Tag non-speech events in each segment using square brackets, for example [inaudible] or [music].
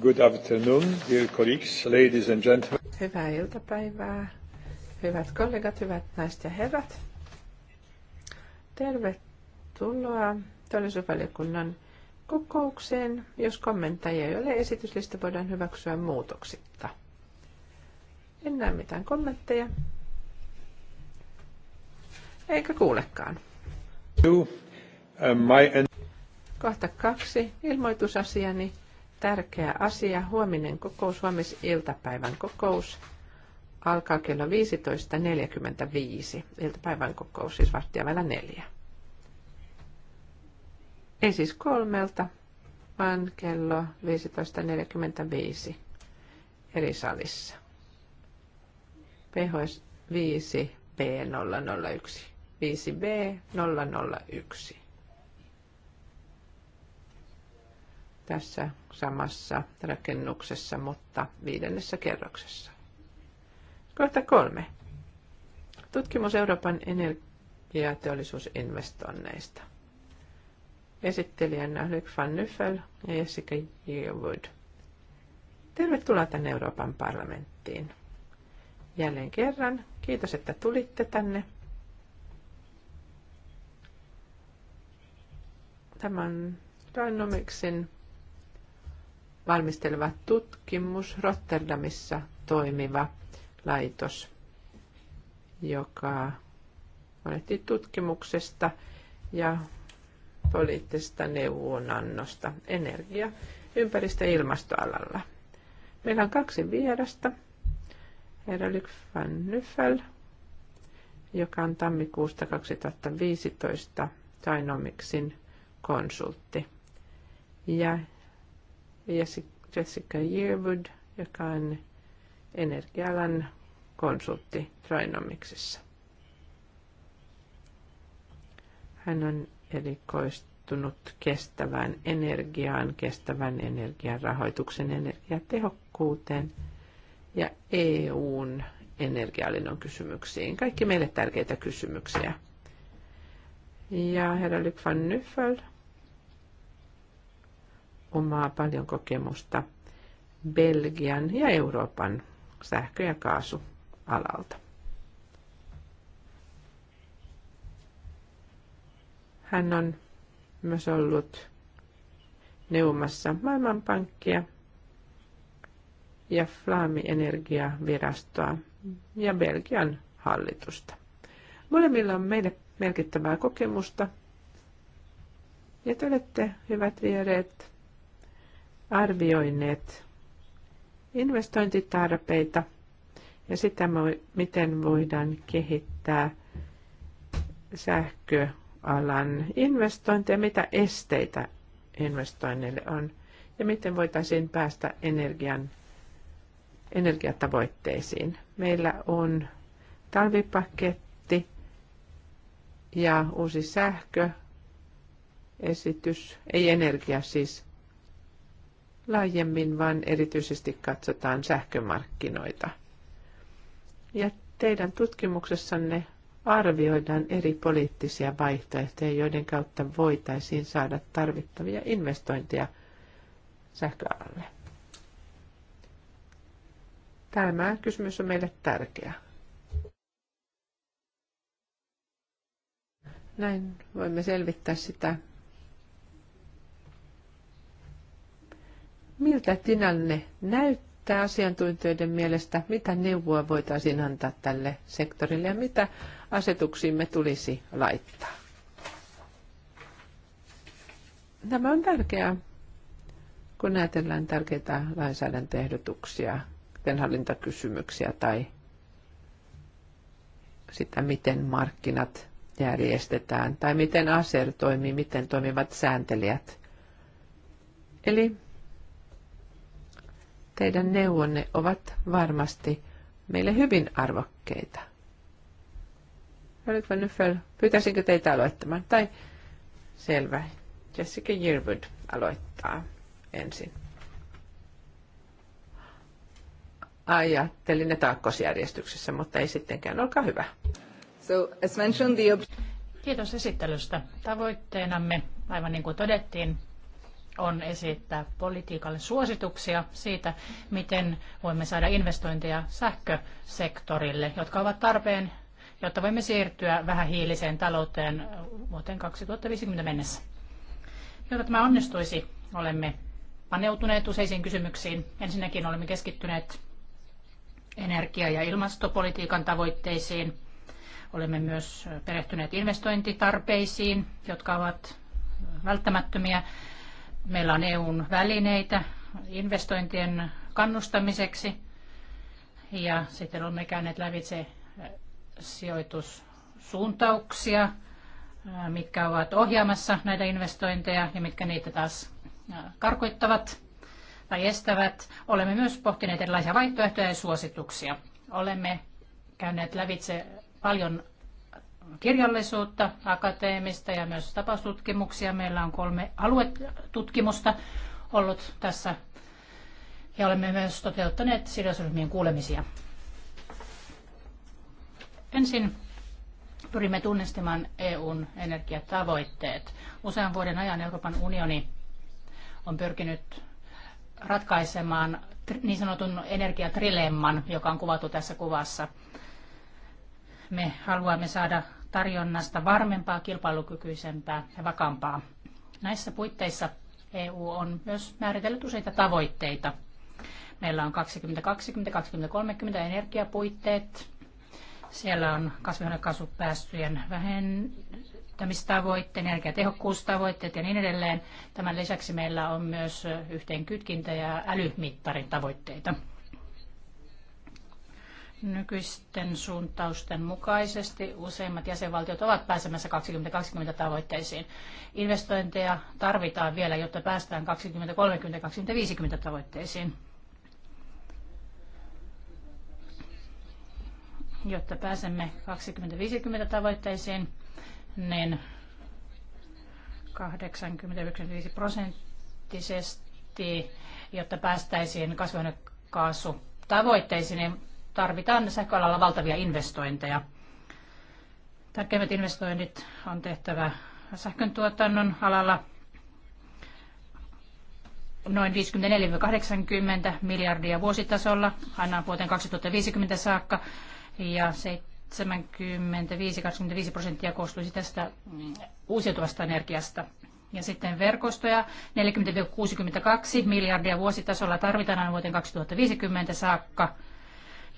Good afternoon, dear colleagues, ladies and gentlemen. Hyvää iltapäivää, hyvät kollegat, hyvät naiset ja herrat. Tervetuloa todellisuusvaliokunnan kokoukseen. Jos kommentteja ei ole, esityslista voidaan hyväksyä muutoksitta. En näe mitään kommentteja. Eikä kuulekaan. Um, Kohta kaksi. Ilmoitusasiani tärkeä asia. Huominen kokous, huomisiltapäivän kokous alkaa kello 15.45. Iltapäivän kokous siis vartija vielä neljä. Ei siis kolmelta, vaan kello 15.45 eri salissa. PHS 5B001. 5B001. tässä samassa rakennuksessa, mutta viidennessä kerroksessa. Kohta kolme. Tutkimus Euroopan energiateollisuusinvestoinneista. Esittelijänä Luc van Nyffel ja Jessica Yearwood. Tervetuloa tänne Euroopan parlamenttiin. Jälleen kerran, kiitos, että tulitte tänne. Tämän Dynamicsin valmisteleva tutkimus Rotterdamissa toimiva laitos, joka valitti tutkimuksesta ja poliittisesta neuvonannosta energia-, ympäristö- ja ilmastoalalla. Meillä on kaksi vierasta. Herra Lyk van Nyffel, joka on tammikuusta 2015 Dynamicsin konsultti. Ja Jessica Yearwood, joka on energialan konsultti Trinomicsissa. Hän on erikoistunut kestävään energiaan, kestävän energian rahoituksen energiatehokkuuteen ja EUn energialinnon kysymyksiin. Kaikki meille tärkeitä kysymyksiä. Ja herra Lyk van Nyffel omaa paljon kokemusta Belgian ja Euroopan sähkö- ja kaasualalta. Hän on myös ollut neumassa Maailmanpankkia ja Flaami Energiavirastoa ja Belgian hallitusta. Molemmilla on meille merkittävää kokemusta ja te olette, hyvät viereet, arvioineet investointitarpeita ja sitä, miten voidaan kehittää sähköalan investointeja, mitä esteitä investoinneille on ja miten voitaisiin päästä energian, energiatavoitteisiin. Meillä on talvipaketti ja uusi sähköesitys, ei energia siis, laajemmin, vaan erityisesti katsotaan sähkömarkkinoita. Ja teidän tutkimuksessanne arvioidaan eri poliittisia vaihtoehtoja, joiden kautta voitaisiin saada tarvittavia investointeja sähköalalle. Tämä kysymys on meille tärkeä. Näin voimme selvittää sitä, miltä tilanne näyttää asiantuntijoiden mielestä, mitä neuvoa voitaisiin antaa tälle sektorille ja mitä asetuksiimme tulisi laittaa. Tämä on tärkeää, kun ajatellaan tärkeitä lainsäädäntöehdotuksia, kuten hallintakysymyksiä tai sitä, miten markkinat järjestetään tai miten ASER toimii, miten toimivat sääntelijät. Eli Teidän neuvonne ovat varmasti meille hyvin arvokkeita. Oliko vielä pyytäisinkö teitä aloittamaan? Tai selvä, Jessica Yearwood aloittaa ensin. Ajattelin ne taakkosjärjestyksessä, mutta ei sittenkään. Olkaa hyvä. So, as mentioned, the... Kiitos esittelystä. Tavoitteenamme, aivan niin kuin todettiin, on esittää politiikalle suosituksia siitä, miten voimme saada investointeja sähkösektorille, jotka ovat tarpeen, jotta voimme siirtyä vähähiiliseen talouteen vuoteen 2050 mennessä. Jotta tämä onnistuisi, olemme paneutuneet useisiin kysymyksiin. Ensinnäkin olemme keskittyneet energia- ja ilmastopolitiikan tavoitteisiin. Olemme myös perehtyneet investointitarpeisiin, jotka ovat välttämättömiä Meillä on EUn välineitä investointien kannustamiseksi ja sitten olemme käyneet lävitse äh, sijoitussuuntauksia, äh, mitkä ovat ohjaamassa näitä investointeja ja mitkä niitä taas äh, karkoittavat tai estävät. Olemme myös pohtineet erilaisia vaihtoehtoja ja suosituksia. Olemme käyneet lävitse paljon kirjallisuutta, akateemista ja myös tapaustutkimuksia. Meillä on kolme aluetutkimusta ollut tässä ja olemme myös toteuttaneet sidosryhmien kuulemisia. Ensin pyrimme tunnistamaan EUn energiatavoitteet. Usean vuoden ajan Euroopan unioni on pyrkinyt ratkaisemaan niin sanotun energiatrilemman, joka on kuvattu tässä kuvassa. Me haluamme saada tarjonnasta varmempaa, kilpailukykyisempää ja vakaampaa. Näissä puitteissa EU on myös määritellyt useita tavoitteita. Meillä on 2020-2030 energiapuitteet. Siellä on kasvihuonekaasupäästöjen vähentämistavoitteet, energiatehokkuustavoitteet ja niin edelleen. Tämän lisäksi meillä on myös yhteenkytkintä ja älymittarin tavoitteita nykyisten suuntausten mukaisesti useimmat jäsenvaltiot ovat pääsemässä 2020 tavoitteisiin. Investointeja tarvitaan vielä, jotta päästään 2030-2050 tavoitteisiin. Jotta pääsemme 2050 tavoitteisiin, niin 85 prosenttisesti, jotta päästäisiin kasvihuonekaasutavoitteisiin, niin tarvitaan sähköalalla valtavia investointeja. Tärkeimmät investoinnit on tehtävä sähkön tuotannon alalla noin 54-80 miljardia vuositasolla aina vuoteen 2050 saakka ja 75-25 prosenttia koostuisi tästä mm, uusiutuvasta energiasta. Ja sitten verkostoja 40-62 miljardia vuositasolla tarvitaan aina vuoteen 2050 saakka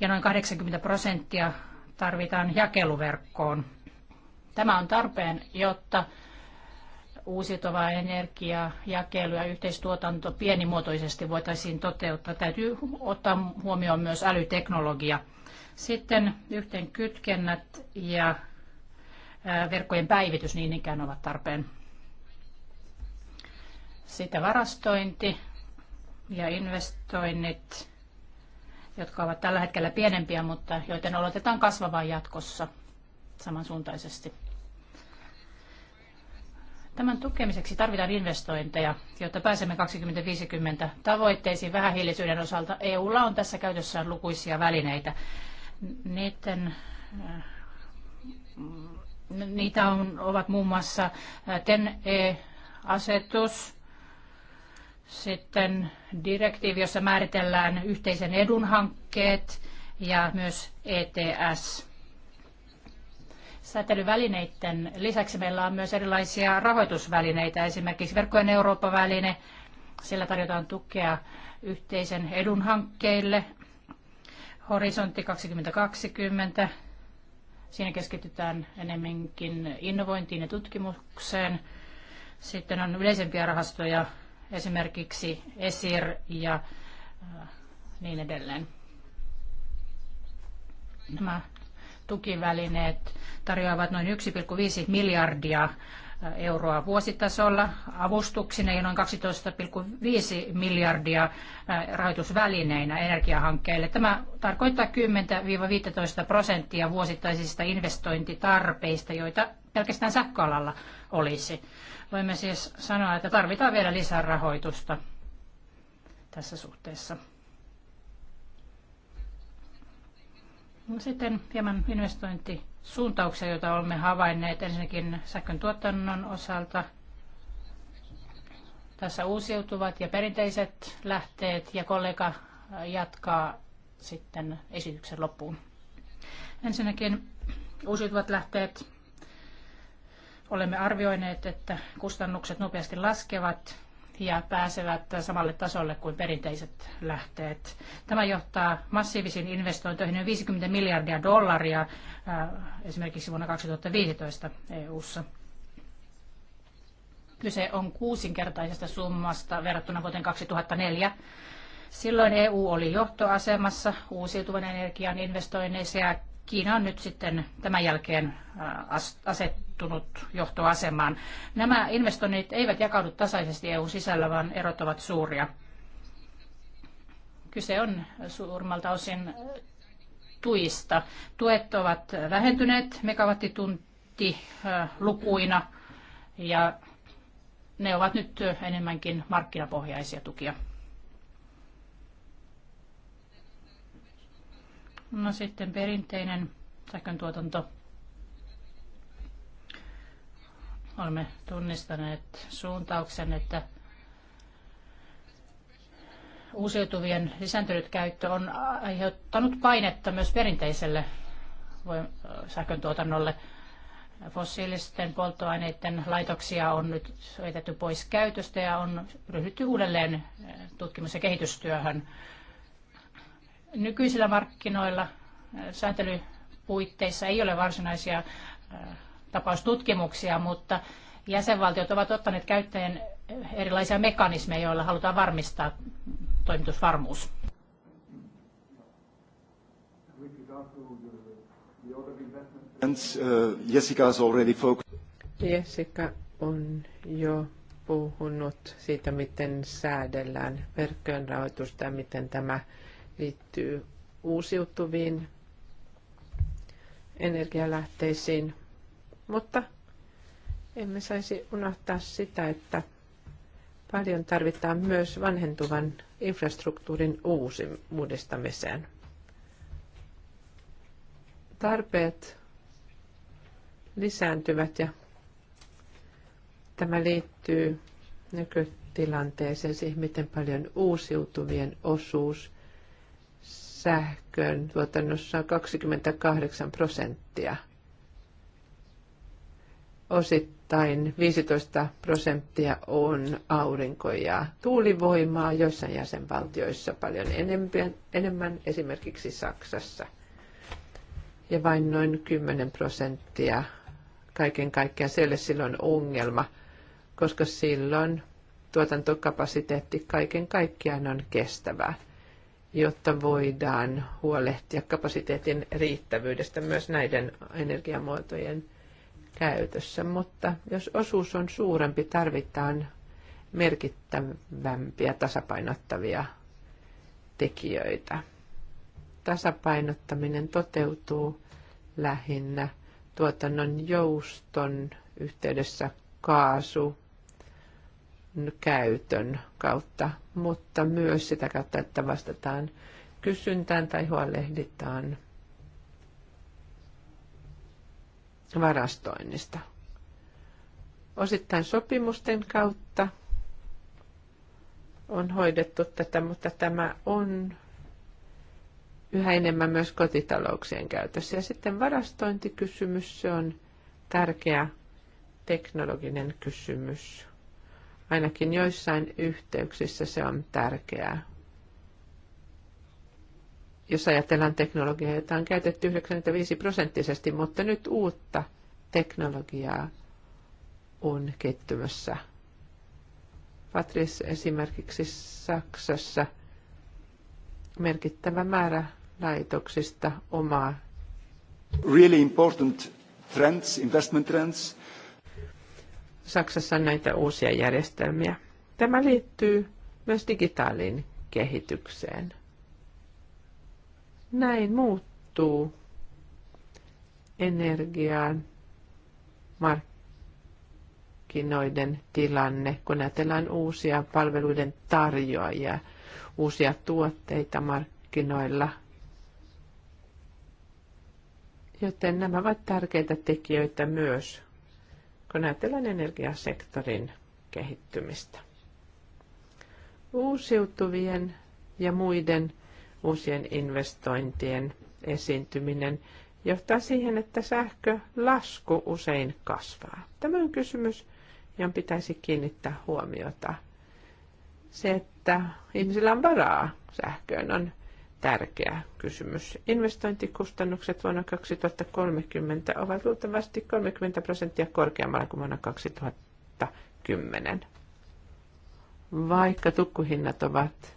ja noin 80 prosenttia tarvitaan jakeluverkkoon. Tämä on tarpeen, jotta uusiutuvaa energia, jakelu ja yhteistuotanto pienimuotoisesti voitaisiin toteuttaa. Täytyy ottaa huomioon myös älyteknologia. Sitten yhteen kytkennät ja verkkojen päivitys niin ikään ovat tarpeen. Sitten varastointi ja investoinnit jotka ovat tällä hetkellä pienempiä, mutta joiden oletetaan kasvavan jatkossa samansuuntaisesti. Tämän tukemiseksi tarvitaan investointeja, jotta pääsemme 2050 tavoitteisiin vähähiilisyyden osalta. EUlla on tässä käytössään lukuisia välineitä. Niiden, äh, niitä on, ovat muun muassa äh, TEN-E-asetus, sitten direktiivi, jossa määritellään yhteisen edun hankkeet ja myös ETS. Säätelyvälineiden lisäksi meillä on myös erilaisia rahoitusvälineitä, esimerkiksi verkkojen Eurooppa-väline. Sillä tarjotaan tukea yhteisen edun hankkeille. Horisontti 2020. Siinä keskitytään enemmänkin innovointiin ja tutkimukseen. Sitten on yleisempiä rahastoja, esimerkiksi ESIR ja äh, niin edelleen. Nämä tukivälineet tarjoavat noin 1,5 miljardia äh, euroa vuositasolla avustuksina ja noin 12,5 miljardia äh, rahoitusvälineinä energiahankkeille. Tämä tarkoittaa 10-15 prosenttia vuosittaisista investointitarpeista, joita pelkästään sähköalalla olisi. Voimme siis sanoa, että tarvitaan vielä lisää rahoitusta tässä suhteessa. No sitten hieman investointisuuntauksia, joita olemme havainneet ensinnäkin sähkön tuotannon osalta. Tässä uusiutuvat ja perinteiset lähteet ja kollega jatkaa sitten esityksen loppuun. Ensinnäkin uusiutuvat lähteet. Olemme arvioineet, että kustannukset nopeasti laskevat ja pääsevät samalle tasolle kuin perinteiset lähteet. Tämä johtaa massiivisiin investointoihin 50 miljardia dollaria äh, esimerkiksi vuonna 2015 EU-ssa. Kyse on kuusinkertaisesta summasta verrattuna vuoteen 2004. Silloin EU oli johtoasemassa uusiutuvan energian investoinneissa ja Kiina on nyt sitten tämän jälkeen asettunut johtoasemaan. Nämä investoinnit eivät jakaudu tasaisesti EU sisällä, vaan erot ovat suuria. Kyse on suurimmalta osin tuista. Tuet ovat vähentyneet megawattitunti lukuina ja ne ovat nyt enemmänkin markkinapohjaisia tukia. No sitten perinteinen sähkön tuotanto. Olemme tunnistaneet suuntauksen, että uusiutuvien lisääntynyt käyttö on aiheuttanut painetta myös perinteiselle tuotannolle Fossiilisten polttoaineiden laitoksia on nyt vetetty pois käytöstä ja on ryhdytty uudelleen tutkimus- ja kehitystyöhön. Nykyisillä markkinoilla äh, sääntelypuitteissa ei ole varsinaisia äh, tapaustutkimuksia, mutta jäsenvaltiot ovat ottaneet käyttäjän äh, erilaisia mekanismeja, joilla halutaan varmistaa toimitusvarmuus. Jessica Jessica on jo puhunut siitä, miten säädellään verkkojen rahoitusta ja miten tämä liittyy uusiutuviin energialähteisiin, mutta emme saisi unohtaa sitä, että paljon tarvitaan myös vanhentuvan infrastruktuurin uudistamiseen. Tarpeet lisääntyvät ja tämä liittyy nykytilanteeseen, siihen miten paljon uusiutuvien osuus sähkön tuotannossa on 28 prosenttia. Osittain 15 prosenttia on aurinko- ja tuulivoimaa, joissain jäsenvaltioissa paljon enemmän, enemmän esimerkiksi Saksassa. Ja vain noin 10 prosenttia kaiken kaikkiaan. siellä silloin ongelma, koska silloin tuotantokapasiteetti kaiken kaikkiaan on kestävää jotta voidaan huolehtia kapasiteetin riittävyydestä myös näiden energiamuotojen käytössä. Mutta jos osuus on suurempi, tarvitaan merkittävämpiä tasapainottavia tekijöitä. Tasapainottaminen toteutuu lähinnä tuotannon jouston yhteydessä kaasu käytön kautta mutta myös sitä kautta, että vastataan kysyntään tai huolehditaan varastoinnista. Osittain sopimusten kautta on hoidettu tätä, mutta tämä on yhä enemmän myös kotitalouksien käytössä. Ja sitten varastointikysymys, se on tärkeä teknologinen kysymys. Ainakin joissain yhteyksissä se on tärkeää. Jos ajatellaan teknologiaa, jota on käytetty 95 prosenttisesti, mutta nyt uutta teknologiaa on kettymässä. Patris esimerkiksi Saksassa merkittävä määrä laitoksista omaa really important trends, investment trends Saksassa näitä uusia järjestelmiä. Tämä liittyy myös digitaaliin kehitykseen. Näin muuttuu energiaan markkinoiden tilanne, kun ajatellaan uusia palveluiden tarjoajia, uusia tuotteita markkinoilla. Joten nämä ovat tärkeitä tekijöitä myös kun ajatellaan energiasektorin kehittymistä. Uusiutuvien ja muiden uusien investointien esiintyminen johtaa siihen, että sähkölasku usein kasvaa. Tämä on kysymys, johon pitäisi kiinnittää huomiota. Se, että ihmisillä on varaa sähköön, on tärkeä kysymys. Investointikustannukset vuonna 2030 ovat luultavasti 30 prosenttia korkeammalla kuin vuonna 2010. Vaikka tukkuhinnat ovat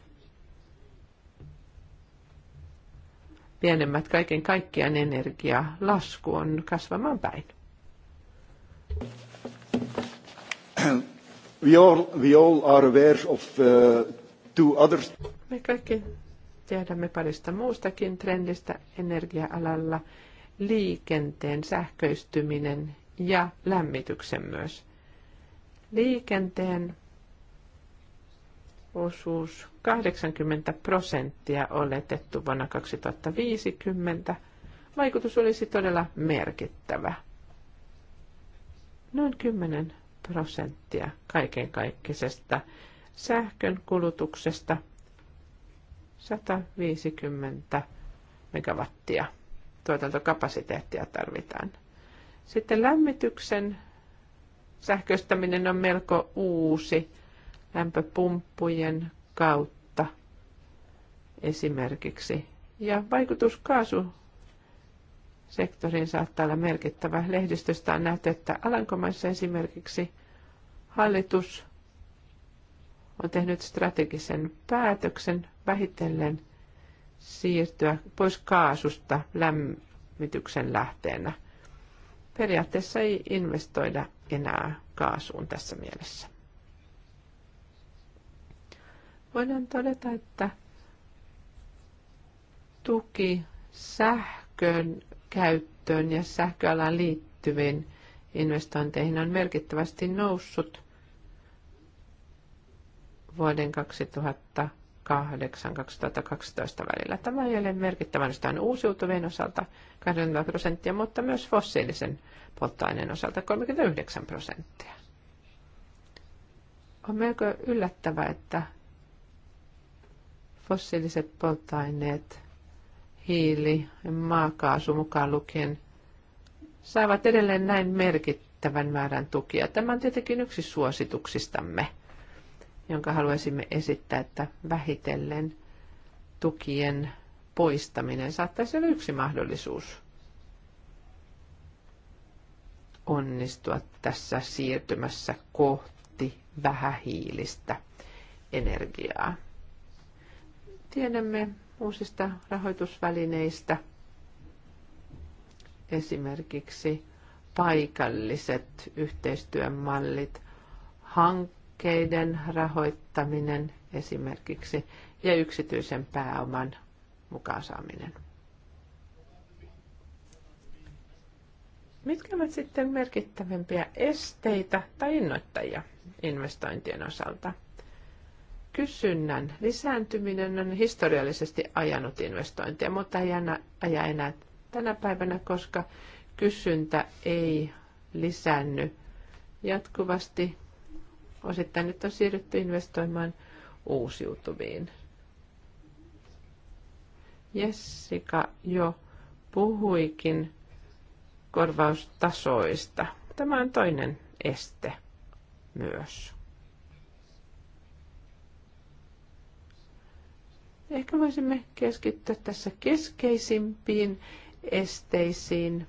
pienemmät kaiken kaikkiaan niin energialasku on kasvamaan päin. We all, we all are aware of uh, two others. Me kaikki Tiedämme parista muustakin trendistä energia-alalla liikenteen sähköistyminen ja lämmityksen myös. Liikenteen osuus 80 prosenttia oletettu vuonna 2050. Vaikutus olisi todella merkittävä. Noin 10 prosenttia kaiken kaikkisesta sähkön kulutuksesta 150 megawattia tuotantokapasiteettia tarvitaan. Sitten lämmityksen sähköistäminen on melko uusi lämpöpumppujen kautta esimerkiksi. Ja vaikutus kaasusektoriin saattaa olla merkittävä. Lehdistöstä on nähty, että Alankomaissa esimerkiksi hallitus on tehnyt strategisen päätöksen vähitellen siirtyä pois kaasusta lämmityksen lähteenä. Periaatteessa ei investoida enää kaasuun tässä mielessä. Voidaan todeta, että tuki sähkön käyttöön ja sähköalan liittyviin investointeihin on merkittävästi noussut – vuoden 2008-2012 välillä. Tämä ei ole merkittävän uusiutuvien osalta 20 prosenttia, mutta myös fossiilisen polttoaineen osalta 39 prosenttia. On melko yllättävää, että fossiiliset polttoaineet, hiili ja maakaasu mukaan lukien, saavat edelleen näin merkittävän määrän tukia. Tämä on tietenkin yksi suosituksistamme jonka haluaisimme esittää, että vähitellen tukien poistaminen saattaisi olla yksi mahdollisuus onnistua tässä siirtymässä kohti vähähiilistä energiaa. Tiedämme uusista rahoitusvälineistä esimerkiksi paikalliset yhteistyömallit, hank hankkeiden rahoittaminen esimerkiksi ja yksityisen pääoman mukaan saaminen. Mitkä ovat sitten merkittävimpiä esteitä tai innoittajia investointien osalta? Kysynnän lisääntyminen on historiallisesti ajanut investointia, mutta ei aja enää tänä päivänä, koska kysyntä ei lisänny jatkuvasti Osittain nyt on siirrytty investoimaan uusiutuviin. Jessica jo puhuikin korvaustasoista. Tämä on toinen este myös. Ehkä voisimme keskittyä tässä keskeisimpiin esteisiin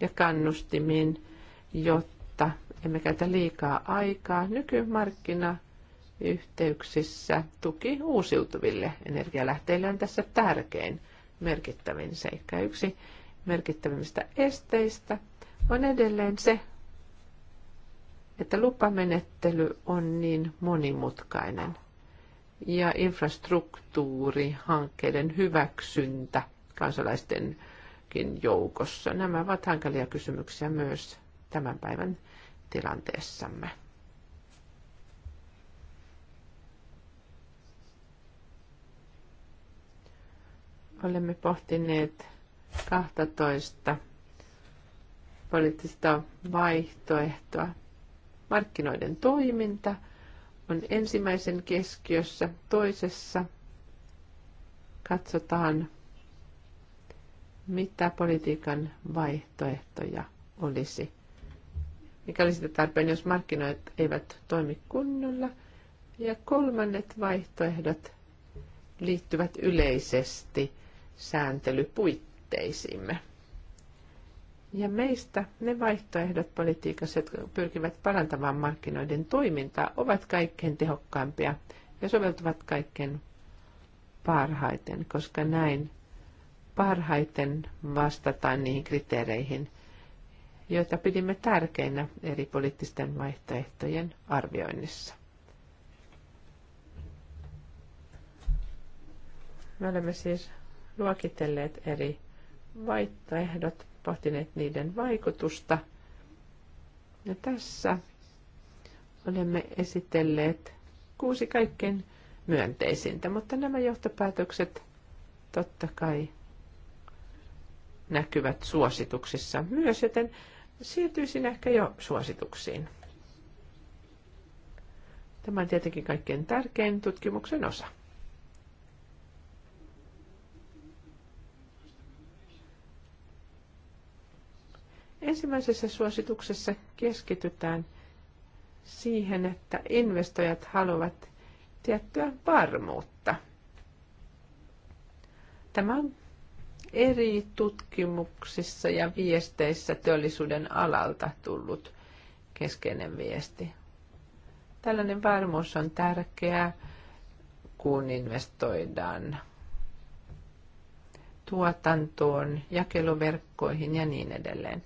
ja kannustimiin, jotta emme käytä liikaa aikaa. Nykymarkkinayhteyksissä tuki uusiutuville energialähteille on tässä tärkein merkittävin seikka. Yksi merkittävimmistä esteistä on edelleen se, että lupamenettely on niin monimutkainen ja infrastruktuuri, hankkeiden hyväksyntä kansalaistenkin joukossa. Nämä ovat hankalia kysymyksiä myös tämän päivän tilanteessamme. Olemme pohtineet 12 poliittista vaihtoehtoa. Markkinoiden toiminta on ensimmäisen keskiössä, toisessa katsotaan, mitä politiikan vaihtoehtoja olisi mikä olisi tarpeen, jos markkinoit eivät toimi kunnolla. Ja kolmannet vaihtoehdot liittyvät yleisesti sääntelypuitteisiimme. Ja meistä ne vaihtoehdot politiikassa, jotka pyrkivät parantamaan markkinoiden toimintaa, ovat kaikkein tehokkaimpia ja soveltuvat kaikkein parhaiten, koska näin parhaiten vastataan niihin kriteereihin, joita pidimme tärkeinä eri poliittisten vaihtoehtojen arvioinnissa. Me olemme siis luokitelleet eri vaihtoehdot, pohtineet niiden vaikutusta. Ja tässä olemme esitelleet kuusi kaikkein myönteisintä, mutta nämä johtopäätökset totta kai näkyvät suosituksissa myös, joten Siirtyisin ehkä jo suosituksiin. Tämä on tietenkin kaikkein tärkein tutkimuksen osa. Ensimmäisessä suosituksessa keskitytään siihen, että investoijat haluavat tiettyä varmuutta. Tämä on eri tutkimuksissa ja viesteissä teollisuuden alalta tullut keskeinen viesti. Tällainen varmuus on tärkeää, kun investoidaan tuotantoon, jakeluverkkoihin ja niin edelleen.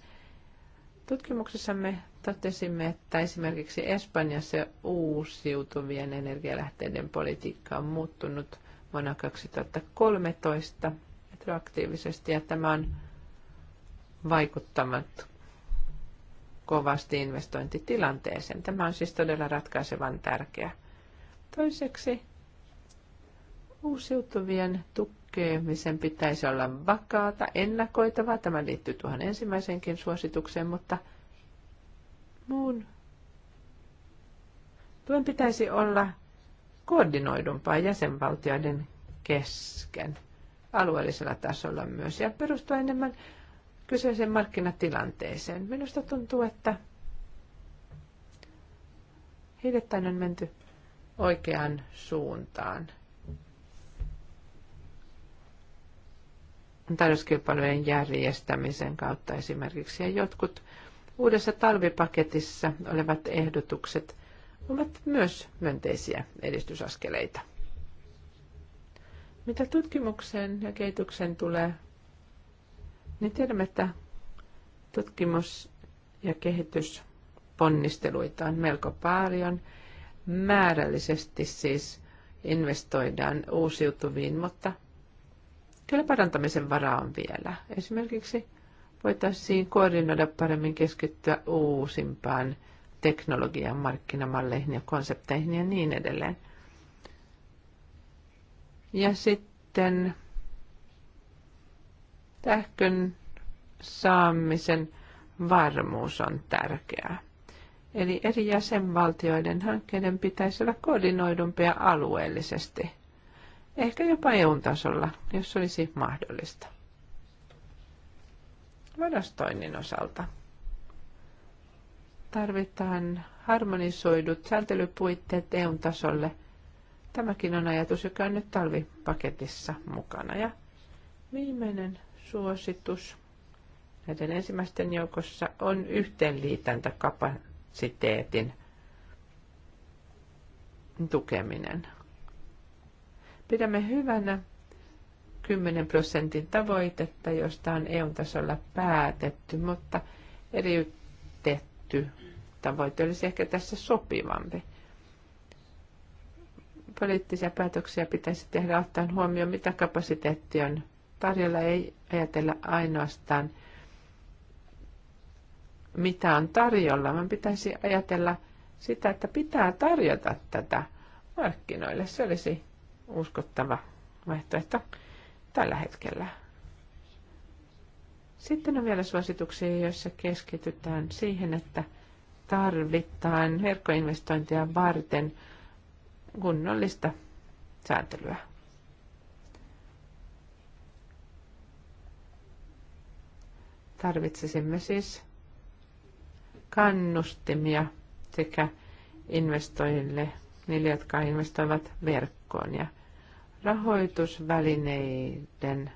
Tutkimuksessamme totesimme, että esimerkiksi Espanjassa uusiutuvien energialähteiden politiikka on muuttunut vuonna 2013 retroaktiivisesti ja tämän vaikuttamat kovasti investointitilanteeseen. Tämä on siis todella ratkaisevan tärkeä. Toiseksi uusiutuvien tukemisen pitäisi olla vakaata, ennakoitavaa. Tämä liittyy tuohon ensimmäisenkin suositukseen, mutta muun tuen pitäisi olla koordinoidumpaa jäsenvaltioiden kesken alueellisella tasolla myös ja perustua enemmän kyseisen markkinatilanteeseen. Minusta tuntuu, että hiljattain on menty oikeaan suuntaan. tarjouskilpailujen järjestämisen kautta esimerkiksi. Ja jotkut uudessa talvipaketissa olevat ehdotukset ovat myös myönteisiä edistysaskeleita. Mitä tutkimukseen ja kehityksen tulee, niin tiedämme, että tutkimus- ja kehitysponnisteluita on melko paljon. Määrällisesti siis investoidaan uusiutuviin, mutta kyllä parantamisen varaa on vielä. Esimerkiksi voitaisiin koordinoida paremmin keskittyä uusimpaan teknologian markkinamalleihin ja konsepteihin ja niin edelleen – ja sitten tähkön saamisen varmuus on tärkeää. Eli eri jäsenvaltioiden hankkeiden pitäisi olla koordinoidumpia alueellisesti, ehkä jopa EU-tasolla, jos olisi mahdollista. Varastoinnin osalta tarvitaan harmonisoidut sääntelypuitteet EU-tasolle – Tämäkin on ajatus, joka on nyt talvipaketissa mukana. Ja viimeinen suositus näiden ensimmäisten joukossa on yhteenliitäntäkapasiteetin tukeminen. Pidämme hyvänä 10 prosentin tavoitetta, josta on EU-tasolla päätetty, mutta eriytetty tavoite olisi ehkä tässä sopivampi poliittisia päätöksiä pitäisi tehdä ottaen huomioon, mitä kapasiteetti on tarjolla. Ei ajatella ainoastaan, mitä on tarjolla, vaan pitäisi ajatella sitä, että pitää tarjota tätä markkinoille. Se olisi uskottava vaihtoehto tällä hetkellä. Sitten on vielä suosituksia, joissa keskitytään siihen, että tarvitaan verkkoinvestointia varten – kunnollista sääntelyä. Tarvitsisimme siis kannustimia sekä investoijille, niille, jotka investoivat verkkoon ja rahoitusvälineiden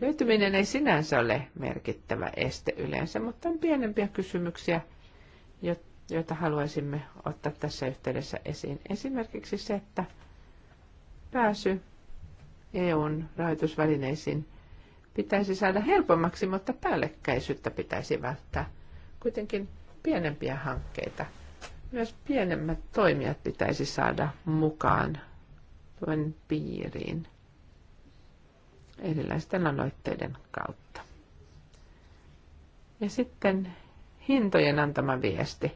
Löytyminen ei sinänsä ole merkittävä este yleensä, mutta on pienempiä kysymyksiä, jotka joita haluaisimme ottaa tässä yhteydessä esiin. Esimerkiksi se, että pääsy EUn rahoitusvälineisiin pitäisi saada helpommaksi, mutta päällekkäisyyttä pitäisi välttää. Kuitenkin pienempiä hankkeita. Myös pienemmät toimijat pitäisi saada mukaan tuen piiriin erilaisten aloitteiden kautta. Ja sitten hintojen antama viesti.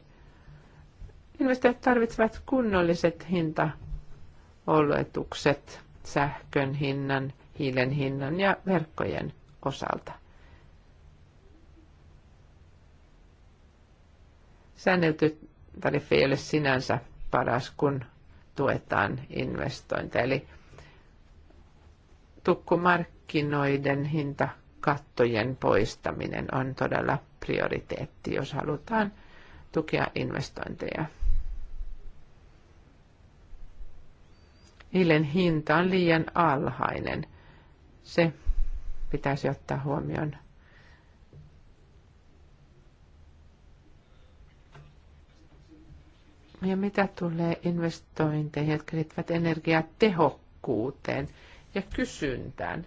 Investoijat tarvitsevat kunnolliset hintaoletukset sähkön hinnan, hiilen hinnan ja verkkojen osalta. Säännelty tariffi ei ole sinänsä paras, kun tuetaan investointeja. Eli tukkumarkkinoiden hintakattojen poistaminen on todella prioriteetti, jos halutaan tukea investointeja Niiden hinta on liian alhainen. Se pitäisi ottaa huomioon. Ja mitä tulee investointeihin, jotka liittyvät energiatehokkuuteen ja kysyntään?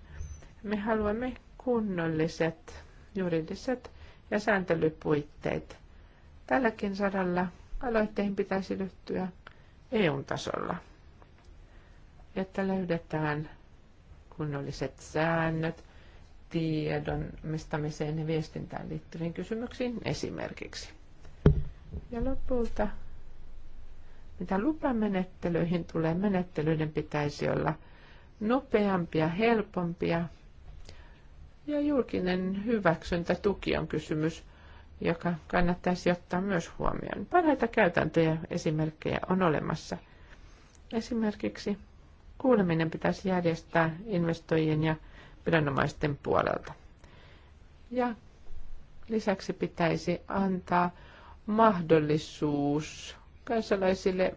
Me haluamme kunnolliset juridiset ja sääntelypuitteet. Tälläkin saralla aloitteihin pitäisi ryhtyä EU-tasolla että löydetään kunnolliset säännöt tiedon mistamiseen ja viestintään liittyviin kysymyksiin esimerkiksi. Ja lopulta, mitä lupamenettelyihin tulee, menettelyiden pitäisi olla nopeampia, helpompia. Ja julkinen hyväksyntä tuki on kysymys, joka kannattaisi ottaa myös huomioon. Parhaita käytäntöjä esimerkkejä on olemassa. Esimerkiksi kuuleminen pitäisi järjestää investoijien ja viranomaisten puolelta. Ja lisäksi pitäisi antaa mahdollisuus kansalaisille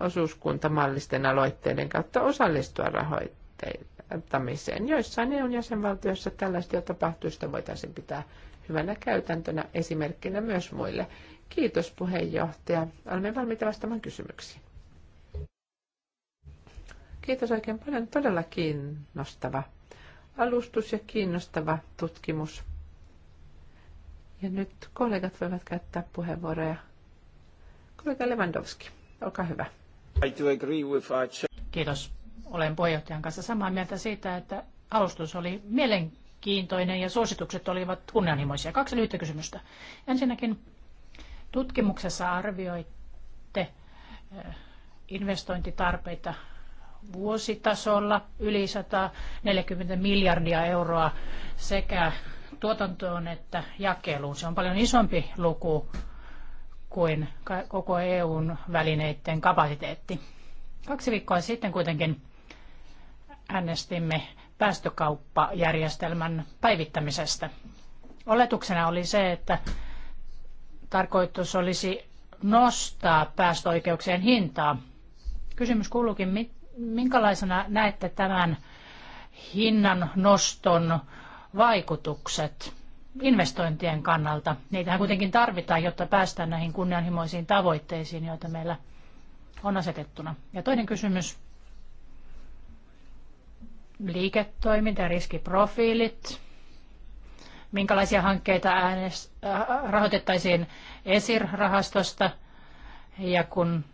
osuuskuntamallisten aloitteiden kautta osallistua rahoittamiseen. Joissain EUn jäsenvaltioissa tällaista jo tapahtuu, sitä voitaisiin pitää hyvänä käytäntönä esimerkkinä myös muille. Kiitos puheenjohtaja. Olemme valmiita vastaamaan kysymyksiin. Kiitos oikein paljon. Todella kiinnostava alustus ja kiinnostava tutkimus. Ja nyt kollegat voivat käyttää puheenvuoroja. Kollega Lewandowski, olkaa hyvä. I do agree with our... Kiitos. Olen puheenjohtajan kanssa samaa mieltä siitä, että alustus oli mielenkiintoinen ja suositukset olivat kunnianhimoisia. Kaksi lyhyttä kysymystä. Ensinnäkin tutkimuksessa arvioitte eh, investointitarpeita vuositasolla yli 140 miljardia euroa sekä tuotantoon että jakeluun. Se on paljon isompi luku kuin koko EUn välineiden kapasiteetti. Kaksi viikkoa sitten kuitenkin äänestimme päästökauppajärjestelmän päivittämisestä. Oletuksena oli se, että tarkoitus olisi nostaa päästöoikeuksien hintaa. Kysymys kuuluukin, minkälaisena näette tämän hinnan noston vaikutukset investointien kannalta? Niitähän kuitenkin tarvitaan, jotta päästään näihin kunnianhimoisiin tavoitteisiin, joita meillä on asetettuna. Ja toinen kysymys. Liiketoiminta ja riskiprofiilit. Minkälaisia hankkeita äänes, äh, rahoitettaisiin ESIR-rahastosta? Ja kun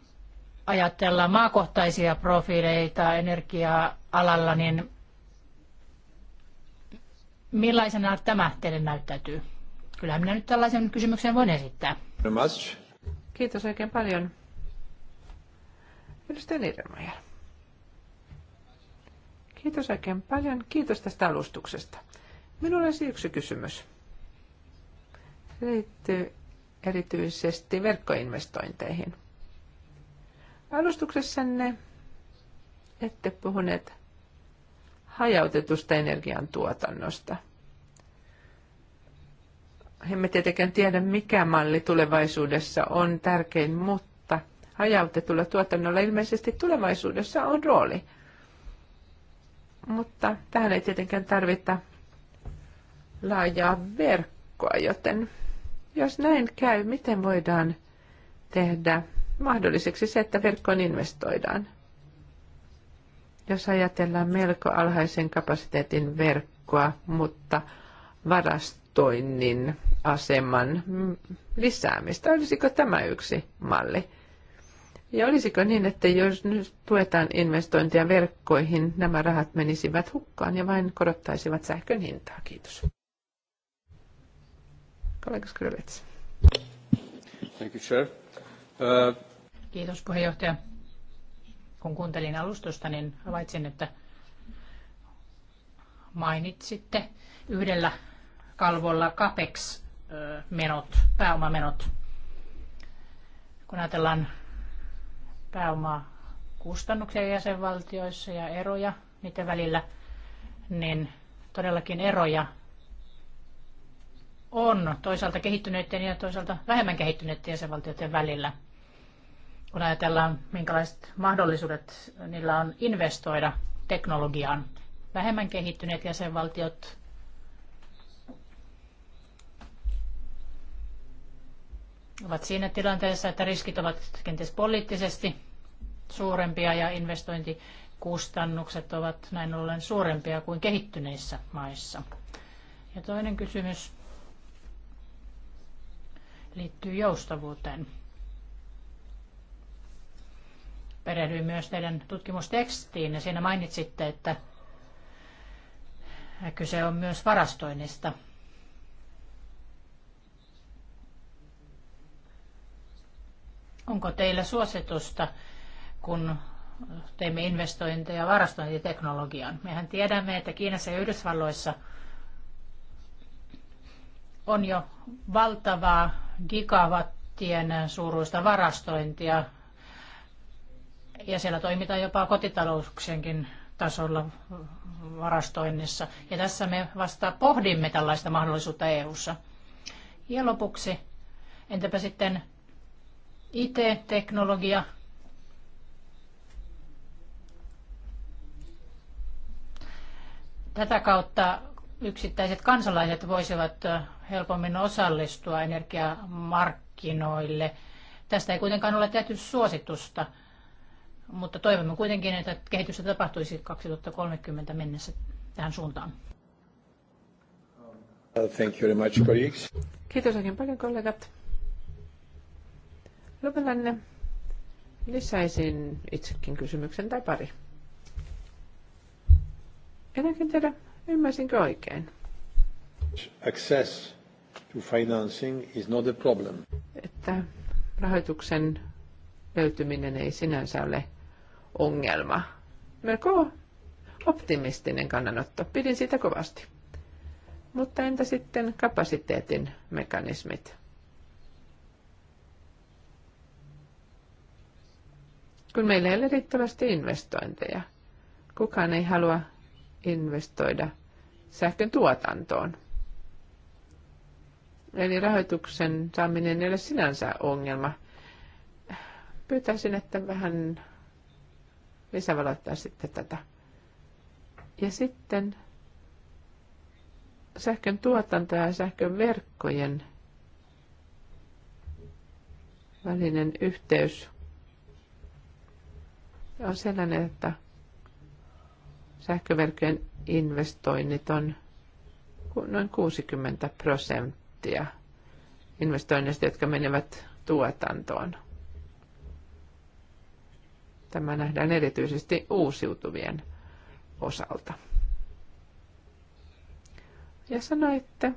ajatellaan maakohtaisia profiileita energia-alalla, niin millaisena tämä teille näyttäytyy? Kyllä minä nyt tällaisen kysymyksen voin esittää. Kiitos oikein paljon. Edustaja Niedermayer. Kiitos oikein paljon. Kiitos tästä alustuksesta. Minulla olisi yksi kysymys. Se liittyy erityisesti verkkoinvestointeihin. Alustuksessanne ette puhuneet hajautetusta energiantuotannosta. Emme tietenkään tiedä, mikä malli tulevaisuudessa on tärkein, mutta hajautetulla tuotannolla ilmeisesti tulevaisuudessa on rooli. Mutta tähän ei tietenkään tarvita laajaa verkkoa, joten jos näin käy, miten voidaan tehdä mahdolliseksi se, että verkkoon investoidaan. Jos ajatellaan melko alhaisen kapasiteetin verkkoa, mutta varastoinnin aseman lisäämistä, olisiko tämä yksi malli? Ja olisiko niin, että jos nyt tuetaan investointia verkkoihin, nämä rahat menisivät hukkaan ja vain korottaisivat sähkön hintaa? Kiitos. Kollega Skrylets. Thank you, Chair. Uh... Kiitos puheenjohtaja. Kun kuuntelin alustusta, niin havaitsin, että mainitsitte yhdellä kalvolla CAPEX-menot, pääomamenot. Kun ajatellaan pääomakustannuksia jäsenvaltioissa ja eroja niiden välillä, niin todellakin eroja on toisaalta kehittyneiden ja toisaalta vähemmän kehittyneiden jäsenvaltioiden välillä kun ajatellaan, minkälaiset mahdollisuudet niillä on investoida teknologiaan. Vähemmän kehittyneet jäsenvaltiot ovat siinä tilanteessa, että riskit ovat kenties poliittisesti suurempia ja investointikustannukset ovat näin ollen suurempia kuin kehittyneissä maissa. Ja toinen kysymys liittyy joustavuuteen. Perehdyin myös teidän tutkimustekstiin ja siinä mainitsitte, että kyse on myös varastoinnista. Onko teillä suositusta, kun teemme investointeja varastointiteknologiaan? Mehän tiedämme, että Kiinassa ja Yhdysvalloissa on jo valtavaa gigawattien suuruista varastointia ja siellä toimitaan jopa kotitalouksienkin tasolla varastoinnissa. Ja tässä me vasta pohdimme tällaista mahdollisuutta EU:ssa. Ja lopuksi, entäpä sitten IT-teknologia? Tätä kautta yksittäiset kansalaiset voisivat helpommin osallistua energiamarkkinoille. Tästä ei kuitenkaan ole tehty suositusta – mutta toivomme kuitenkin, että kehitystä tapahtuisi 2030 mennessä tähän suuntaan. Thank you very much, colleagues. Kiitos oikein paljon kollegat. Lopetan lisäisin itsekin kysymyksen tai pari. En oikein tiedä, ymmärsinkö oikein. Access to financing is not a problem. Että rahoituksen löytyminen ei sinänsä ole ongelma. Melko optimistinen kannanotto. Pidin sitä kovasti. Mutta entä sitten kapasiteetin mekanismit? Kun meillä ei ole riittävästi investointeja, kukaan ei halua investoida sähkön tuotantoon. Eli rahoituksen saaminen ei ole sinänsä ongelma. Pyytäisin, että vähän lisävalottaa niin sitten tätä. Ja sitten sähkön tuotanto ja sähkön verkkojen välinen yhteys on sellainen, että sähköverkkojen investoinnit on noin 60 prosenttia investoinneista, jotka menevät tuotantoon. Tämä nähdään erityisesti uusiutuvien osalta. Ja sanoitte,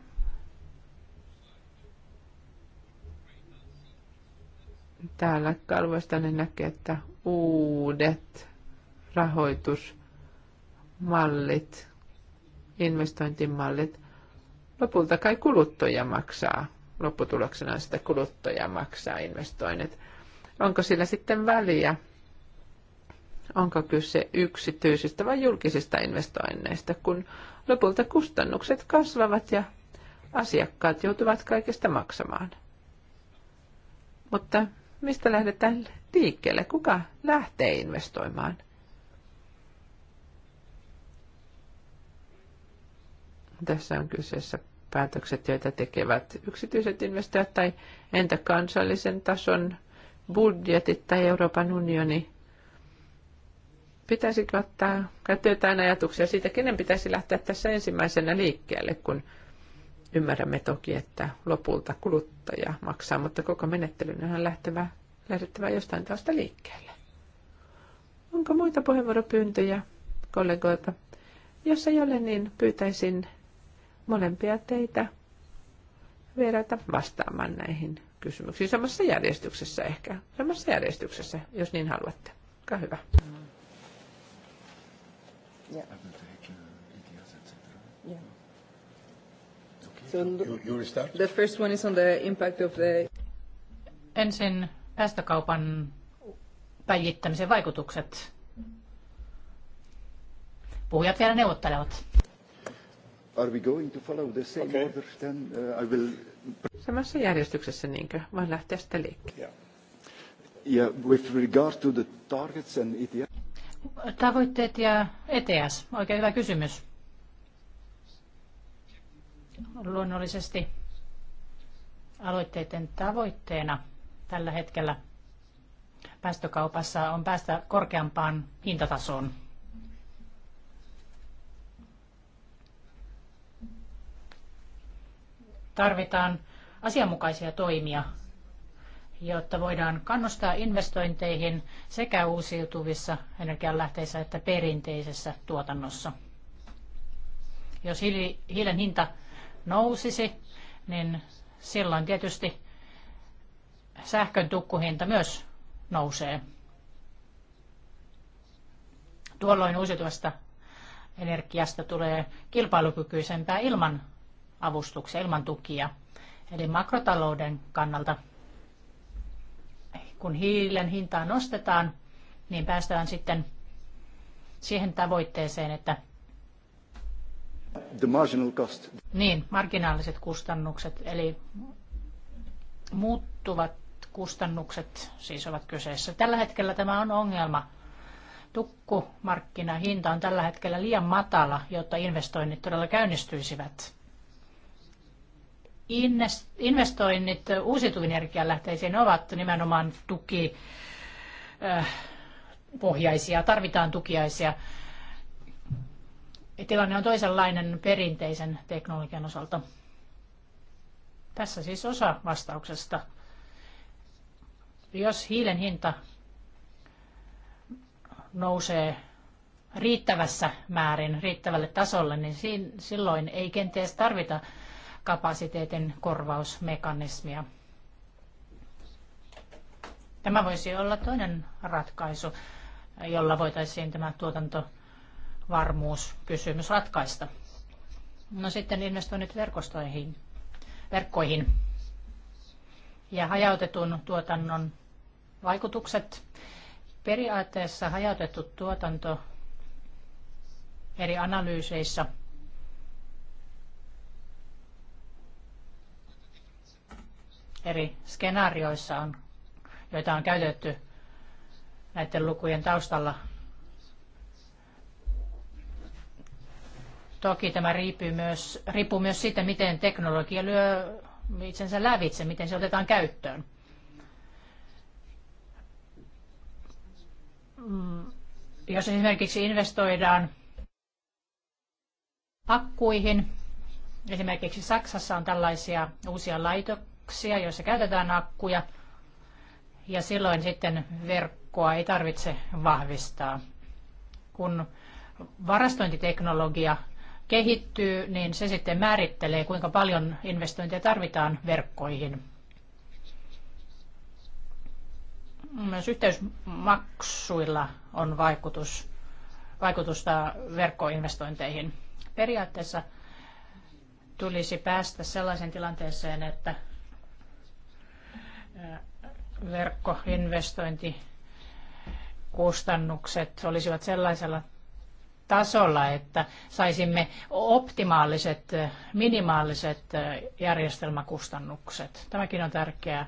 täällä kalvoista näkee, että uudet rahoitusmallit, investointimallit, lopulta kai kuluttaja maksaa. Lopputuloksena sitä kuluttaja maksaa investoinnit. Onko sillä sitten väliä, onko kyse yksityisistä vai julkisista investoinneista, kun lopulta kustannukset kasvavat ja asiakkaat joutuvat kaikesta maksamaan. Mutta mistä lähdetään liikkeelle? Kuka lähtee investoimaan? Tässä on kyseessä päätökset, joita tekevät yksityiset investoijat tai entä kansallisen tason budjetit tai Euroopan unioni – Pitäisi ottaa käyttöön jotain ajatuksia siitä, kenen pitäisi lähteä tässä ensimmäisenä liikkeelle, kun ymmärrämme toki, että lopulta kuluttaja maksaa, mutta koko menettelyn on lähtevä, lähdettävä jostain tästä liikkeelle. Onko muita puheenvuoropyyntöjä kollegoilta? Jos ei ole, niin pyytäisin molempia teitä vieraita vastaamaan näihin kysymyksiin samassa järjestyksessä ehkä, samassa järjestyksessä, jos niin haluatte. Olkaa hyvä yeah. Avec uh, ETS, etc. Yeah. Okay. So you, you start? The first one is on the impact of the... Ensin päästökaupan päivittämisen vaikutukset. Puhujat vielä neuvottelevat. Are we going to follow the same okay. order then? Uh, I will... Samassa järjestyksessä niinkö? Vaan lähteä sitten liikkeelle. Yeah. yeah, with regard to the targets and ETS... Tavoitteet ja ETS. Oikein hyvä kysymys. Luonnollisesti aloitteiden tavoitteena tällä hetkellä päästökaupassa on päästä korkeampaan hintatasoon. Tarvitaan asianmukaisia toimia jotta voidaan kannustaa investointeihin sekä uusiutuvissa energianlähteissä että perinteisessä tuotannossa. Jos hiilen hinta nousisi, niin silloin tietysti sähkön tukkuhinta myös nousee. Tuolloin uusiutuvasta energiasta tulee kilpailukykyisempää ilman avustuksia, ilman tukia. Eli makrotalouden kannalta kun hiilen hintaa nostetaan, niin päästään sitten siihen tavoitteeseen, että The marginal cost. Niin, marginaaliset kustannukset, eli muuttuvat kustannukset siis ovat kyseessä. Tällä hetkellä tämä on ongelma. Tukkumarkkinahinta on tällä hetkellä liian matala, jotta investoinnit todella käynnistyisivät investoinnit uusiutuvien energialähteisiin ovat nimenomaan tuki äh, pohjaisia, tarvitaan tukiaisia. Tilanne on toisenlainen perinteisen teknologian osalta. Tässä siis osa vastauksesta. Jos hiilen hinta nousee riittävässä määrin riittävälle tasolle, niin silloin ei kenties tarvita kapasiteetin korvausmekanismia. Tämä voisi olla toinen ratkaisu, jolla voitaisiin tämä tuotantovarmuuskysymys ratkaista. No sitten investoinnit verkostoihin, verkkoihin ja hajautetun tuotannon vaikutukset. Periaatteessa hajautettu tuotanto eri analyyseissä – eri skenaarioissa on, joita on käytetty näiden lukujen taustalla. Toki tämä riippuu myös, riippuu myös siitä, miten teknologia lyö itsensä lävitse, miten se otetaan käyttöön. Mm, jos esimerkiksi investoidaan akkuihin, esimerkiksi Saksassa on tällaisia uusia laito, taksia, joissa käytetään akkuja, ja silloin sitten verkkoa ei tarvitse vahvistaa. Kun varastointiteknologia kehittyy, niin se sitten määrittelee, kuinka paljon investointeja tarvitaan verkkoihin. Myös yhteysmaksuilla on vaikutus, vaikutusta verkkoinvestointeihin. Periaatteessa tulisi päästä sellaiseen tilanteeseen, että verkkoinvestointikustannukset olisivat sellaisella tasolla, että saisimme optimaaliset, minimaaliset järjestelmäkustannukset. Tämäkin on tärkeä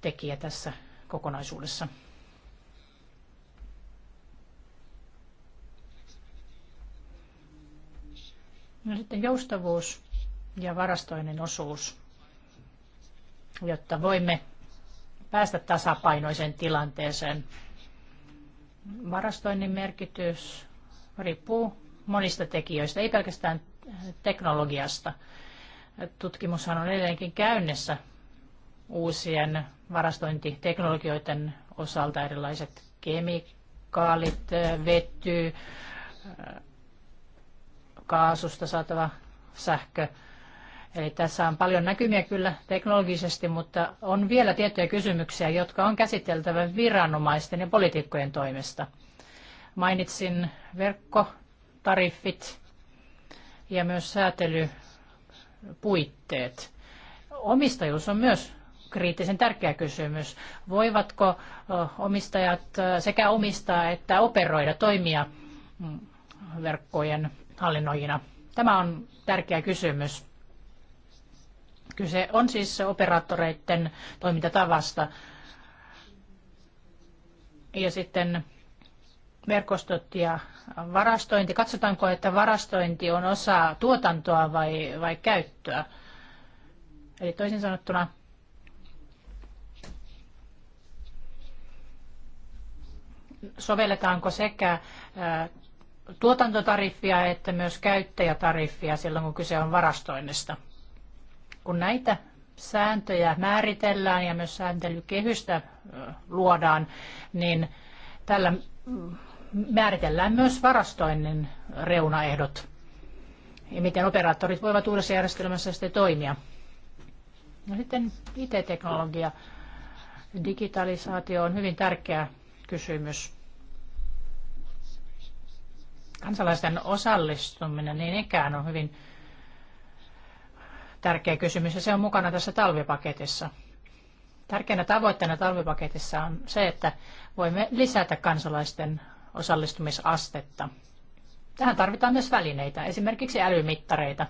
tekijä tässä kokonaisuudessa. No sitten joustavuus ja varastoinnin osuus jotta voimme päästä tasapainoiseen tilanteeseen. Varastoinnin merkitys riippuu monista tekijöistä, ei pelkästään teknologiasta. Tutkimushan on edelleenkin käynnissä uusien varastointiteknologioiden osalta erilaiset kemikaalit, vety, kaasusta saatava sähkö – Eli tässä on paljon näkymiä kyllä teknologisesti, mutta on vielä tiettyjä kysymyksiä, jotka on käsiteltävä viranomaisten ja poliitikkojen toimesta. Mainitsin verkkotariffit ja myös säätelypuitteet. Omistajuus on myös kriittisen tärkeä kysymys. Voivatko omistajat sekä omistaa että operoida toimia mm, verkkojen hallinnoijina? Tämä on tärkeä kysymys. Kyse on siis operaattoreiden toimintatavasta. Ja sitten verkostot ja varastointi. Katsotaanko, että varastointi on osa tuotantoa vai, vai käyttöä? Eli toisin sanottuna sovelletaanko sekä tuotantotariffia että myös käyttäjätariffia silloin, kun kyse on varastoinnista. Kun näitä sääntöjä määritellään ja myös sääntelykehystä luodaan, niin tällä määritellään myös varastoinnin reunaehdot ja miten operaattorit voivat uudessa järjestelmässä sitten toimia. No sitten IT-teknologia, digitalisaatio on hyvin tärkeä kysymys. Kansalaisten osallistuminen niin ikään on hyvin tärkeä kysymys ja se on mukana tässä talvipaketissa. Tärkeänä tavoitteena talvipaketissa on se, että voimme lisätä kansalaisten osallistumisastetta. Tähän tarvitaan myös välineitä, esimerkiksi älymittareita.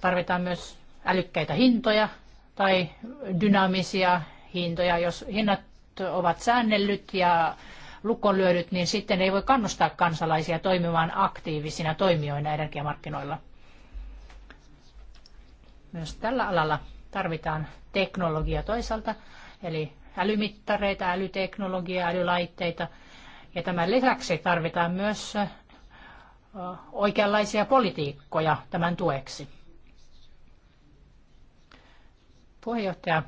Tarvitaan myös älykkäitä hintoja tai dynaamisia hintoja. Jos hinnat ovat säännellyt ja lukonlyödyt, niin sitten ei voi kannustaa kansalaisia toimimaan aktiivisina toimijoina energiamarkkinoilla. Myös tällä alalla tarvitaan teknologia toisaalta, eli älymittareita, älyteknologiaa, älylaitteita. Ja tämän lisäksi tarvitaan myös oikeanlaisia politiikkoja tämän tueksi. Puheenjohtaja,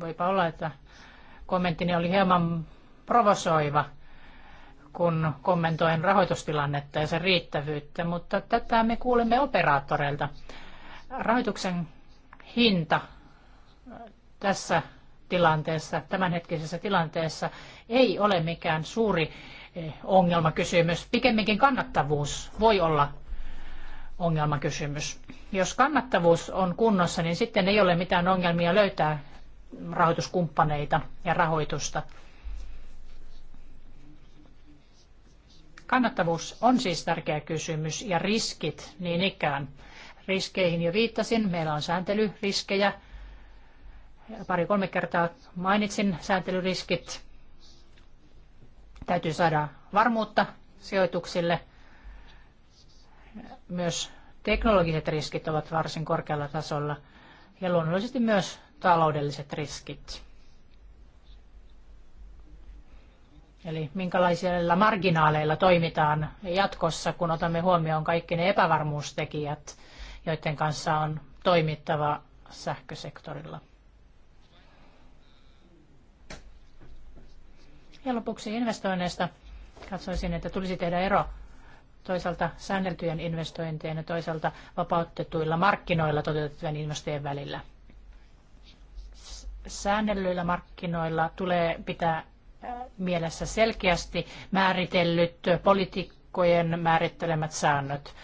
voipa olla, että kommenttini oli hieman provosoiva, kun kommentoin rahoitustilannetta ja sen riittävyyttä, mutta tätä me kuulemme operaattoreilta. Rahoituksen hinta äh, tässä tilanteessa, tämänhetkisessä tilanteessa, ei ole mikään suuri eh, ongelmakysymys. Pikemminkin kannattavuus voi olla ongelmakysymys. Jos kannattavuus on kunnossa, niin sitten ei ole mitään ongelmia löytää rahoituskumppaneita ja rahoitusta. Kannattavuus on siis tärkeä kysymys ja riskit niin ikään riskeihin jo viittasin. Meillä on sääntelyriskejä. Pari-kolme kertaa mainitsin sääntelyriskit. Täytyy saada varmuutta sijoituksille. Myös teknologiset riskit ovat varsin korkealla tasolla ja luonnollisesti myös taloudelliset riskit. Eli minkälaisilla marginaaleilla toimitaan jatkossa, kun otamme huomioon kaikki ne epävarmuustekijät, joiden kanssa on toimittava sähkösektorilla. Ja lopuksi investoinneista katsoisin, että tulisi tehdä ero toisaalta säänneltyjen investointien ja toisaalta vapautetuilla markkinoilla toteutettujen investointien välillä. Säännellyillä markkinoilla tulee pitää äh, mielessä selkeästi määritellyt poliitikkojen määrittelemät säännöt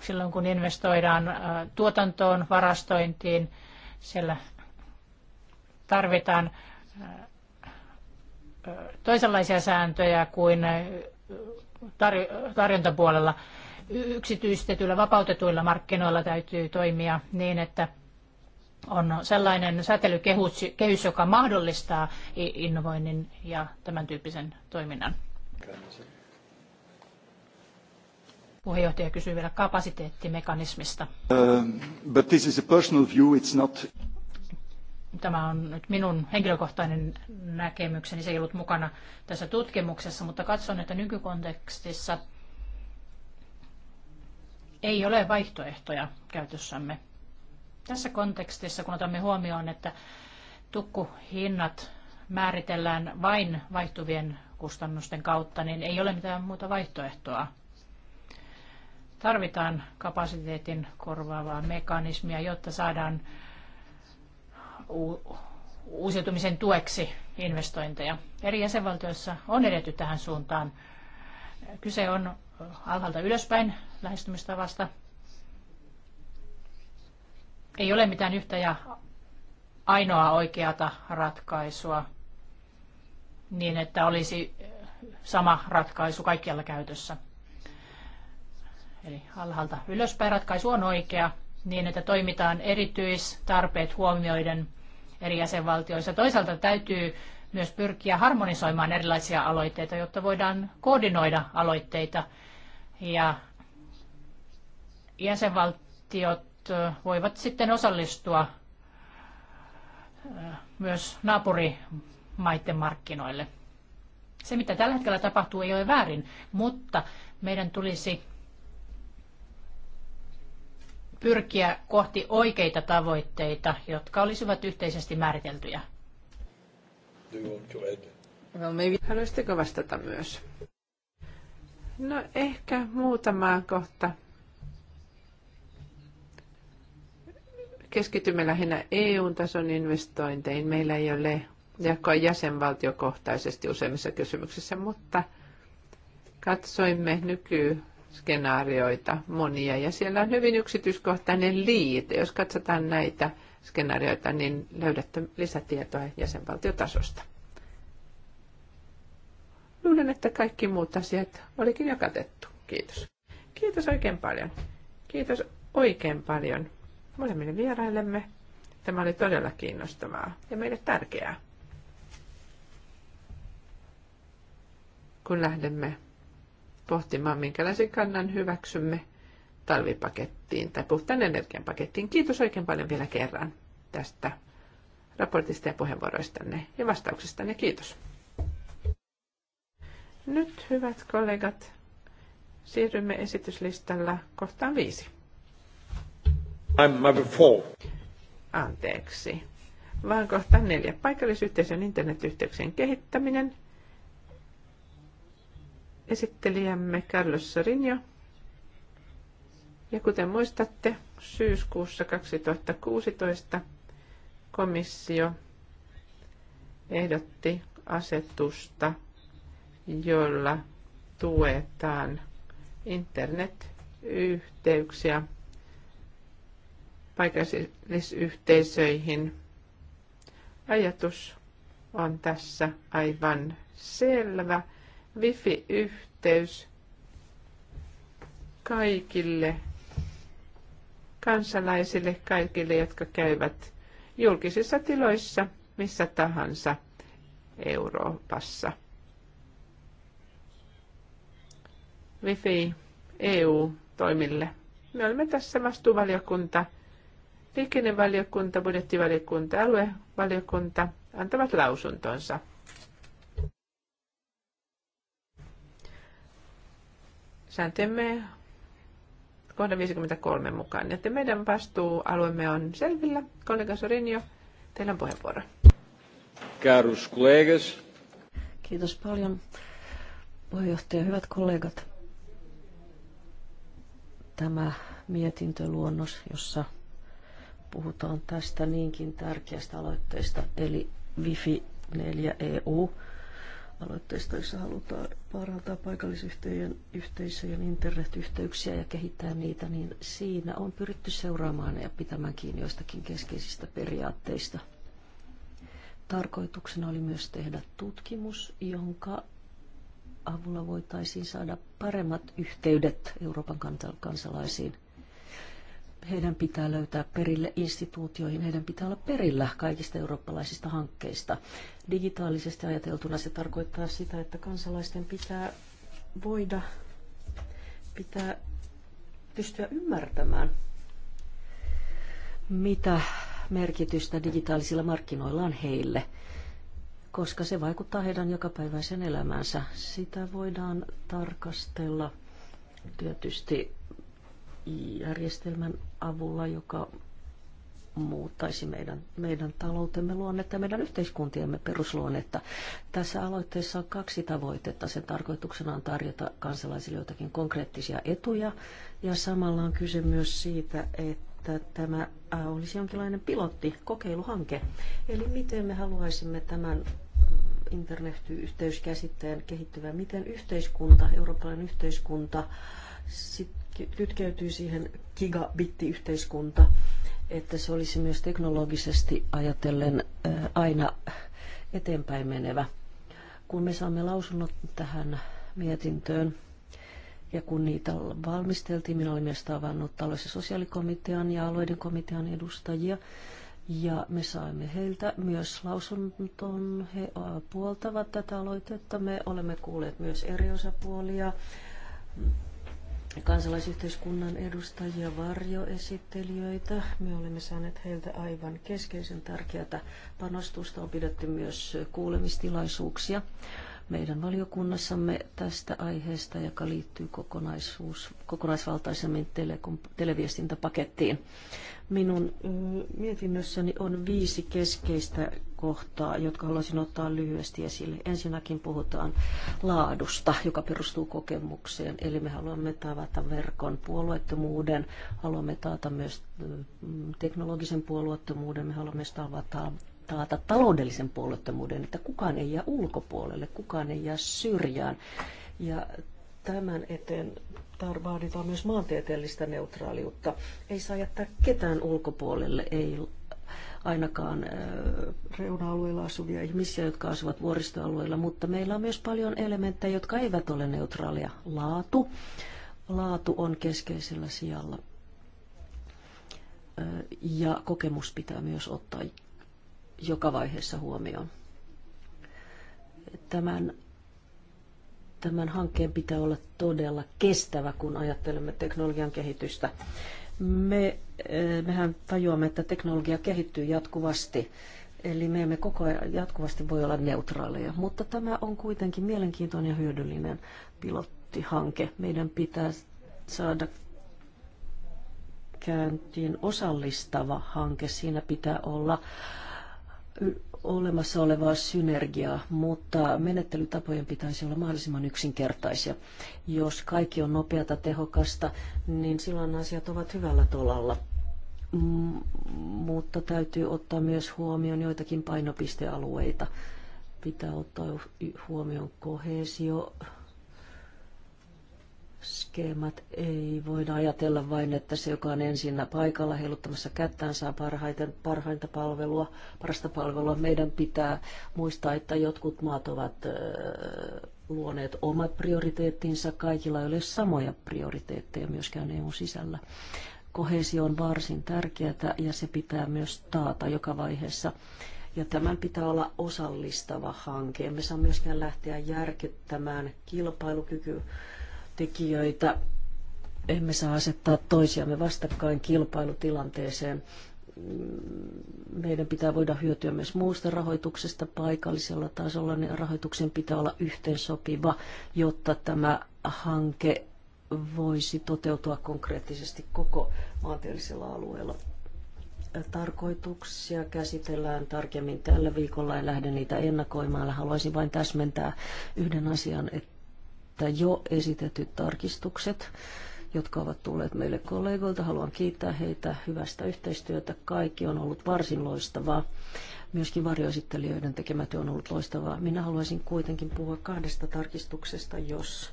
silloin kun investoidaan äh, tuotantoon, varastointiin, siellä tarvitaan äh, toisenlaisia sääntöjä kuin äh, tarjontapuolella. Yksityistetyillä, vapautetuilla markkinoilla täytyy toimia niin, että on sellainen säätelykehys, joka mahdollistaa innovoinnin ja tämän tyyppisen toiminnan. Puheenjohtaja kysyy vielä kapasiteettimekanismista. Um, but this is a personal view, it's not... Tämä on nyt minun henkilökohtainen näkemykseni, se ei ollut mukana tässä tutkimuksessa, mutta katson, että nykykontekstissa ei ole vaihtoehtoja käytössämme. Tässä kontekstissa, kun otamme huomioon, että tukkuhinnat määritellään vain vaihtuvien kustannusten kautta, niin ei ole mitään muuta vaihtoehtoa. Tarvitaan kapasiteetin korvaavaa mekanismia, jotta saadaan uusiutumisen tueksi investointeja. Eri jäsenvaltioissa on edetty tähän suuntaan. Kyse on alhaalta ylöspäin lähestymistavasta. Ei ole mitään yhtä ja ainoaa oikeata ratkaisua niin, että olisi sama ratkaisu kaikkialla käytössä. Eli alhaalta ylöspäin ratkaisu on oikea, niin että toimitaan erityistarpeet huomioiden eri jäsenvaltioissa. Toisaalta täytyy myös pyrkiä harmonisoimaan erilaisia aloitteita, jotta voidaan koordinoida aloitteita ja jäsenvaltiot voivat sitten osallistua myös naapurimaiden markkinoille. Se, mitä tällä hetkellä tapahtuu, ei ole väärin, mutta meidän tulisi pyrkiä kohti oikeita tavoitteita, jotka olisivat yhteisesti määriteltyjä. Well, maybe. Haluaisitteko vastata myös? No ehkä muutama kohta. Keskitymme lähinnä EU-tason investointeihin. Meillä ei ole jakoa jäsenvaltiokohtaisesti useimmissa kysymyksissä, mutta katsoimme nyky skenaarioita monia ja siellä on hyvin yksityiskohtainen liite. Jos katsotaan näitä skenaarioita, niin löydätte lisätietoa jäsenvaltiotasosta. Luulen, että kaikki muut asiat olikin jo katettu. Kiitos. Kiitos oikein paljon. Kiitos oikein paljon molemmille vieraillemme. Tämä oli todella kiinnostavaa ja meille tärkeää, kun lähdemme pohtimaan, minkälaisen kannan hyväksymme talvipakettiin tai puhtaan energian pakettiin. Kiitos oikein paljon vielä kerran tästä raportista ja puheenvuoroistanne ja vastauksistanne. Kiitos. Nyt, hyvät kollegat, siirrymme esityslistalla kohtaan viisi. I'm number four. Anteeksi. Vaan kohtaan neljä. Paikallisyhteisön internetyhteyksien kehittäminen – Esittelijämme Carlos Sorinio. Ja kuten muistatte, syyskuussa 2016 komissio ehdotti asetusta, jolla tuetaan internetyhteyksiä paikallisyhteisöihin. Ajatus on tässä aivan selvä wifi-yhteys kaikille kansalaisille, kaikille, jotka käyvät julkisissa tiloissa missä tahansa Euroopassa. Wifi EU-toimille. Me olemme tässä vastuuvaliokunta, liikennevaliokunta, budjettivaliokunta, aluevaliokunta antavat lausuntonsa sääntömme kohdan 53 mukaan. Että meidän vastuualueemme on selvillä. Kollega Sorinio, teillä on puheenvuoro. Kärus kollegas. Kiitos paljon puheenjohtaja. Hyvät kollegat. Tämä mietintöluonnos, jossa puhutaan tästä niinkin tärkeästä aloitteesta, eli Wifi 4 EU – aloitteesta, jossa halutaan parantaa paikallisyhteisöjen yhteisöjen internetyhteyksiä ja kehittää niitä, niin siinä on pyritty seuraamaan ja pitämään kiinni joistakin keskeisistä periaatteista. Tarkoituksena oli myös tehdä tutkimus, jonka avulla voitaisiin saada paremmat yhteydet Euroopan kansalaisiin – heidän pitää löytää perille instituutioihin, heidän pitää olla perillä kaikista eurooppalaisista hankkeista. Digitaalisesti ajateltuna se tarkoittaa sitä, että kansalaisten pitää voida pitää pystyä ymmärtämään, mitä merkitystä digitaalisilla markkinoilla on heille, koska se vaikuttaa heidän jokapäiväiseen elämäänsä. Sitä voidaan tarkastella tietysti E järjestelmän avulla, joka muuttaisi meidän, meidän taloutemme luonnetta ja meidän yhteiskuntiemme perusluonnetta. Tässä aloitteessa on kaksi tavoitetta. Sen tarkoituksena on tarjota kansalaisille jotakin konkreettisia etuja ja samalla on kyse myös siitä, että tämä olisi jonkinlainen pilotti, kokeiluhanke. Eli miten me haluaisimme tämän internet-yhteyskäsitteen kehittyvän, miten yhteiskunta, eurooppalainen yhteiskunta, sitten kytkeytyy siihen gigabittiyhteiskunta, että se olisi myös teknologisesti ajatellen aina eteenpäin menevä. Kun me saamme lausunnot tähän mietintöön, ja kun niitä valmisteltiin, minä olin myös tavannut talous- ja sosiaalikomitean ja alueiden komitean edustajia, ja me saimme heiltä myös lausunton. He puoltavat tätä aloitetta. Me olemme kuulleet myös eri osapuolia, kansalaisyhteiskunnan edustajia, varjoesittelijöitä. Me olemme saaneet heiltä aivan keskeisen tärkeää panostusta. On pidetty myös kuulemistilaisuuksia meidän valiokunnassamme tästä aiheesta, joka liittyy kokonaisuus, kokonaisvaltaisemmin tele, televiestintäpakettiin. Minun mm, mietinnössäni on viisi keskeistä kohtaa, jotka haluaisin ottaa lyhyesti esille. Ensinnäkin puhutaan laadusta, joka perustuu kokemukseen. Eli me haluamme tavata verkon puolueettomuuden, haluamme taata myös mm, teknologisen puolueettomuuden, me haluamme tavata taata taloudellisen puolueettomuuden, että kukaan ei jää ulkopuolelle, kukaan ei jää syrjään. Ja tämän eteen vaaditaan myös maantieteellistä neutraaliutta. Ei saa jättää ketään ulkopuolelle, ei ainakaan reuna-alueilla asuvia ihmisiä, jotka asuvat vuoristoalueilla, mutta meillä on myös paljon elementtejä, jotka eivät ole neutraalia. Laatu. Laatu on keskeisellä sijalla. Ja kokemus pitää myös ottaa joka vaiheessa huomioon. Tämän tämän hankkeen pitää olla todella kestävä, kun ajattelemme teknologian kehitystä. Me, eh, mehän tajuamme, että teknologia kehittyy jatkuvasti, eli me emme koko ajan jatkuvasti voi olla neutraaleja, mutta tämä on kuitenkin mielenkiintoinen ja hyödyllinen pilottihanke. Meidän pitää saada käyntiin osallistava hanke. Siinä pitää olla olemassa olevaa synergiaa, mutta menettelytapojen pitäisi olla mahdollisimman yksinkertaisia. Jos kaikki on nopeata, tehokasta, niin silloin asiat ovat hyvällä tolalla. M- mutta täytyy ottaa myös huomioon joitakin painopistealueita. Pitää ottaa huomioon kohesio, skeemat ei voida ajatella vain, että se, joka on ensin paikalla heiluttamassa kättään, saa parhaiten, parhainta palvelua, parasta palvelua. Meidän pitää muistaa, että jotkut maat ovat luoneet omat prioriteettinsa, kaikilla ei ole samoja prioriteetteja myöskään eu sisällä. Kohesio on varsin tärkeää ja se pitää myös taata joka vaiheessa. Ja tämän pitää olla osallistava hanke. Me saa myöskään lähteä järkyttämään kilpailukykyä tekijöitä. Emme saa asettaa toisiamme vastakkain kilpailutilanteeseen. Meidän pitää voida hyötyä myös muusta rahoituksesta paikallisella tasolla. Niin rahoituksen pitää olla yhteensopiva, jotta tämä hanke voisi toteutua konkreettisesti koko maantieteellisellä alueella tarkoituksia käsitellään tarkemmin tällä viikolla. En lähde niitä ennakoimaan. Haluaisin vain täsmentää yhden asian, että että jo esitetyt tarkistukset, jotka ovat tulleet meille kollegoilta, haluan kiittää heitä hyvästä yhteistyötä. Kaikki on ollut varsin loistavaa. Myöskin varjoesittelijöiden tekemä työ on ollut loistavaa. Minä haluaisin kuitenkin puhua kahdesta tarkistuksesta, jos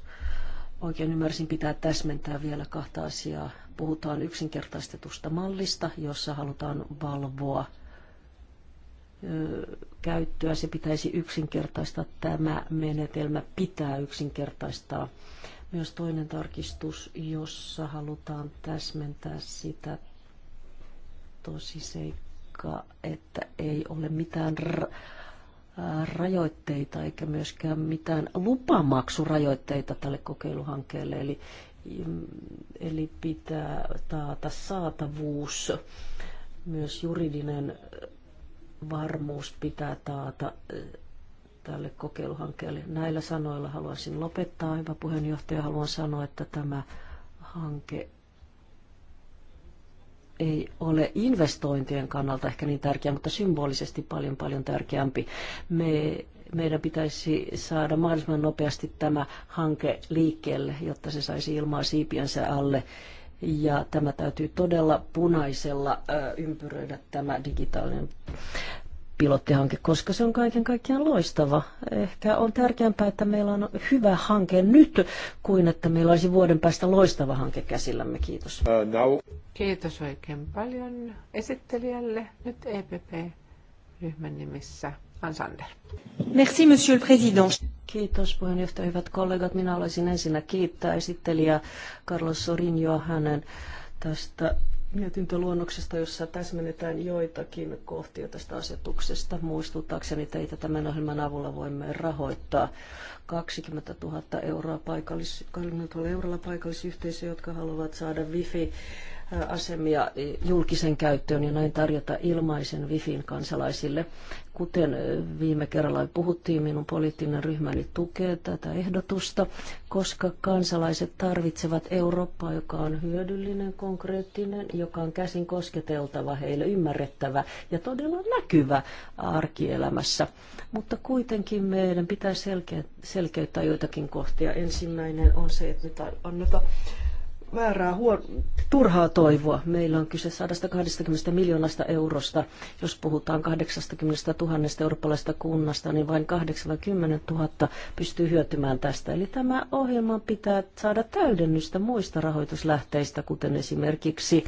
oikein ymmärsin, pitää täsmentää vielä kahta asiaa. Puhutaan yksinkertaistetusta mallista, jossa halutaan valvoa käyttöä. Se pitäisi yksinkertaistaa. Tämä menetelmä pitää yksinkertaistaa. Myös toinen tarkistus, jossa halutaan täsmentää sitä tosiseikkaa, että ei ole mitään rajoitteita eikä myöskään mitään lupamaksurajoitteita tälle kokeiluhankkeelle. Eli, mm, eli pitää taata saatavuus, myös juridinen varmuus pitää taata tälle kokeiluhankkeelle. Näillä sanoilla haluaisin lopettaa. Hyvä puheenjohtaja, haluan sanoa, että tämä hanke ei ole investointien kannalta ehkä niin tärkeä, mutta symbolisesti paljon paljon tärkeämpi. Me, meidän pitäisi saada mahdollisimman nopeasti tämä hanke liikkeelle, jotta se saisi ilmaa siipiensä alle ja tämä täytyy todella punaisella ympyröidä tämä digitaalinen pilottihanke, koska se on kaiken kaikkiaan loistava. Ehkä on tärkeämpää, että meillä on hyvä hanke nyt, kuin että meillä olisi vuoden päästä loistava hanke käsillämme. Kiitos. Uh, no. Kiitos oikein paljon esittelijälle. Nyt EPP-ryhmän nimissä Merci, monsieur le président. Kiitos puheenjohtaja, hyvät kollegat. Minä haluaisin ensinnä kiittää esittelijä Carlos Sorinjoa hänen tästä mietintöluonnoksesta, jossa täsmennetään joitakin kohtia tästä asetuksesta. Muistuttaakseni teitä tämän ohjelman avulla voimme rahoittaa 20 000 euroa, paikallis, 20 000 eurolla paikallisyhteisöjä, jotka haluavat saada wifi asemia julkisen käyttöön ja näin tarjota ilmaisen wifin kansalaisille. Kuten viime kerralla puhuttiin, minun poliittinen ryhmäni tukee tätä ehdotusta, koska kansalaiset tarvitsevat Eurooppaa, joka on hyödyllinen, konkreettinen, joka on käsin kosketeltava, heille ymmärrettävä ja todella näkyvä arkielämässä. Mutta kuitenkin meidän pitää selkeyttää joitakin kohtia. Ensimmäinen on se, että nyt annetaan väärää huon, turhaa toivoa. Meillä on kyse 120 miljoonasta eurosta. Jos puhutaan 80 000 eurooppalaisesta kunnasta, niin vain 80 000 pystyy hyötymään tästä. Eli tämä ohjelma pitää saada täydennystä muista rahoituslähteistä, kuten esimerkiksi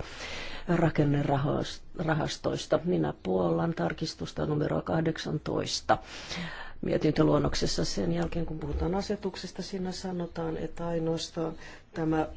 rakennerahastoista. Minä puollan tarkistusta numero 18 mietintöluonnoksessa sen jälkeen, kun puhutaan asetuksesta, siinä sanotaan, että ainoastaan tämä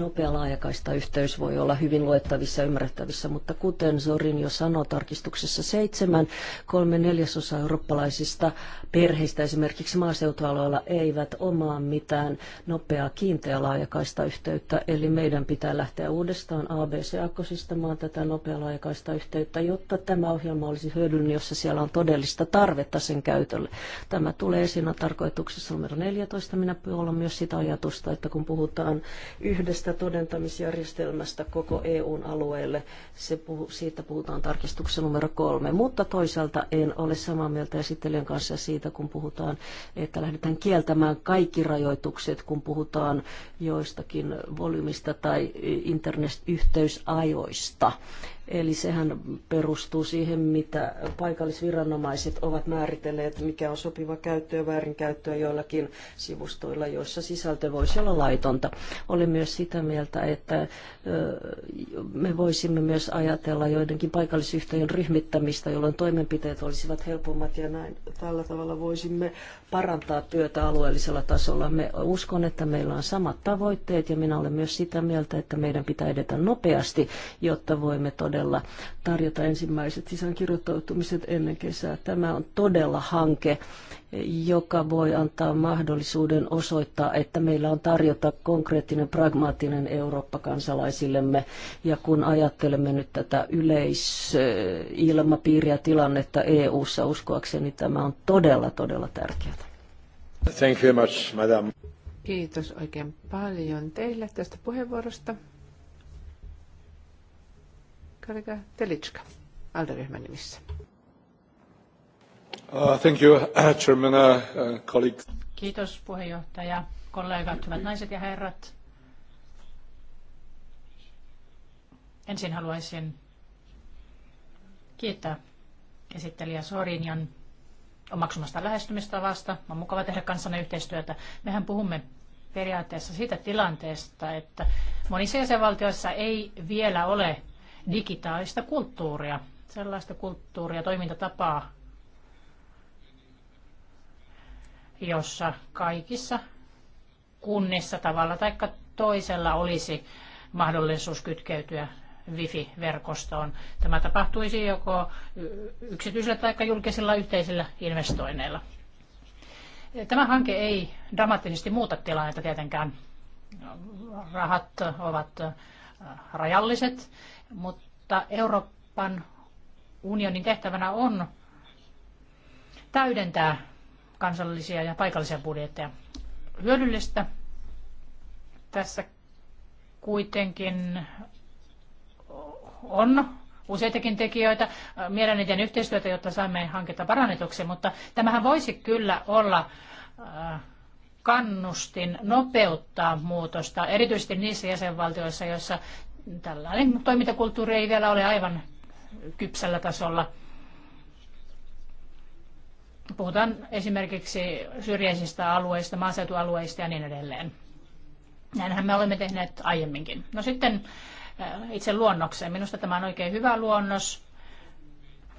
Nopea laajakaista yhteys voi olla hyvin luettavissa ja ymmärrettävissä, mutta kuten Zorin jo sanoi tarkistuksessa seitsemän, kolme neljäsosa eurooppalaisista perheistä esimerkiksi maaseutualueilla eivät omaa mitään nopeaa kiinteää laajakaista yhteyttä, eli meidän pitää lähteä uudestaan ABC-akkosistamaan tätä nopeaa laajakaista yhteyttä, jotta tämä ohjelma olisi hyödyllinen, jossa siellä on todellista tarvetta sen käytölle. Tämä tulee siinä tarkoituksessa numero 14. Minä puolan myös sitä ajatusta, että kun puhutaan yhdessä yhdestä todentamisjärjestelmästä koko EUn alueelle. Se puhu, siitä puhutaan tarkistuksessa numero kolme. Mutta toisaalta en ole samaa mieltä esittelijän kanssa siitä, kun puhutaan, että lähdetään kieltämään kaikki rajoitukset, kun puhutaan joistakin volyymista tai internetyhteysajoista. Eli sehän perustuu siihen, mitä paikallisviranomaiset ovat määritelleet, mikä on sopiva käyttö ja väärinkäyttöä joillakin sivustoilla, joissa sisältö voisi olla laitonta. Olen myös sitä mieltä, että me voisimme myös ajatella joidenkin paikallisyhtiön ryhmittämistä, jolloin toimenpiteet olisivat helpommat ja näin tällä tavalla voisimme parantaa työtä alueellisella tasolla. Me uskon, että meillä on samat tavoitteet ja minä olen myös sitä mieltä, että meidän pitää edetä nopeasti, jotta voimme todella kaudella tarjota ensimmäiset sisäänkirjoittautumiset ennen kesää. Tämä on todella hanke, joka voi antaa mahdollisuuden osoittaa, että meillä on tarjota konkreettinen, pragmaattinen Eurooppa kansalaisillemme. Ja kun ajattelemme nyt tätä yleisilmapiiriä tilannetta EU-ssa, uskoakseni tämä on todella, todella tärkeää. Thank you very much, madam. Kiitos oikein paljon teille tästä puheenvuorosta kollega Telitska, alderyhmän nimissä. Uh, thank you, uh, Chairman, uh, colleagues. Kiitos puheenjohtaja, kollegat, hyvät naiset ja herrat. Ensin haluaisin kiittää esittelijä Sorinjan omaksumasta lähestymistavasta. On mukava tehdä kanssanne yhteistyötä. Mehän puhumme periaatteessa siitä tilanteesta, että monissa jäsenvaltioissa ei vielä ole digitaalista kulttuuria, sellaista kulttuuria, toimintatapaa, jossa kaikissa kunnissa tavalla tai toisella olisi mahdollisuus kytkeytyä wifi-verkostoon. Tämä tapahtuisi joko yksityisillä tai julkisilla yhteisillä investoinneilla. Tämä hanke ei dramaattisesti muuta tilannetta tietenkään. Rahat ovat rajalliset mutta Euroopan unionin tehtävänä on täydentää kansallisia ja paikallisia budjetteja. Hyödyllistä tässä kuitenkin on useitakin tekijöitä. Mielelläni yhteistyötä, jotta saamme hanketta parannetuksi, mutta tämähän voisi kyllä olla äh, kannustin nopeuttaa muutosta, erityisesti niissä jäsenvaltioissa, joissa tällainen toimintakulttuuri ei vielä ole aivan kypsällä tasolla. Puhutaan esimerkiksi syrjäisistä alueista, maaseutualueista ja niin edelleen. Näinhän me olemme tehneet aiemminkin. No sitten äh, itse luonnokseen. Minusta tämä on oikein hyvä luonnos.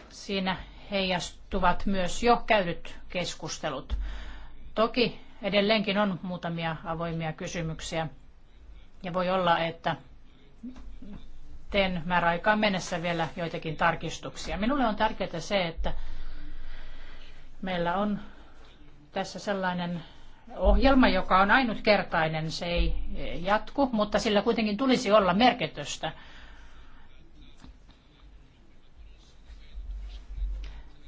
Siinä heijastuvat myös jo käydyt keskustelut. Toki edelleenkin on muutamia avoimia kysymyksiä. Ja voi olla, että teen määräaikaan mennessä vielä joitakin tarkistuksia. Minulle on tärkeää se, että meillä on tässä sellainen ohjelma, joka on ainutkertainen, se ei jatku, mutta sillä kuitenkin tulisi olla merkitystä.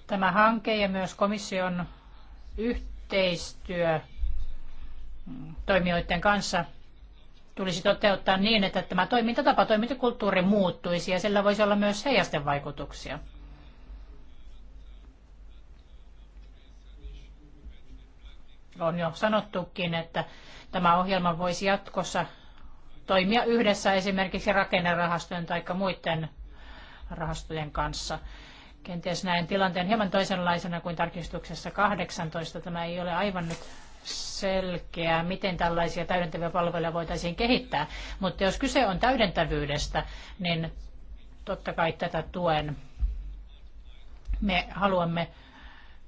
Tämä hanke ja myös komission yhteistyö toimijoiden kanssa tulisi toteuttaa niin, että tämä toimintatapa, toimintakulttuuri muuttuisi ja sillä voisi olla myös heijasten vaikutuksia. On jo sanottukin, että tämä ohjelma voisi jatkossa toimia yhdessä esimerkiksi rakennerahastojen tai muiden rahastojen kanssa. Kenties näen tilanteen hieman toisenlaisena kuin tarkistuksessa 18. Tämä ei ole aivan nyt selkeää, miten tällaisia täydentäviä palveluja voitaisiin kehittää. Mutta jos kyse on täydentävyydestä, niin totta kai tätä tuen. Me haluamme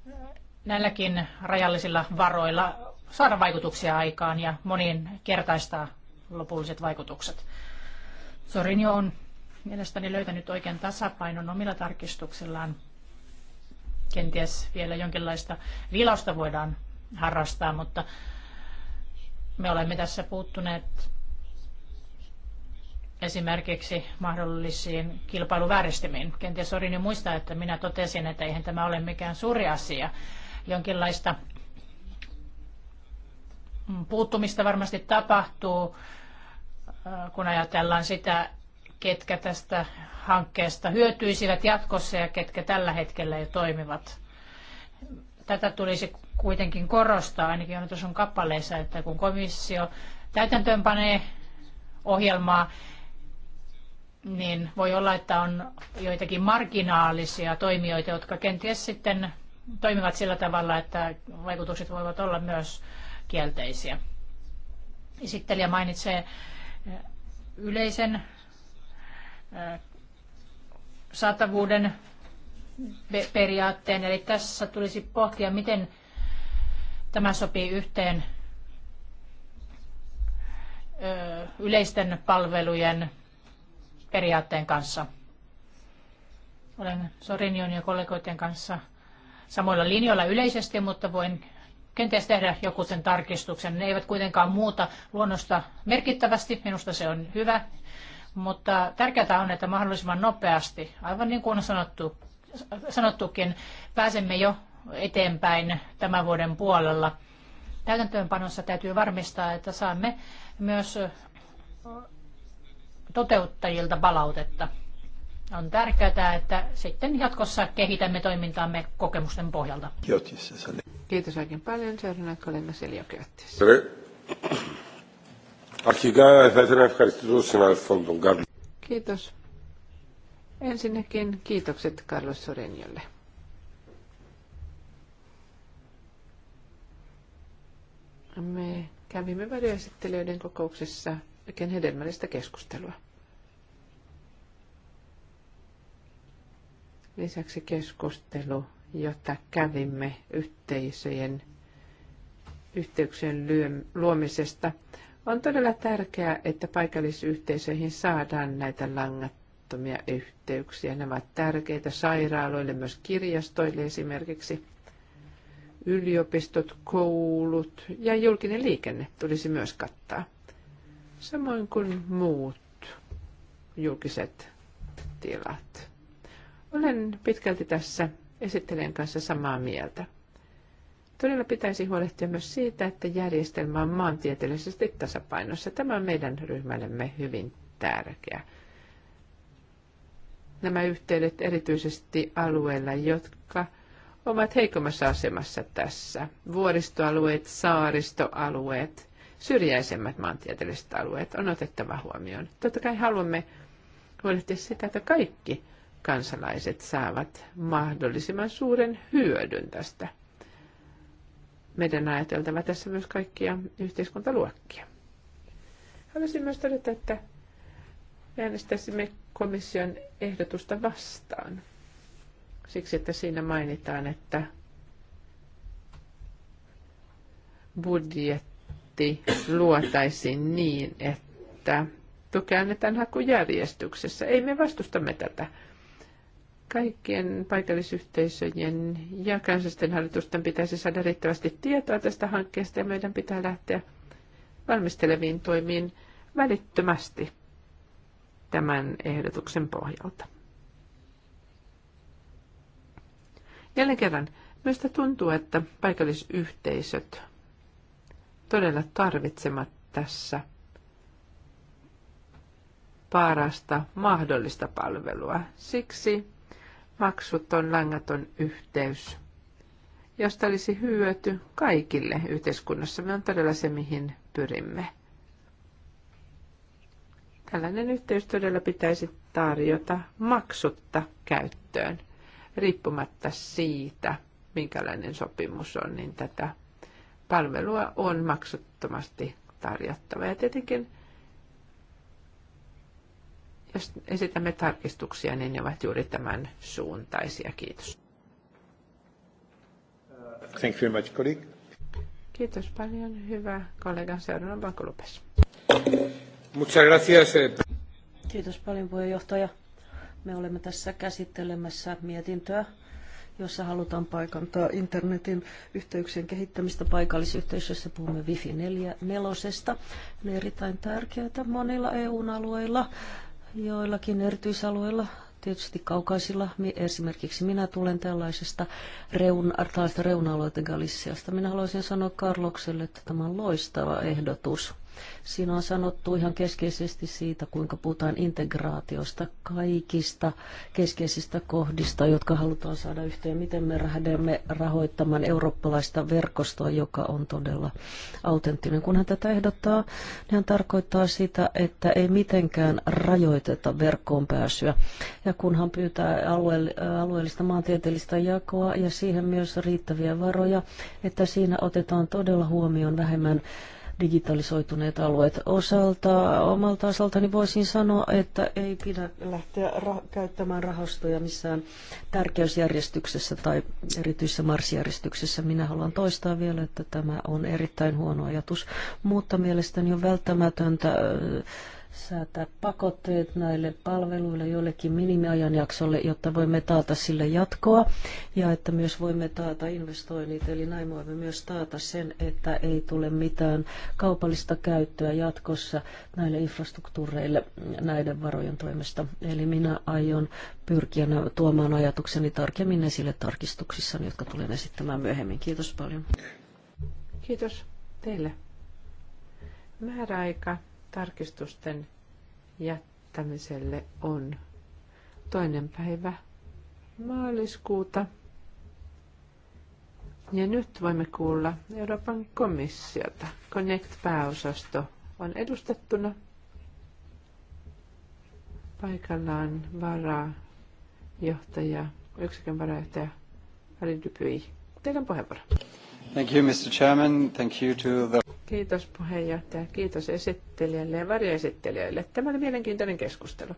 äh, näilläkin rajallisilla varoilla saada vaikutuksia aikaan ja moniin kertaistaa lopulliset vaikutukset. Sorinjo on mielestäni löytänyt oikean tasapainon omilla tarkistuksillaan. Kenties vielä jonkinlaista vilausta voidaan harrastaa, mutta me olemme tässä puuttuneet esimerkiksi mahdollisiin kilpailuvääristymiin. Kenties orin jo muistaa, että minä totesin, että eihän tämä ole mikään suuri asia. Jonkinlaista puuttumista varmasti tapahtuu, kun ajatellaan sitä, ketkä tästä hankkeesta hyötyisivät jatkossa ja ketkä tällä hetkellä jo toimivat tätä tulisi kuitenkin korostaa, ainakin on tuossa on kappaleessa, että kun komissio täytäntöönpanee ohjelmaa, niin voi olla, että on joitakin marginaalisia toimijoita, jotka kenties sitten toimivat sillä tavalla, että vaikutukset voivat olla myös kielteisiä. Esittelijä mainitsee yleisen saatavuuden periaatteen. Eli tässä tulisi pohtia, miten tämä sopii yhteen yleisten palvelujen periaatteen kanssa. Olen Sorinion ja kollegoiden kanssa samoilla linjoilla yleisesti, mutta voin kenties tehdä joku sen tarkistuksen. Ne eivät kuitenkaan muuta luonnosta merkittävästi, minusta se on hyvä. Mutta tärkeää on, että mahdollisimman nopeasti, aivan niin kuin on sanottu, sanottukin, pääsemme jo eteenpäin tämän vuoden puolella. Täytäntöönpanossa täytyy varmistaa, että saamme myös toteuttajilta palautetta. On tärkeää, että sitten jatkossa kehitämme toimintaamme kokemusten pohjalta. Kiitos oikein paljon. Seuraavana kollega Selja Kyöttis. Kiitos Ensinnäkin kiitokset Carlos Sorenjolle. Me kävimme väliesittelijöiden kokouksessa oikein hedelmällistä keskustelua. Lisäksi keskustelu, jota kävimme yhteisöjen yhteyksien luomisesta, on todella tärkeää, että paikallisyhteisöihin saadaan näitä langat langattomia yhteyksiä. Nämä ovat tärkeitä sairaaloille, myös kirjastoille esimerkiksi. Yliopistot, koulut ja julkinen liikenne tulisi myös kattaa. Samoin kuin muut julkiset tilat. Olen pitkälti tässä esittelijän kanssa samaa mieltä. Todella pitäisi huolehtia myös siitä, että järjestelmä on maantieteellisesti tasapainossa. Tämä on meidän ryhmällemme hyvin tärkeä nämä yhteydet erityisesti alueilla, jotka ovat heikommassa asemassa tässä. Vuoristoalueet, saaristoalueet, syrjäisemmät maantieteelliset alueet on otettava huomioon. Totta kai haluamme huolehtia sitä, että kaikki kansalaiset saavat mahdollisimman suuren hyödyn tästä. Meidän ajateltava tässä myös kaikkia yhteiskuntaluokkia. Haluaisin myös todeta, että me äänestäisimme komission ehdotusta vastaan. Siksi, että siinä mainitaan, että budjetti luotaisiin niin, että tukea annetaan hakujärjestyksessä. Ei me vastustamme tätä. Kaikkien paikallisyhteisöjen ja kansallisten hallitusten pitäisi saada riittävästi tietoa tästä hankkeesta ja meidän pitää lähteä valmisteleviin toimiin välittömästi tämän ehdotuksen pohjalta. Jälleen kerran, minusta tuntuu, että paikallisyhteisöt todella tarvitsevat tässä parasta mahdollista palvelua. Siksi maksuton langaton yhteys, josta olisi hyöty kaikille yhteiskunnassa, on todella se, mihin pyrimme. Tällainen yhteys todella pitäisi tarjota maksutta käyttöön, riippumatta siitä, minkälainen sopimus on, niin tätä palvelua on maksuttomasti tarjottava. Ja tietenkin, jos esitämme tarkistuksia, niin ne ovat juuri tämän suuntaisia. Kiitos. Thank you very much, colleague. Kiitos paljon, hyvä kollega Seuraavan Lopes. Muchas gracias. Eh. Kiitos paljon puheenjohtaja. Me olemme tässä käsittelemässä mietintöä, jossa halutaan paikantaa internetin yhteyksien kehittämistä paikallisyhteisössä. Puhumme Wi-Fi 4, Ne erittäin tärkeää monilla EU-alueilla, joillakin erityisalueilla tietysti kaukaisilla. Esimerkiksi minä tulen tällaisesta reun, reuna-alueiden Galiciasta. Minä haluaisin sanoa Karlokselle, että tämä on loistava ehdotus Siinä on sanottu ihan keskeisesti siitä, kuinka puhutaan integraatiosta kaikista keskeisistä kohdista, jotka halutaan saada yhteen. Miten me lähdemme rahoittamaan eurooppalaista verkostoa, joka on todella autenttinen. Kun hän tätä ehdottaa, niin hän tarkoittaa sitä, että ei mitenkään rajoiteta verkkoon pääsyä. Ja kun hän pyytää alueellista maantieteellistä jakoa ja siihen myös riittäviä varoja, että siinä otetaan todella huomioon vähemmän digitalisoituneet alueet osalta. Omalta osaltani voisin sanoa, että ei pidä lähteä ra- käyttämään rahastoja missään tärkeysjärjestyksessä tai erityisessä marssijärjestyksessä. Minä haluan toistaa vielä, että tämä on erittäin huono ajatus, mutta mielestäni on välttämätöntä säätää pakotteet näille palveluille jollekin minimiajanjaksolle, jotta voimme taata sille jatkoa ja että myös voimme taata investoinnit. Eli näin voimme myös taata sen, että ei tule mitään kaupallista käyttöä jatkossa näille infrastruktuureille näiden varojen toimesta. Eli minä aion pyrkiä tuomaan ajatukseni tarkemmin esille tarkistuksissa, jotka tulen esittämään myöhemmin. Kiitos paljon. Kiitos teille. Määräaika tarkistusten jättämiselle on toinen päivä maaliskuuta. Ja nyt voimme kuulla Euroopan komissiota. Connect-pääosasto on edustettuna. Paikalla on varajohtaja, yksikön varajohtaja Harry Dupuy. Teillä on puheenvuoro. Thank you, Mr. Chairman. Thank you to the... Kiitos puheenjohtaja, kiitos esittelijälle ja varjoesittelijöille. Tämä oli mielenkiintoinen keskustelu.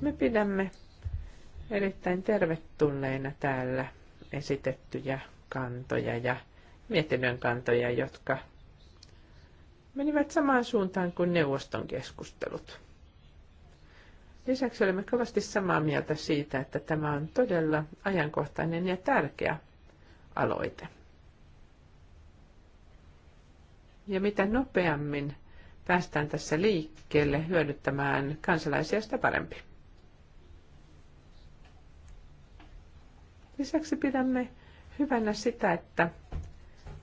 Me pidämme erittäin tervetulleina täällä esitettyjä kantoja ja mietinnön kantoja, jotka menivät samaan suuntaan kuin neuvoston keskustelut. Lisäksi olemme kovasti samaa mieltä siitä, että tämä on todella ajankohtainen ja tärkeä aloite. Ja mitä nopeammin päästään tässä liikkeelle hyödyttämään kansalaisia, sitä parempi. Lisäksi pidämme hyvänä sitä, että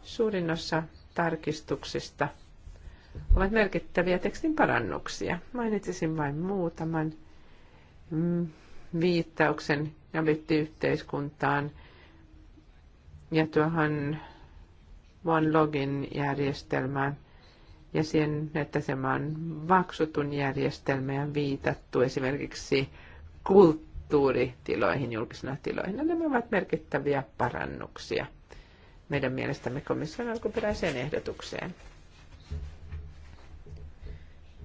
suurin osa tarkistuksista ovat merkittäviä tekstin parannuksia. Mainitsisin vain muutaman mm, viittauksen ja yhteiskuntaan – ja tuohon One Login järjestelmään ja sen, että se on maksutun järjestelmään viitattu esimerkiksi kulttuuritiloihin, julkisina tiloihin. No, nämä ovat merkittäviä parannuksia meidän mielestämme komission alkuperäiseen ehdotukseen.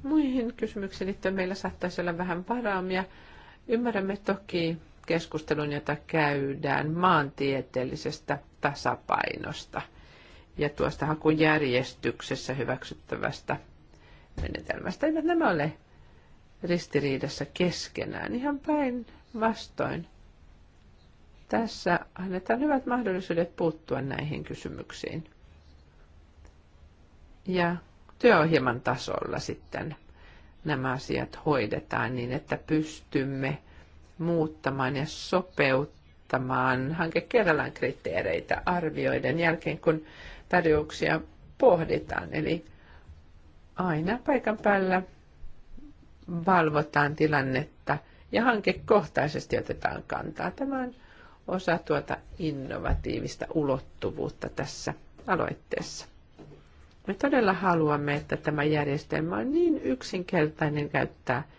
Muihin kysymyksiin liittyen meillä saattaisi olla vähän varaamia. Ymmärrämme toki keskustelun, jota käydään maantieteellisestä tasapainosta ja tuosta hakujärjestyksessä hyväksyttävästä menetelmästä. Eivät nämä ole ristiriidassa keskenään, ihan päin vastoin. Tässä annetaan hyvät mahdollisuudet puuttua näihin kysymyksiin. Ja työohjelman tasolla sitten nämä asiat hoidetaan niin, että pystymme muuttamaan ja sopeuttamaan asettamaan hanke kerrallaan kriteereitä arvioiden jälkeen, kun tarjouksia pohditaan. Eli aina paikan päällä valvotaan tilannetta ja hankekohtaisesti otetaan kantaa. Tämä on osa tuota innovatiivista ulottuvuutta tässä aloitteessa. Me todella haluamme, että tämä järjestelmä on niin yksinkertainen käyttää –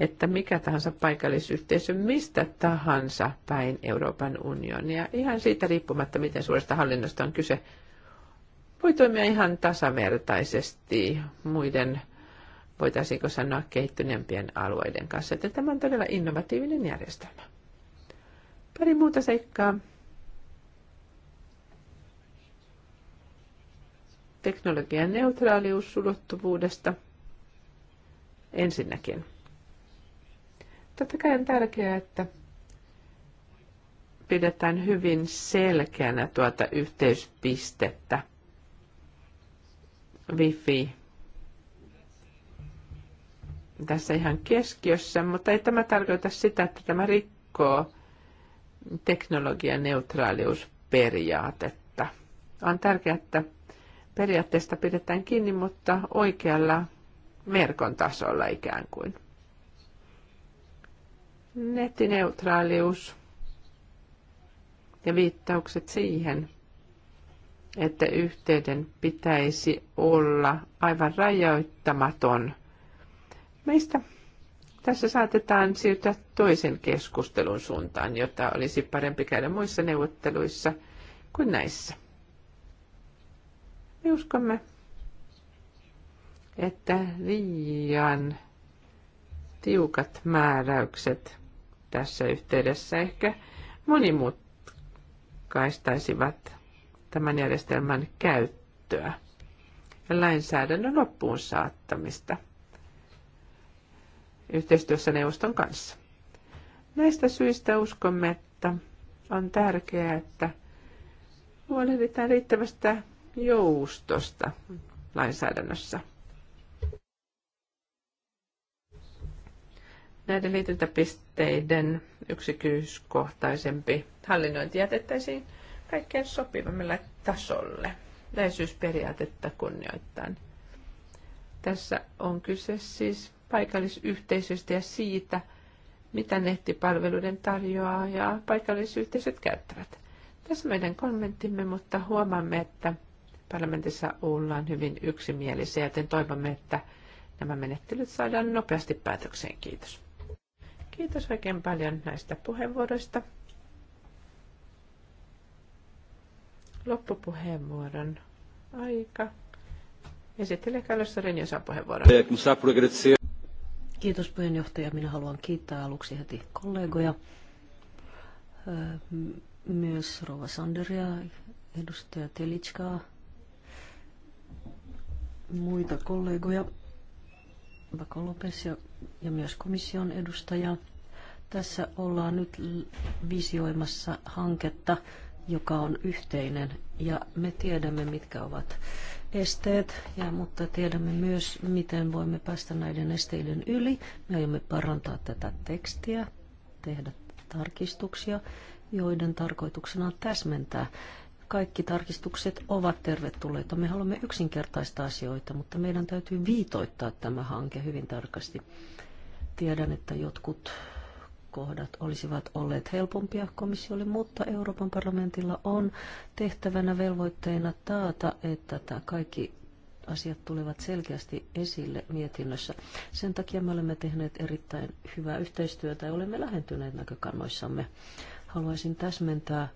että mikä tahansa paikallisyhteisö mistä tahansa päin Euroopan unionia, ihan siitä riippumatta, miten suuresta hallinnosta on kyse, voi toimia ihan tasavertaisesti muiden, voitaisiinko sanoa, kehittyneempien alueiden kanssa. Että tämä on todella innovatiivinen järjestelmä. Pari muuta seikkaa. Teknologian neutraalius ulottuvuudesta. Ensinnäkin Totta kai on tärkeää, että pidetään hyvin selkeänä tuota yhteyspistettä. Wifi tässä ihan keskiössä, mutta ei tämä tarkoita sitä, että tämä rikkoo teknologian neutraaliusperiaatetta. On tärkeää, että periaatteesta pidetään kiinni, mutta oikealla verkon tasolla ikään kuin. Nettineutraalius ja viittaukset siihen, että yhteyden pitäisi olla aivan rajoittamaton. Meistä tässä saatetaan siirtyä toisen keskustelun suuntaan, jota olisi parempi käydä muissa neuvotteluissa kuin näissä. Me uskomme, että liian tiukat määräykset tässä yhteydessä ehkä monimutkaistaisivat tämän järjestelmän käyttöä ja lainsäädännön loppuun saattamista yhteistyössä neuvoston kanssa. Näistä syistä uskomme, että on tärkeää, että huolehditaan riittävästä joustosta lainsäädännössä. näiden liityntäpisteiden yksityiskohtaisempi hallinnointi jätettäisiin kaikkein sopivammalle tasolle läheisyysperiaatetta kunnioittain. Tässä on kyse siis paikallisyhteisöstä ja siitä, mitä nettipalveluiden tarjoaa ja paikallisyhteisöt käyttävät. Tässä meidän kommenttimme, mutta huomaamme, että parlamentissa ollaan hyvin yksimielisiä, joten toivomme, että nämä menettelyt saadaan nopeasti päätökseen. Kiitos. Kiitos oikein paljon näistä puheenvuoroista. Loppupuheenvuoron aika. Esittelee Carlos Sorin josan puheenvuoron. Kiitos puheenjohtaja. Minä haluan kiittää aluksi heti kollegoja. Myös Rova Sanderia, edustaja Telitskaa, muita kollegoja. Bako Lopes ja, ja myös komission edustaja. Tässä ollaan nyt visioimassa hanketta, joka on yhteinen ja me tiedämme, mitkä ovat esteet, ja, mutta tiedämme myös, miten voimme päästä näiden esteiden yli. Me aiomme parantaa tätä tekstiä, tehdä tarkistuksia, joiden tarkoituksena on täsmentää kaikki tarkistukset ovat tervetulleita. Me haluamme yksinkertaista asioita, mutta meidän täytyy viitoittaa tämä hanke hyvin tarkasti. Tiedän, että jotkut kohdat olisivat olleet helpompia komissiolle, mutta Euroopan parlamentilla on tehtävänä velvoitteena taata, että tämä kaikki asiat tulevat selkeästi esille mietinnössä. Sen takia me olemme tehneet erittäin hyvää yhteistyötä ja olemme lähentyneet näkökannoissamme. Haluaisin täsmentää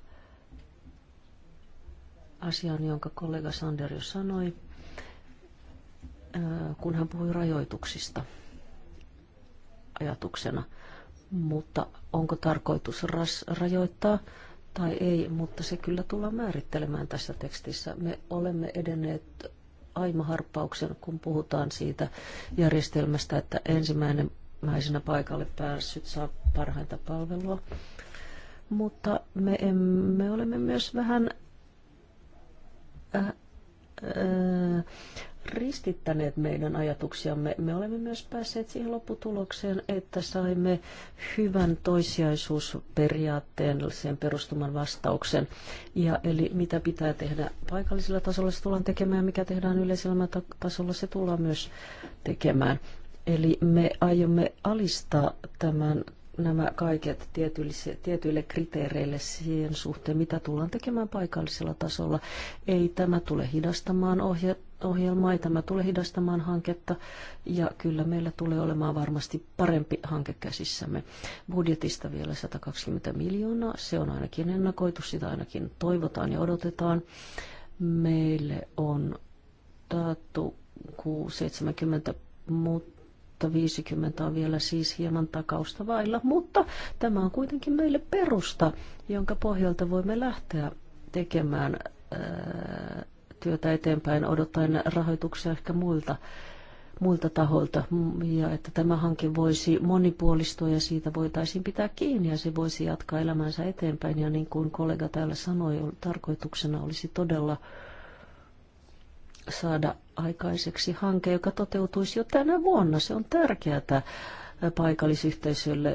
asian, jonka kollega Sander jo sanoi, äh, kun hän puhui rajoituksista ajatuksena. Mutta onko tarkoitus ras, rajoittaa tai ei, mutta se kyllä tullaan määrittelemään tässä tekstissä. Me olemme edenneet aimaharppauksen, kun puhutaan siitä järjestelmästä, että ensimmäinen mäisenä paikalle päässyt saa parhainta palvelua. Mutta me, emme, me olemme myös vähän ristittäneet meidän ajatuksiamme. Me olemme myös päässeet siihen lopputulokseen, että saimme hyvän toisiaisuusperiaatteen sen perustuman vastauksen. Ja eli mitä pitää tehdä paikallisella tasolla se tullaan tekemään mikä tehdään yleisellä tasolla se tullaan myös tekemään. Eli me aiomme alistaa tämän nämä kaiket tietyille, kriteereille siihen suhteen, mitä tullaan tekemään paikallisella tasolla. Ei tämä tule hidastamaan ohje, ohjelmaa, ei tämä tule hidastamaan hanketta ja kyllä meillä tulee olemaan varmasti parempi hanke käsissämme. Budjetista vielä 120 miljoonaa, se on ainakin ennakoitu, sitä ainakin toivotaan ja odotetaan. Meille on taattu 70 mutta 2050 on vielä siis hieman takausta vailla, mutta tämä on kuitenkin meille perusta, jonka pohjalta voimme lähteä tekemään ää, työtä eteenpäin odottaen rahoituksia ehkä muilta muilta taholta, ja että tämä hanke voisi monipuolistua ja siitä voitaisiin pitää kiinni ja se voisi jatkaa elämänsä eteenpäin. Ja niin kuin kollega täällä sanoi, tarkoituksena olisi todella saada aikaiseksi hanke, joka toteutuisi jo tänä vuonna. Se on tärkeää paikallisyhteisölle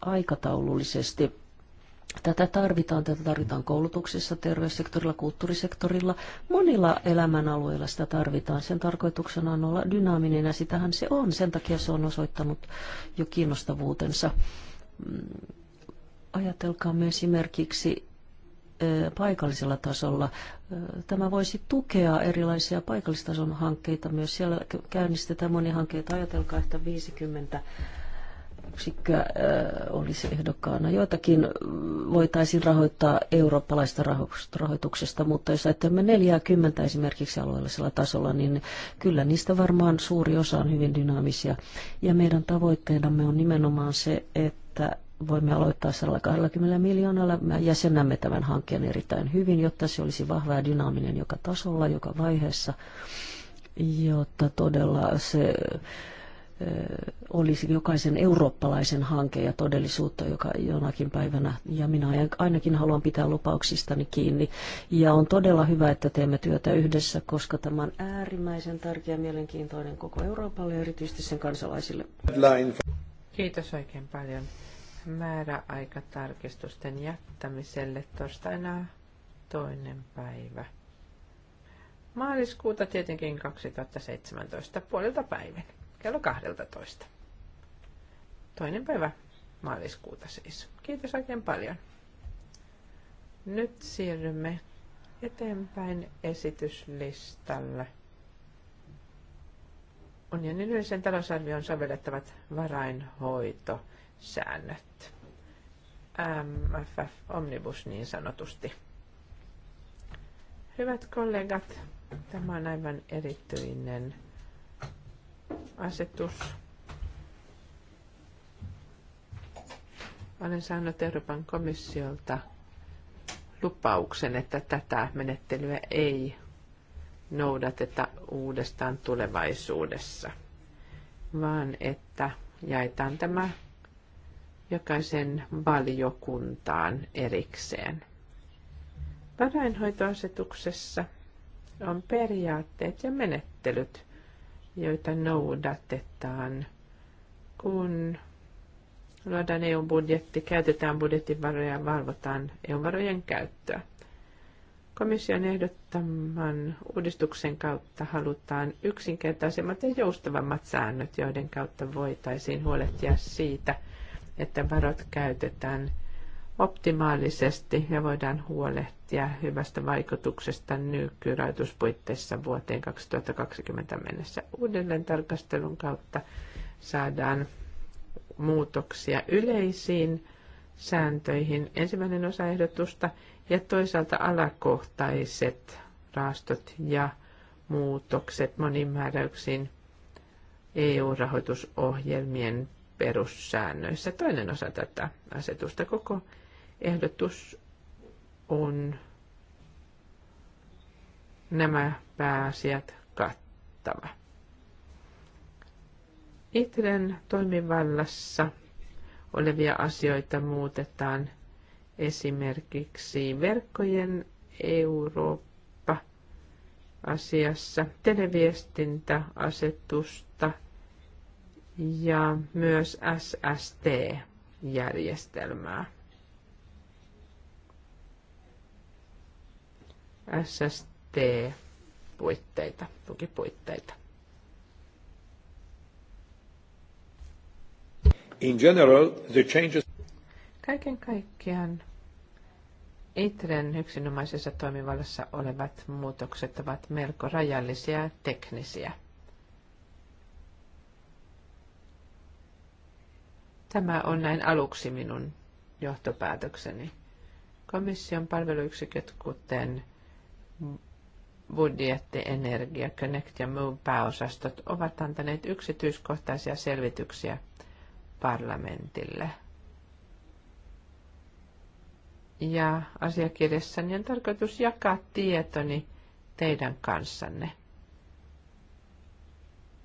aikataulullisesti. Tätä tarvitaan, tätä tarvitaan koulutuksessa, terveyssektorilla, kulttuurisektorilla, monilla elämänalueilla sitä tarvitaan. Sen tarkoituksena on olla dynaaminen ja sitähän se on. Sen takia se on osoittanut jo kiinnostavuutensa. Ajatelkaamme esimerkiksi paikallisella tasolla. Tämä voisi tukea erilaisia paikallistason hankkeita myös. Siellä käynnistetään monia hankkeita. Ajatelkaa, että 50 yksikköä olisi ehdokkaana. Joitakin voitaisiin rahoittaa eurooppalaista rahoituksesta, mutta jos ajattelemme 40 esimerkiksi alueellisella tasolla, niin kyllä niistä varmaan suuri osa on hyvin dynaamisia. Ja meidän tavoitteenamme on nimenomaan se, että voimme aloittaa 120 miljoonalla. Me jäsennämme tämän hankkeen erittäin hyvin, jotta se olisi vahva ja dynaaminen joka tasolla, joka vaiheessa, jotta todella se eh, olisi jokaisen eurooppalaisen hanke ja todellisuutta, joka jonakin päivänä, ja minä ainakin haluan pitää lupauksistani kiinni. Ja on todella hyvä, että teemme työtä yhdessä, koska tämä on äärimmäisen tärkeä ja mielenkiintoinen koko Euroopalle ja erityisesti sen kansalaisille. Kiitos oikein paljon määräaikatarkistusten jättämiselle torstaina toinen päivä. Maaliskuuta tietenkin 2017 puolelta päivän, kello 12. Toinen päivä maaliskuuta siis. Kiitos oikein paljon. Nyt siirrymme eteenpäin esityslistalle. Unionin yleisen talousarvion sovellettavat varainhoito säännöt. MFF Omnibus niin sanotusti. Hyvät kollegat, tämä on aivan erityinen asetus. Olen saanut Euroopan komissiolta lupauksen, että tätä menettelyä ei noudateta uudestaan tulevaisuudessa, vaan että jaetaan tämä jokaisen valiokuntaan erikseen. Varainhoitoasetuksessa on periaatteet ja menettelyt, joita noudatetaan, kun luodaan EU-budjetti, käytetään budjettivaroja ja valvotaan EU-varojen käyttöä. Komission ehdottaman uudistuksen kautta halutaan yksinkertaisemmat ja joustavammat säännöt, joiden kautta voitaisiin huolehtia siitä, että varot käytetään optimaalisesti ja voidaan huolehtia hyvästä vaikutuksesta nykyrajoituspuitteissa vuoteen 2020 mennessä. Uudelleen tarkastelun kautta saadaan muutoksia yleisiin sääntöihin. Ensimmäinen osa ehdotusta ja toisaalta alakohtaiset raastot ja muutokset monimääräyksiin EU-rahoitusohjelmien perussäännöissä. Toinen osa tätä asetusta koko ehdotus on nämä pääasiat kattava. Itren toimivallassa olevia asioita muutetaan esimerkiksi verkkojen Eurooppa-asiassa, televiestintäasetusta – ja myös SST-järjestelmää. SST-puitteita, tukipuitteita. In general, the changes... Kaiken kaikkiaan ITREn yksinomaisessa toimivallassa olevat muutokset ovat melko rajallisia ja teknisiä – Tämä on näin aluksi minun johtopäätökseni. Komission palveluyksiköt, kuten budjetti, energia, Connect ja muu pääosastot ovat antaneet yksityiskohtaisia selvityksiä parlamentille. Ja asiakirjassani on tarkoitus jakaa tietoni teidän kanssanne.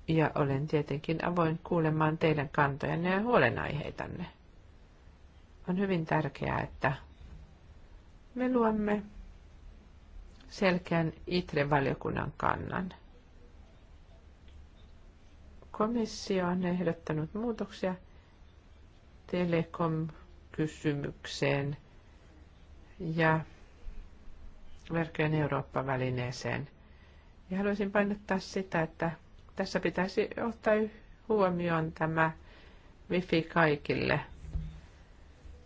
Ja olen tietenkin avoin kuulemaan teidän kantojanne ja huolenaiheitanne. On hyvin tärkeää, että me luomme selkeän ITRE-valiokunnan kannan. Komissio on ehdottanut muutoksia telekom-kysymykseen ja verkkojen Eurooppa-välineeseen. Ja haluaisin painottaa sitä, että tässä pitäisi ottaa huomioon tämä Wifi kaikille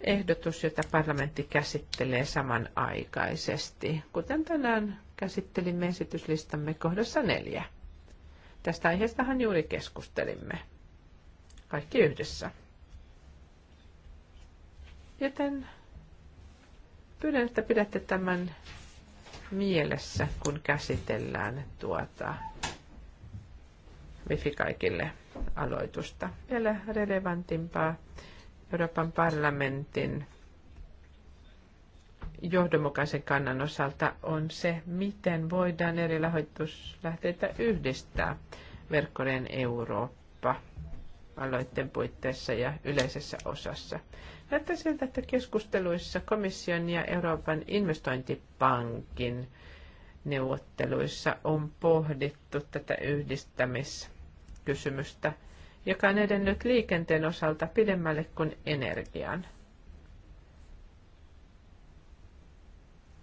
ehdotus, jota parlamentti käsittelee samanaikaisesti, kuten tänään käsittelimme esityslistamme kohdassa neljä. Tästä aiheestahan juuri keskustelimme. Kaikki yhdessä. Joten pyydän, että pidätte tämän mielessä, kun käsitellään tuota Wifi kaikille aloitusta. Vielä relevantimpaa Euroopan parlamentin johdonmukaisen kannan osalta on se, miten voidaan eri rahoituslähteitä yhdistää verkkojen Eurooppa aloitteen puitteissa ja yleisessä osassa. Näyttää siltä, että keskusteluissa komission ja Euroopan investointipankin neuvotteluissa on pohdittu tätä yhdistämistä kysymystä, joka on edennyt liikenteen osalta pidemmälle kuin energian.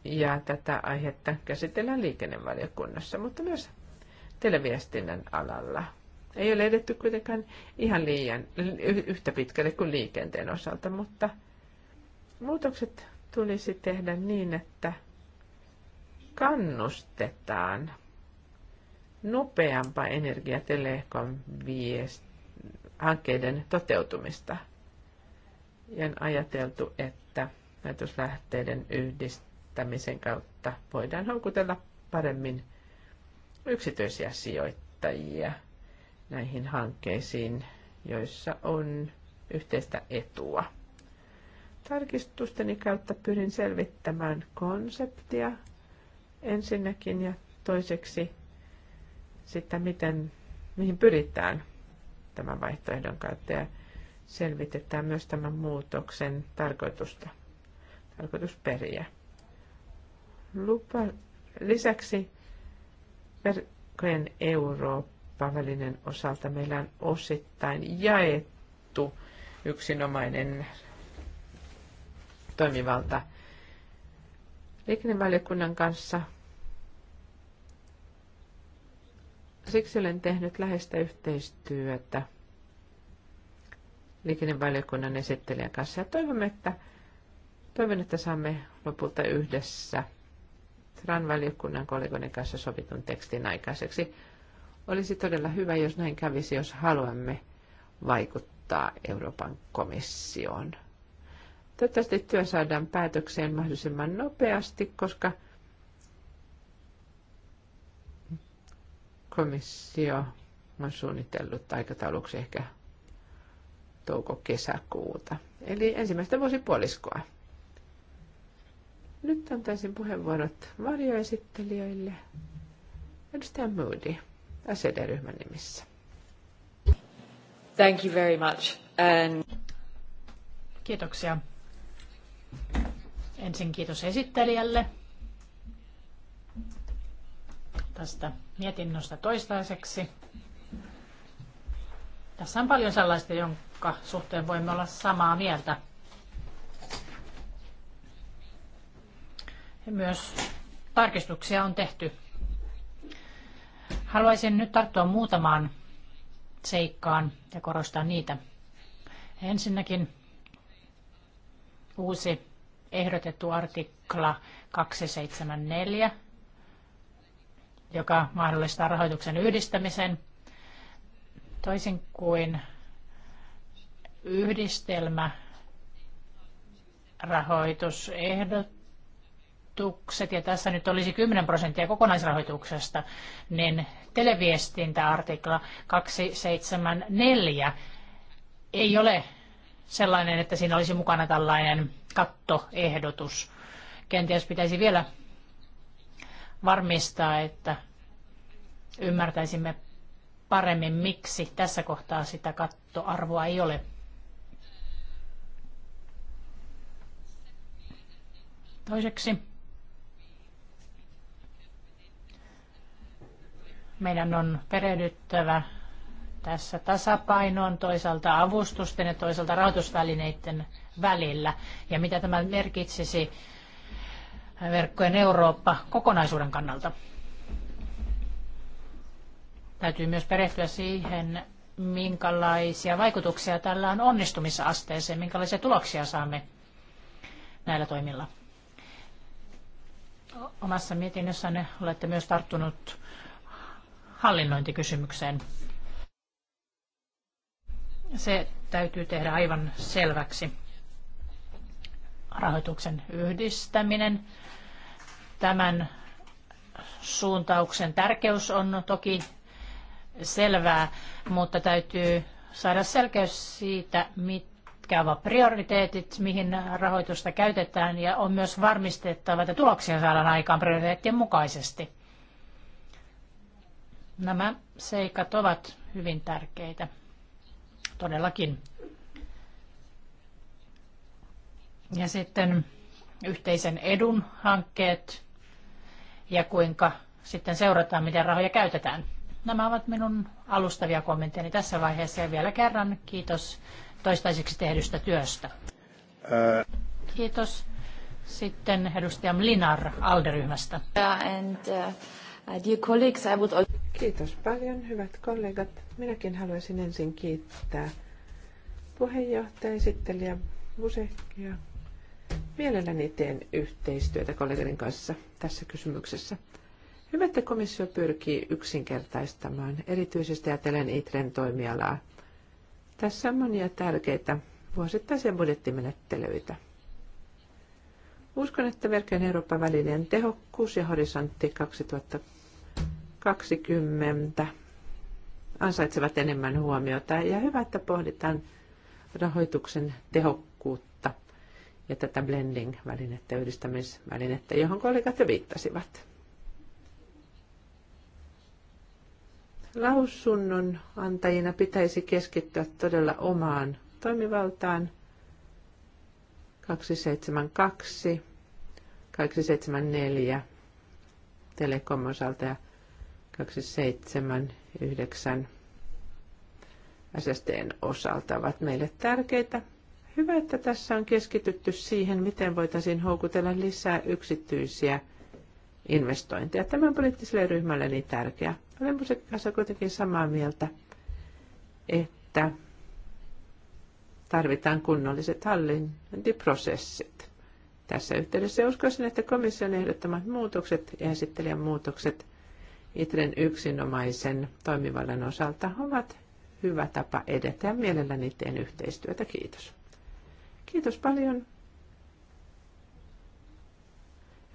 Ja tätä aihetta käsitellään liikennevaliokunnassa, mutta myös televiestinnän alalla. Ei ole edetty kuitenkaan ihan liian yhtä pitkälle kuin liikenteen osalta, mutta muutokset tulisi tehdä niin, että kannustetaan nopeampaa energiatelekon hankkeiden toteutumista. Ja on ajateltu, että näytöslähteiden yhdistämisen kautta voidaan houkutella paremmin yksityisiä sijoittajia näihin hankkeisiin, joissa on yhteistä etua. Tarkistusteni kautta pyrin selvittämään konseptia ensinnäkin ja toiseksi sitä, miten, mihin pyritään tämän vaihtoehdon kautta ja selvitetään myös tämän muutoksen tarkoitusta, tarkoitusperiä. Lupa, lisäksi verkkojen Eurooppa-välinen osalta meillä on osittain jaettu yksinomainen toimivalta liikennevaliokunnan kanssa – Siksi olen tehnyt läheistä yhteistyötä liikennevaliokunnan esittelijän kanssa ja toivomme, että, toivon, että saamme lopulta yhdessä TRAN-valiokunnan kollegoiden kanssa sovitun tekstin aikaiseksi. Olisi todella hyvä, jos näin kävisi, jos haluamme vaikuttaa Euroopan komissioon. Toivottavasti työ saadaan päätökseen mahdollisimman nopeasti, koska – komissio on suunnitellut aikatauluksi ehkä touko-kesäkuuta, eli ensimmäistä vuosipuoliskoa. Nyt antaisin puheenvuorot varjoesittelijöille. Edustaja Moody, SED-ryhmän nimissä. Thank you very much. And... Kiitoksia. Ensin kiitos esittelijälle tästä mietinnöstä toistaiseksi. Tässä on paljon sellaista, jonka suhteen voimme olla samaa mieltä. Myös tarkistuksia on tehty. Haluaisin nyt tarttua muutamaan seikkaan ja korostaa niitä. Ensinnäkin uusi ehdotettu artikla 274 joka mahdollistaa rahoituksen yhdistämisen. Toisin kuin yhdistelmä rahoitusehdotukset, ja tässä nyt olisi 10 prosenttia kokonaisrahoituksesta, niin televiestintäartikla 274 ei ole sellainen, että siinä olisi mukana tällainen kattoehdotus. Kenties pitäisi vielä varmistaa, että ymmärtäisimme paremmin, miksi tässä kohtaa sitä kattoarvoa ei ole. Toiseksi meidän on perehdyttävä tässä tasapainoon toisaalta avustusten ja toisaalta rahoitusvälineiden välillä. Ja mitä tämä merkitsisi verkkojen Eurooppa kokonaisuuden kannalta. Täytyy myös perehtyä siihen, minkälaisia vaikutuksia tällä on onnistumisasteeseen, minkälaisia tuloksia saamme näillä toimilla. Omassa mietinnössänne olette myös tarttunut hallinnointikysymykseen. Se täytyy tehdä aivan selväksi. Rahoituksen yhdistäminen Tämän suuntauksen tärkeys on toki selvää, mutta täytyy saada selkeys siitä, mitkä ovat prioriteetit, mihin rahoitusta käytetään ja on myös varmistettava, että tuloksia saadaan aikaan prioriteettien mukaisesti. Nämä seikat ovat hyvin tärkeitä, todellakin. Ja sitten yhteisen edun hankkeet ja kuinka sitten seurataan, miten rahoja käytetään. Nämä ovat minun alustavia kommentteja tässä vaiheessa ja vielä kerran kiitos toistaiseksi tehdystä työstä. Ää... Äh. Kiitos. Sitten edustaja Linar Alderyhmästä. Uh, uh, colleagues, Kiitos paljon, hyvät kollegat. Minäkin haluaisin ensin kiittää puheenjohtaja, esittelijä Busekia Mielelläni teen yhteistyötä kollegoiden kanssa tässä kysymyksessä. Hyvä, että komissio pyrkii yksinkertaistamaan, erityisesti ajatellen ITREn toimialaa. Tässä on monia tärkeitä vuosittaisia budjettimenettelyitä. Uskon, että verkkojen Euroopan välinen tehokkuus ja horisontti 2020 ansaitsevat enemmän huomiota. Ja hyvä, että pohditaan rahoituksen tehokkuutta ja tätä blending-välinettä, yhdistämisvälinettä, johon kollegat jo viittasivat. Lausunnon antajina pitäisi keskittyä todella omaan toimivaltaan 272, 274 Telekom osalta ja 279 SSTn osalta ovat meille tärkeitä. Hyvä, että tässä on keskitytty siihen, miten voitaisiin houkutella lisää yksityisiä investointeja. Tämä on poliittiselle ryhmälle niin tärkeä. Olen kanssa kuitenkin samaa mieltä, että tarvitaan kunnolliset hallintiprosessit. Tässä yhteydessä uskoisin, että komission ehdottamat muutokset ja esittelijän muutokset Itren yksinomaisen toimivallan osalta ovat hyvä tapa edetä ja mielelläni teen yhteistyötä. Kiitos. Kiitos paljon.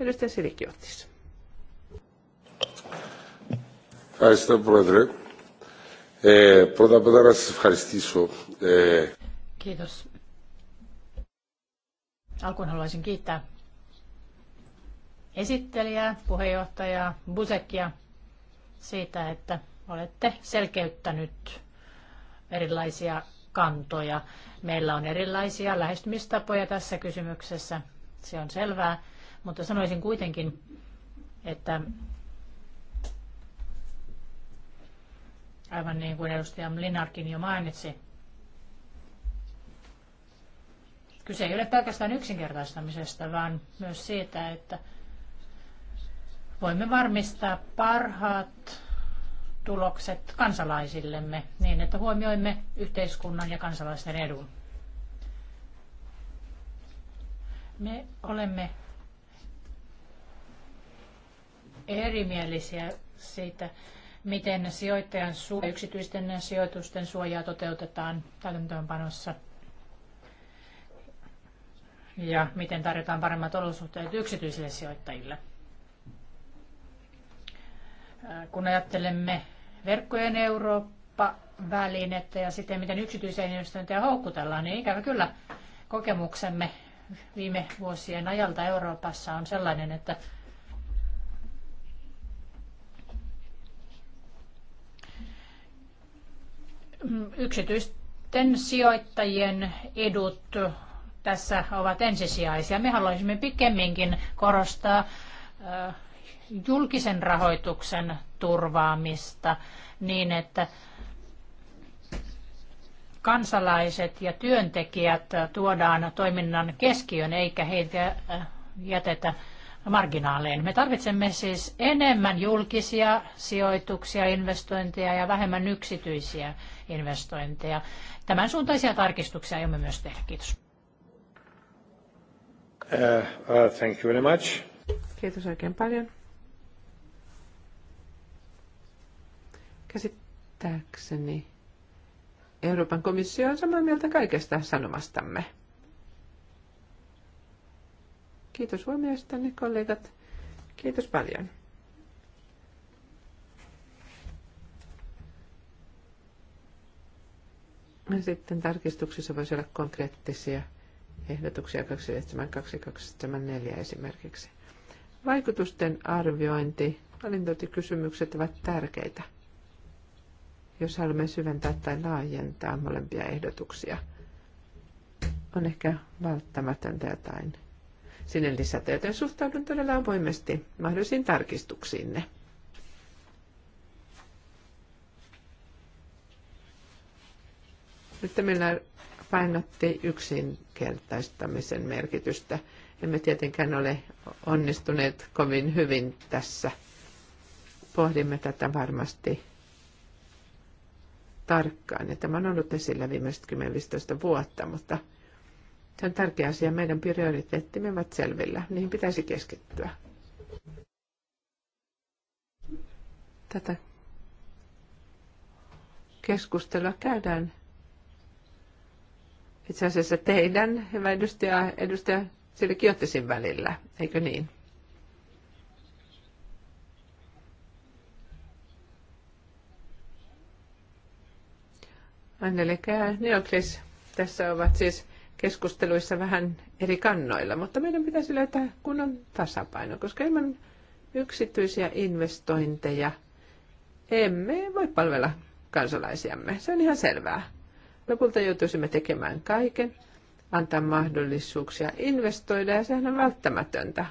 Edustaja Silikiotis. Ευχαριστώ, Πρόεδρε. Ε, πρώτα απ' όλα να σας ευχαριστήσω. Ε... Kiitos. Alkuun haluaisin kiittää esittelijää, puheenjohtajaa Busekia siitä, että olette selkeyttänyt erilaisia kantoja. Meillä on erilaisia lähestymistapoja tässä kysymyksessä, se on selvää, mutta sanoisin kuitenkin, että aivan niin kuin edustaja Linarkin jo mainitsi, kyse ei ole pelkästään yksinkertaistamisesta, vaan myös siitä, että voimme varmistaa parhaat tulokset kansalaisillemme niin, että huomioimme yhteiskunnan ja kansalaisten edun. Me olemme erimielisiä siitä, miten sijoittajan su- yksityisten sijoitusten suojaa toteutetaan täytäntöönpanossa ja miten tarjotaan paremmat olosuhteet yksityisille sijoittajille. Äh, kun ajattelemme verkkojen Eurooppa-välinettä ja sitten miten yksityisiä investointeja houkutellaan, niin ikävä kyllä kokemuksemme viime vuosien ajalta Euroopassa on sellainen, että yksityisten sijoittajien edut tässä ovat ensisijaisia. Me haluaisimme pikemminkin korostaa julkisen rahoituksen turvaamista niin, että kansalaiset ja työntekijät tuodaan toiminnan keskiön eikä heitä äh, jätetä marginaaleen. Me tarvitsemme siis enemmän julkisia sijoituksia, investointeja ja vähemmän yksityisiä investointeja. Tämän suuntaisia tarkistuksia emme myös tehdä. Kiitos. Uh, uh, thank you very much. Kiitos oikein paljon. Käsittääkseni Euroopan komissio on samaa mieltä kaikesta sanomastamme. Kiitos huomioistanne, kollegat. Kiitos paljon. Sitten tarkistuksissa voisi olla konkreettisia ehdotuksia 27224 esimerkiksi. Vaikutusten arviointi, valintointikysymykset ovat tärkeitä jos haluamme syventää tai laajentaa molempia ehdotuksia. On ehkä välttämätöntä jotain sinne lisätä, joten suhtaudun todella avoimesti mahdollisiin tarkistuksiinne. Nyt meillä painotti yksinkertaistamisen merkitystä. Emme tietenkään ole onnistuneet kovin hyvin tässä. Pohdimme tätä varmasti tarkkaan. Ja tämä on ollut esillä viimeiset 10-15 vuotta, mutta se on tärkeä asia. Meidän prioriteettimme ovat selvillä. Niihin pitäisi keskittyä. Tätä keskustelua käydään itse asiassa teidän, hyvä edustaja, edustaja Sirki välillä, eikö niin? Angelika ja tässä ovat siis keskusteluissa vähän eri kannoilla, mutta meidän pitäisi löytää kunnon tasapaino, koska ilman yksityisiä investointeja emme voi palvella kansalaisiamme. Se on ihan selvää. Lopulta joutuisimme tekemään kaiken, antaa mahdollisuuksia investoida ja sehän on välttämätöntä.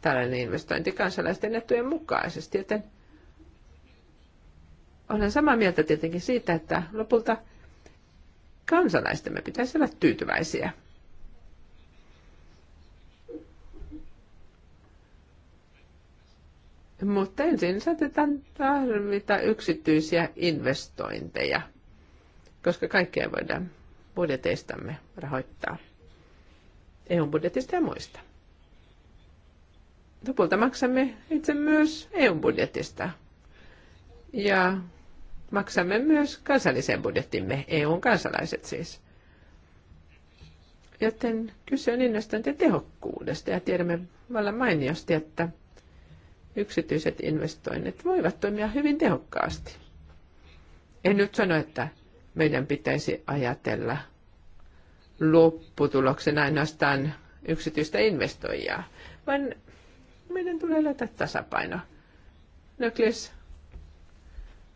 Tällainen investointi kansalaisten etujen mukaisesti, joten olen samaa mieltä tietenkin siitä, että lopulta kansalaistemme pitäisi olla tyytyväisiä. Mutta ensin saatetaan tarvita yksityisiä investointeja, koska kaikkea voidaan budjeteistamme rahoittaa. EU-budjetista ja muista. Lopulta maksamme itse myös EU-budjetista. Ja maksamme myös kansalliseen budjettimme, EUn kansalaiset siis. Joten kyse on tehokkuudesta ja tiedämme vallan mainiosti, että yksityiset investoinnit voivat toimia hyvin tehokkaasti. En nyt sano, että meidän pitäisi ajatella lopputuloksen ainoastaan yksityistä investoijaa, vaan meidän tulee löytää tasapaino. Nöklis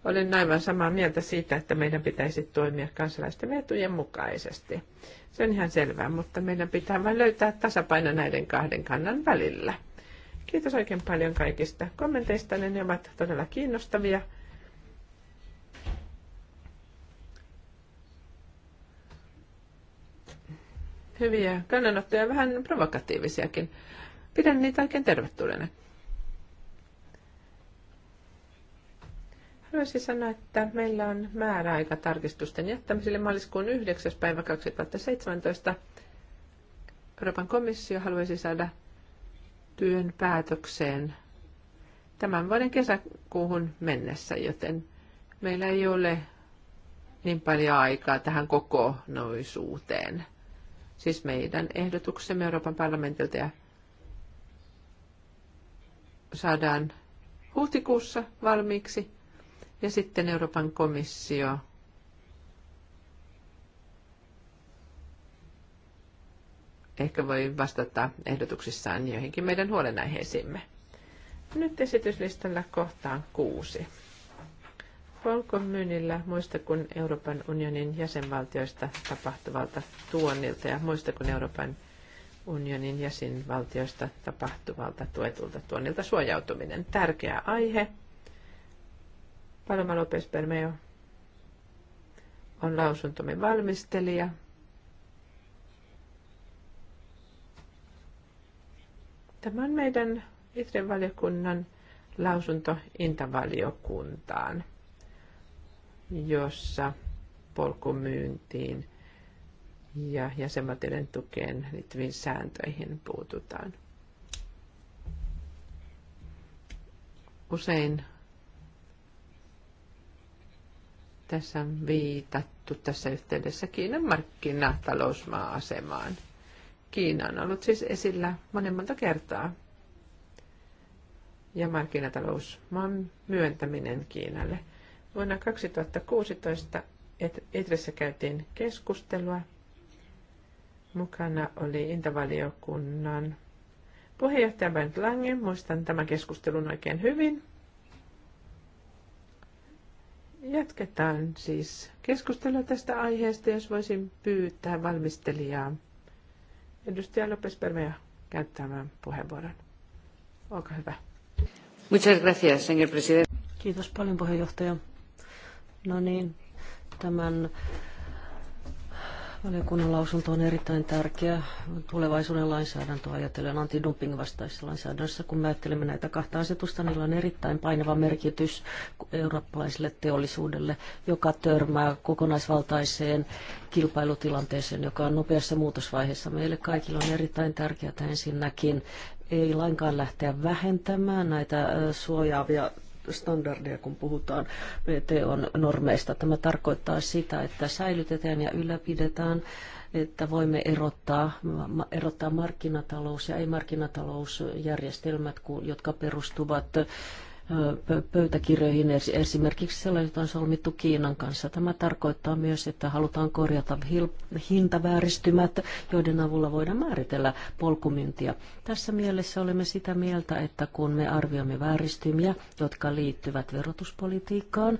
olen aivan samaa mieltä siitä, että meidän pitäisi toimia kansalaisten etujen mukaisesti. Se on ihan selvää, mutta meidän pitää vain löytää tasapaino näiden kahden kannan välillä. Kiitos oikein paljon kaikista kommenteista, ne ovat todella kiinnostavia. Hyviä kannanottoja, vähän provokatiivisiakin. Pidän niitä oikein tervetulleena. Haluaisin sanoa, että meillä on määräaika tarkistusten jättämiselle maaliskuun 9. päivä 2017. Euroopan komissio haluaisi saada työn päätökseen tämän vuoden kesäkuuhun mennessä, joten meillä ei ole niin paljon aikaa tähän kokonaisuuteen. Siis meidän ehdotuksemme Euroopan parlamentilta ja saadaan huhtikuussa valmiiksi ja sitten Euroopan komissio ehkä voi vastata ehdotuksissaan joihinkin meidän huolenaiheisiimme. Nyt esityslistalla kohtaan kuusi. Polkomyynnillä myynnillä muista kuin Euroopan unionin jäsenvaltioista tapahtuvalta tuonnilta ja muista kuin Euroopan unionin jäsenvaltioista tapahtuvalta tuetulta tuonnilta suojautuminen. Tärkeä aihe. Paloma López Permeo on lausuntomme valmistelija. Tämä on meidän Itren valiokunnan lausunto intavaliokuntaan, jossa polkumyyntiin ja jäsenvaltioiden tukeen liittyviin sääntöihin puututaan. Usein Tässä on viitattu tässä yhteydessä Kiinan markkinatalousmaa-asemaan. Kiina on ollut siis esillä monen monta kertaa. Ja markkinatalousmaan myöntäminen Kiinalle. Vuonna 2016 Etressä käytiin keskustelua. Mukana oli Intavaliokunnan puheenjohtaja Bernd Lange. Muistan tämän keskustelun oikein hyvin. Jatketaan siis keskustelua tästä aiheesta, jos voisin pyytää valmistelijaa. Edustaja Lopes Permea käyttämään puheenvuoron. Olkaa hyvä. Muchas gracias, señor presidente. Kiitos paljon puheenjohtaja. No niin, tämän Valiokunnan lausunto on erittäin tärkeä tulevaisuuden lainsäädäntöä ajatellen antidumping vastaisessa lainsäädännössä. Kun me ajattelemme näitä kahta asetusta, niillä on erittäin painava merkitys eurooppalaiselle teollisuudelle, joka törmää kokonaisvaltaiseen kilpailutilanteeseen, joka on nopeassa muutosvaiheessa. Meille kaikille on erittäin tärkeää ensinnäkin ei lainkaan lähteä vähentämään näitä suojaavia standardeja, kun puhutaan VTO-normeista. Tämä tarkoittaa sitä, että säilytetään ja ylläpidetään että voimme erottaa, erottaa markkinatalous ja ei-markkinatalousjärjestelmät, jotka perustuvat pöytäkirjoihin, esimerkiksi sellaiset on solmittu Kiinan kanssa. Tämä tarkoittaa myös, että halutaan korjata hintavääristymät, joiden avulla voidaan määritellä polkumyyntiä. Tässä mielessä olemme sitä mieltä, että kun me arvioimme vääristymiä, jotka liittyvät verotuspolitiikkaan,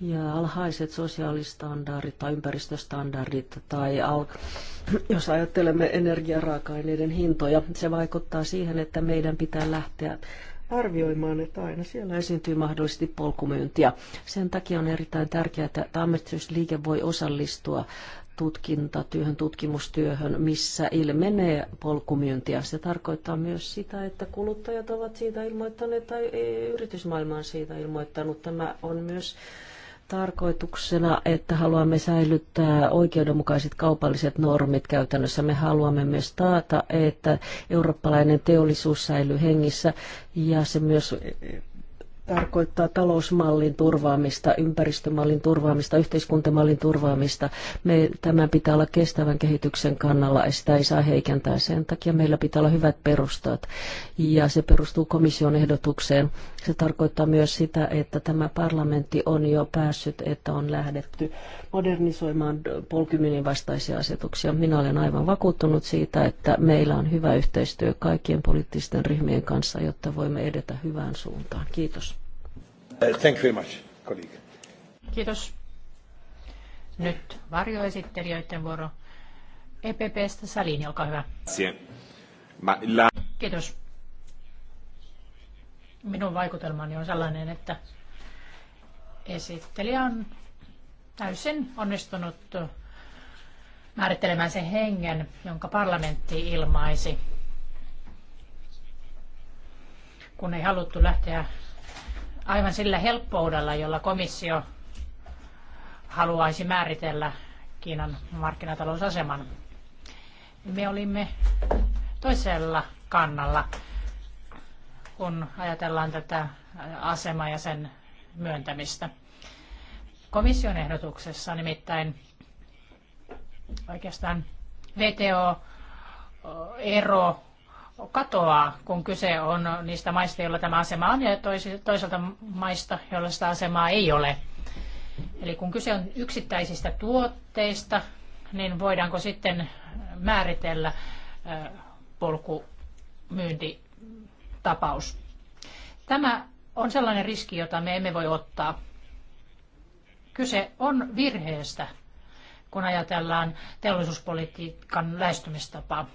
ja alhaiset sosiaalistandardit tai ympäristöstandardit tai al- jos ajattelemme energiaraaka-aineiden hintoja, se vaikuttaa siihen, että meidän pitää lähteä arvioimaan, että aina siellä esiintyy mahdollisesti polkumyyntiä. Sen takia on erittäin tärkeää, että ammattiyhdistysliike voi osallistua tutkintatyöhön, tutkimustyöhön, missä ilmenee polkumyyntiä. Se tarkoittaa myös sitä, että kuluttajat ovat siitä ilmoittaneet tai yritysmaailma on siitä ilmoittanut. Tämä on myös tarkoituksena, että haluamme säilyttää oikeudenmukaiset kaupalliset normit käytännössä. Me haluamme myös taata, että eurooppalainen teollisuus säilyy hengissä ja se myös tarkoittaa talousmallin turvaamista, ympäristömallin turvaamista, yhteiskuntamallin turvaamista. Me, tämän pitää olla kestävän kehityksen kannalla ja sitä ei saa heikentää. Sen takia meillä pitää olla hyvät perustat ja se perustuu komission ehdotukseen. Se tarkoittaa myös sitä, että tämä parlamentti on jo päässyt, että on lähdetty modernisoimaan polkyminen vastaisia asetuksia. Minä olen aivan vakuuttunut siitä, että meillä on hyvä yhteistyö kaikkien poliittisten ryhmien kanssa, jotta voimme edetä hyvään suuntaan. Kiitos. Uh, Kiitos. Nyt varjoesittelijöiden vuoro. EPPstä Salini, olkaa hyvä. Kiitos. Minun vaikutelmani on sellainen, että esittelijä on täysin onnistunut määrittelemään sen hengen, jonka parlamentti ilmaisi, kun ei haluttu lähteä aivan sillä helppoudella, jolla komissio haluaisi määritellä Kiinan markkinatalousaseman. Me olimme toisella kannalla, kun ajatellaan tätä asemaa ja sen myöntämistä. Komission ehdotuksessa nimittäin oikeastaan VTO-ero katoaa, kun kyse on niistä maista, joilla tämä asema on, ja toisaalta maista, joilla sitä asemaa ei ole. Eli kun kyse on yksittäisistä tuotteista, niin voidaanko sitten määritellä polkumyyntitapaus? Tämä on sellainen riski, jota me emme voi ottaa. Kyse on virheestä, kun ajatellaan teollisuuspolitiikan lähestymistapaa.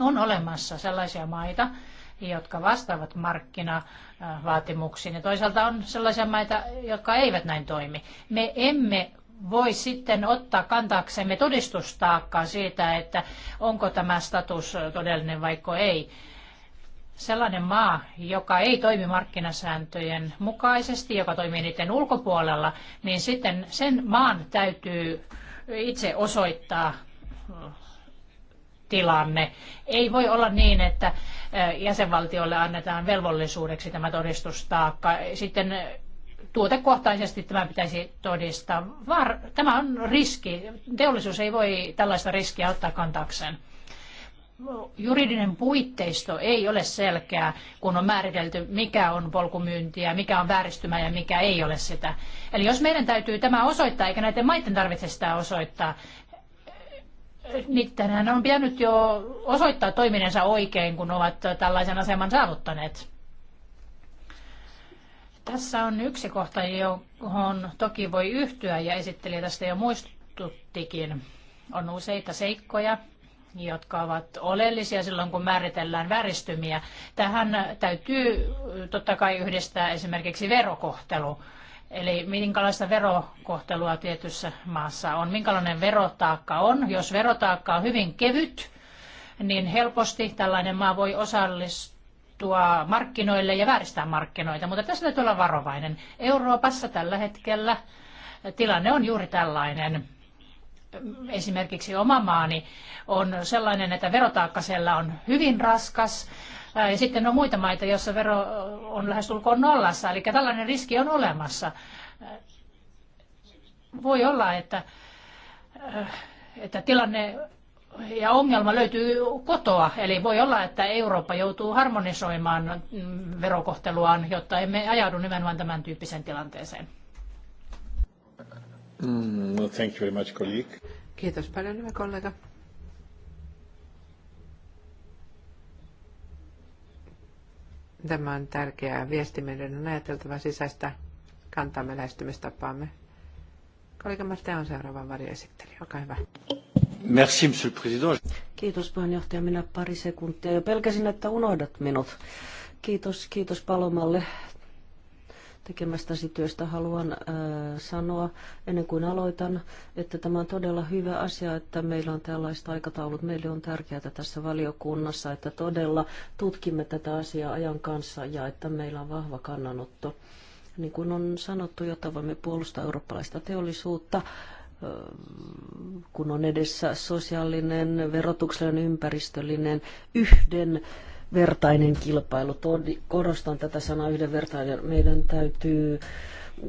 On olemassa sellaisia maita, jotka vastaavat markkinavaatimuksiin ja toisaalta on sellaisia maita, jotka eivät näin toimi. Me emme voi sitten ottaa kantaaksemme todistustaakkaa siitä, että onko tämä status todellinen vai ei. Sellainen maa, joka ei toimi markkinasääntöjen mukaisesti, joka toimii niiden ulkopuolella, niin sitten sen maan täytyy itse osoittaa tilanne. Ei voi olla niin, että jäsenvaltioille annetaan velvollisuudeksi tämä todistustaakka. Sitten tuotekohtaisesti tämä pitäisi todistaa. Var, tämä on riski. Teollisuus ei voi tällaista riskiä ottaa kantakseen. Juridinen puitteisto ei ole selkeä, kun on määritelty, mikä on polkumyyntiä, mikä on vääristymä ja mikä ei ole sitä. Eli jos meidän täytyy tämä osoittaa, eikä näiden maiden tarvitse sitä osoittaa, niiden on pitänyt jo osoittaa toiminensa oikein, kun ovat tällaisen aseman saavuttaneet. Tässä on yksi kohta, johon toki voi yhtyä ja esitteli tästä jo muistuttikin. On useita seikkoja, jotka ovat oleellisia silloin, kun määritellään väristymiä. Tähän täytyy totta kai yhdistää esimerkiksi verokohtelu. Eli minkälaista verokohtelua tietyssä maassa on, minkälainen verotaakka on. Jos verotaakka on hyvin kevyt, niin helposti tällainen maa voi osallistua markkinoille ja vääristää markkinoita, mutta tässä täytyy olla varovainen. Euroopassa tällä hetkellä tilanne on juuri tällainen. Esimerkiksi oma maani on sellainen, että verotaakka siellä on hyvin raskas ja sitten on muita maita, joissa vero on lähestulkoon nollassa, eli tällainen riski on olemassa. Voi olla, että, että tilanne ja ongelma löytyy kotoa, eli voi olla, että Eurooppa joutuu harmonisoimaan mm, verokohteluaan, jotta emme ajaudu nimenomaan tämän tyyppiseen tilanteeseen. Mm, no, thank you very much, colleague. Kiitos paljon, hyvä kollega. Tämä on tärkeää viesti. Meidän on ajateltava sisäistä kantamme lähestymistapaamme. Kollega Martin on seuraava varjoesitteli. Olkaa hyvä. Merci, monsieur le président. Kiitos puheenjohtaja. Minä pari sekuntia jo pelkäsin, että unohdat minut. Kiitos, kiitos Palomalle tekemästäsi työstä haluan sanoa ennen kuin aloitan, että tämä on todella hyvä asia, että meillä on tällaiset aikataulut. Meille on tärkeää tässä valiokunnassa, että todella tutkimme tätä asiaa ajan kanssa ja että meillä on vahva kannanotto. Niin kuin on sanottu, jotta voimme puolustaa eurooppalaista teollisuutta, kun on edessä sosiaalinen, verotuksellinen, ympäristöllinen, yhden vertainen kilpailu. Korostan tätä sanaa yhdenvertainen. Meidän täytyy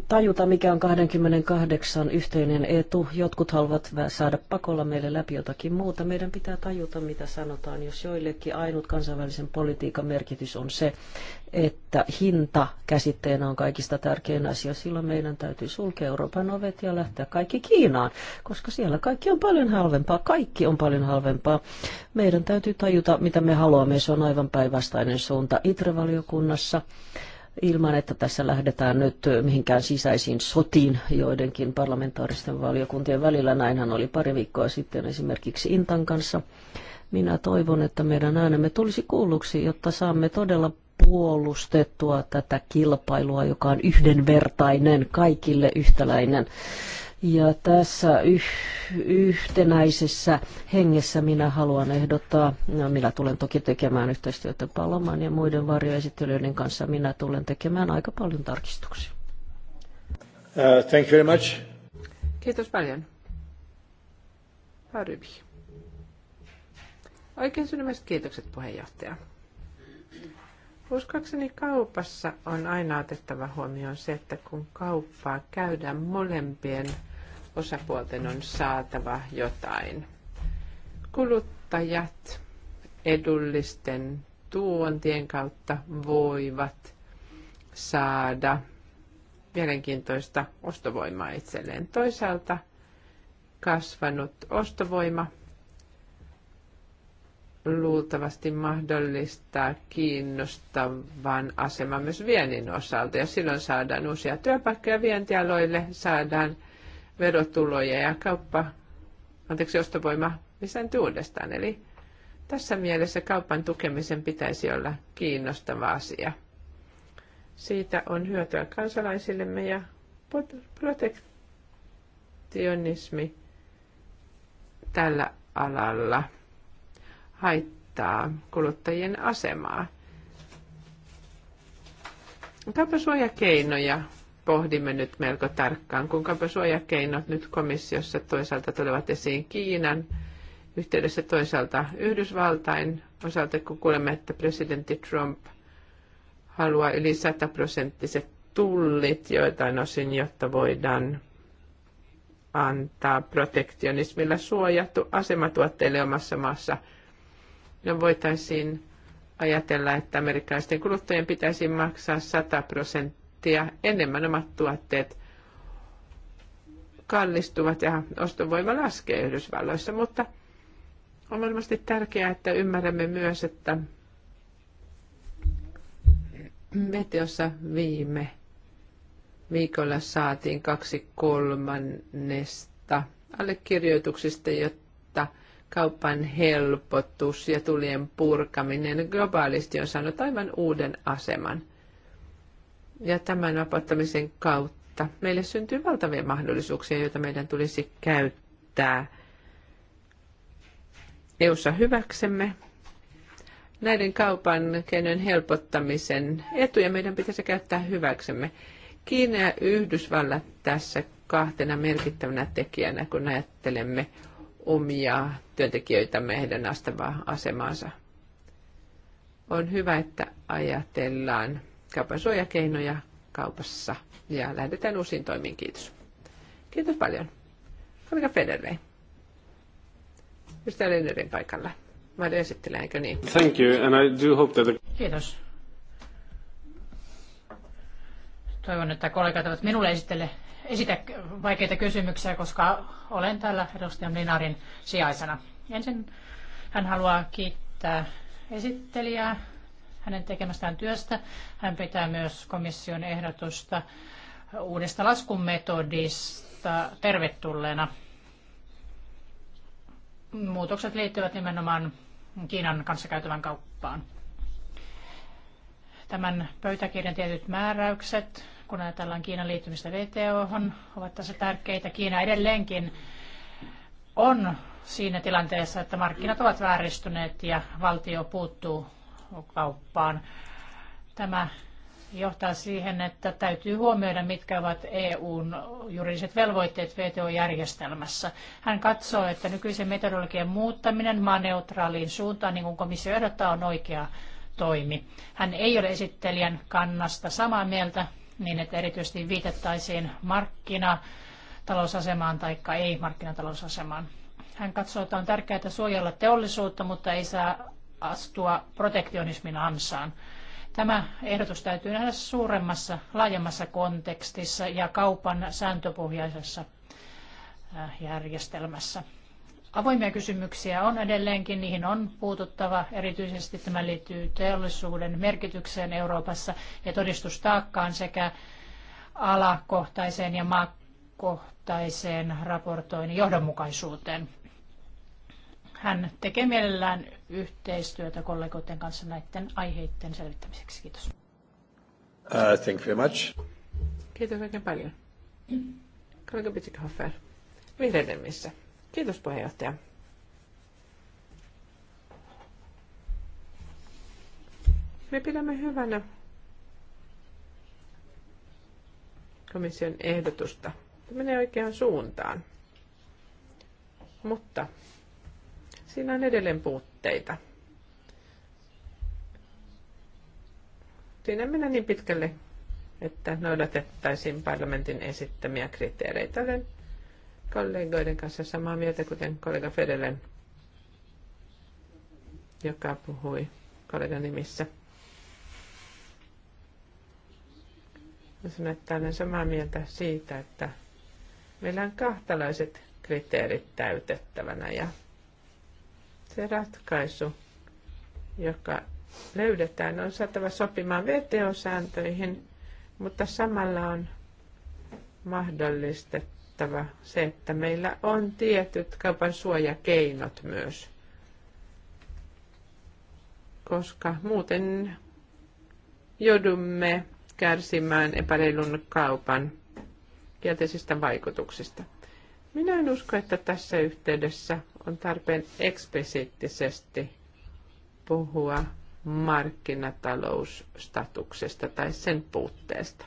tajuta, mikä on 28 yhteinen etu. Jotkut haluavat saada pakolla meille läpi jotakin muuta. Meidän pitää tajuta, mitä sanotaan, jos joillekin ainut kansainvälisen politiikan merkitys on se, että hinta käsitteenä on kaikista tärkein asia. Silloin meidän täytyy sulkea Euroopan ovet ja lähteä kaikki Kiinaan, koska siellä kaikki on paljon halvempaa. Kaikki on paljon halvempaa. Meidän täytyy tajuta, mitä me haluamme. Se on aivan päinvastainen suunta. Itrevaliokunnassa valiokunnassa ilman, että tässä lähdetään nyt mihinkään sisäisiin sotiin joidenkin parlamentaaristen valiokuntien välillä. Näinhän oli pari viikkoa sitten esimerkiksi Intan kanssa. Minä toivon, että meidän äänemme tulisi kuulluksi, jotta saamme todella puolustettua tätä kilpailua, joka on yhdenvertainen, kaikille yhtäläinen ja tässä yh, yhtenäisessä hengessä minä haluan ehdottaa, no minä tulen toki tekemään yhteistyötä Paloman ja muiden varjoesittelyiden kanssa, minä tulen tekemään aika paljon tarkistuksia. Uh, thank you very much. Kiitos paljon. Harybi. Oikein sydämestä kiitokset puheenjohtaja. Uskoakseni kaupassa on aina otettava huomioon se, että kun kauppaa käydään molempien osapuolten on saatava jotain. Kuluttajat edullisten tuontien kautta voivat saada mielenkiintoista ostovoimaa itselleen. Toisaalta kasvanut ostovoima luultavasti mahdollistaa kiinnostavan aseman myös viennin osalta. Ja silloin saadaan uusia työpaikkoja vientialoille, saadaan verotuloja ja kauppa, anteeksi, ostovoima lisääntyy uudestaan. Eli tässä mielessä kaupan tukemisen pitäisi olla kiinnostava asia. Siitä on hyötyä kansalaisillemme ja protektionismi tällä alalla haittaa kuluttajien asemaa. Kaupan suojakeinoja pohdimme nyt melko tarkkaan, kuinka suojakeinot nyt komissiossa toisaalta tulevat esiin Kiinan yhteydessä toisaalta Yhdysvaltain osalta, kun kuulemme, että presidentti Trump haluaa yli sataprosenttiset tullit joitain osin, jotta voidaan antaa protektionismilla suojattu asema tuotteille omassa maassa. No voitaisiin ajatella, että amerikkalaisten kuluttajien pitäisi maksaa 100 prosenttia prosenttia enemmän omat tuotteet kallistuvat ja ostovoima laskee Yhdysvalloissa, mutta on varmasti tärkeää, että ymmärrämme myös, että Meteossa viime viikolla saatiin kaksi kolmannesta allekirjoituksista, jotta kaupan helpotus ja tulien purkaminen globaalisti on saanut aivan uuden aseman – ja tämän vapauttamisen kautta meille syntyy valtavia mahdollisuuksia, joita meidän tulisi käyttää EUssa hyväksemme. Näiden kaupan keinojen helpottamisen etuja meidän pitäisi käyttää hyväksemme. Kiina ja Yhdysvallat tässä kahtena merkittävänä tekijänä, kun ajattelemme omia työntekijöitämme heidän astavaa asemaansa. On hyvä, että ajatellaan kaupan suojakeinoja kaupassa ja lähdetään uusiin toimiin. Kiitos. Kiitos paljon. Kollega Federley. Mistä Lennerin paikalla? Mä esittelen, eikö niin? Thank you, and I do hope that the... Kiitos. Toivon, että kollegat ovat minulle esitelle esitä vaikeita kysymyksiä, koska olen täällä edustajan Linarin sijaisena. Ensin hän haluaa kiittää esittelijää hänen tekemästään työstä. Hän pitää myös komission ehdotusta uudesta laskumetodista tervetulleena. Muutokset liittyvät nimenomaan Kiinan kanssa käytävän kauppaan. Tämän pöytäkirjan tietyt määräykset, kun ajatellaan Kiinan liittymistä VTO, ovat tässä tärkeitä. Kiina edelleenkin on siinä tilanteessa, että markkinat ovat vääristyneet ja valtio puuttuu kauppaan. Tämä johtaa siihen, että täytyy huomioida, mitkä ovat EUn juridiset velvoitteet VTO-järjestelmässä. Hän katsoo, että nykyisen metodologian muuttaminen maaneutraaliin suuntaan, niin kuin komissio ehdottaa, on oikea toimi. Hän ei ole esittelijän kannasta samaa mieltä, niin että erityisesti viitettaisiin markkinatalousasemaan tai ei markkinatalousasemaan. Hän katsoo, että on tärkeää suojella teollisuutta, mutta ei saa astua protektionismin ansaan. Tämä ehdotus täytyy nähdä suuremmassa, laajemmassa kontekstissa ja kaupan sääntöpohjaisessa äh, järjestelmässä. Avoimia kysymyksiä on edelleenkin, niihin on puututtava. Erityisesti tämä liittyy teollisuuden merkitykseen Euroopassa ja todistustaakkaan sekä alakohtaiseen ja maakohtaiseen raportoinnin johdonmukaisuuteen. Hän tekee mielellään yhteistyötä kollegoiden kanssa näiden aiheiden selvittämiseksi. Kiitos. Uh, thank you very much. Kiitos oikein paljon. Kollega Bitsikhofer, vihreiden missä. Kiitos puheenjohtaja. Me pidämme hyvänä komission ehdotusta. Se menee oikeaan suuntaan. Mutta siinä on edelleen puutteita. Siinä mennään niin pitkälle, että noudatettaisiin parlamentin esittämiä kriteereitä. Olen kollegoiden kanssa samaa mieltä, kuten kollega Fedelen, joka puhui kollegan nimissä. Mä sanon, että olen samaa mieltä siitä, että meillä on kahtalaiset kriteerit täytettävänä ja se ratkaisu, joka löydetään, on saatava sopimaan VTO-sääntöihin, mutta samalla on mahdollistettava se, että meillä on tietyt kaupan suojakeinot myös, koska muuten joudumme kärsimään epäreilun kaupan kielteisistä vaikutuksista. Minä en usko, että tässä yhteydessä on tarpeen eksplisiittisesti puhua markkinatalousstatuksesta tai sen puutteesta.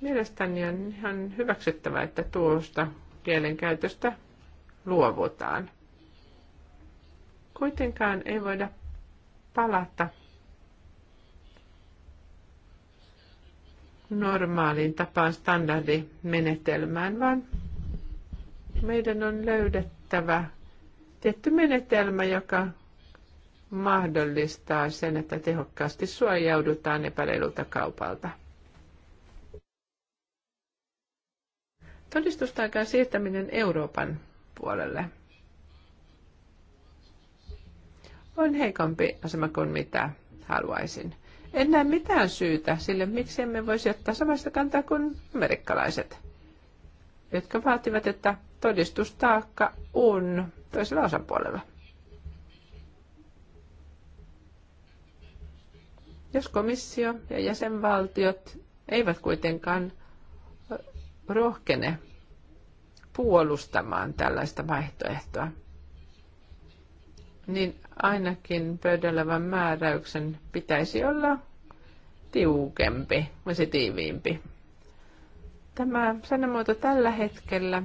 Mielestäni on ihan hyväksyttävää, että tuosta kielenkäytöstä luovutaan. Kuitenkaan ei voida palata normaaliin tapaan standardimenetelmään, vaan meidän on löydettävä tietty menetelmä, joka mahdollistaa sen, että tehokkaasti suojaudutaan epäreilulta kaupalta. Todistustaakan siirtäminen Euroopan puolelle on heikompi asema kuin mitä haluaisin. En näe mitään syytä sille, miksi emme voisi ottaa samasta kantaa kuin amerikkalaiset, jotka vaativat, että todistustaakka on toisella osapuolella. Jos komissio ja jäsenvaltiot eivät kuitenkaan rohkene puolustamaan tällaista vaihtoehtoa, niin ainakin pöydällä määräyksen pitäisi olla tiukempi, vai se tiiviimpi. Tämä sanamuoto tällä hetkellä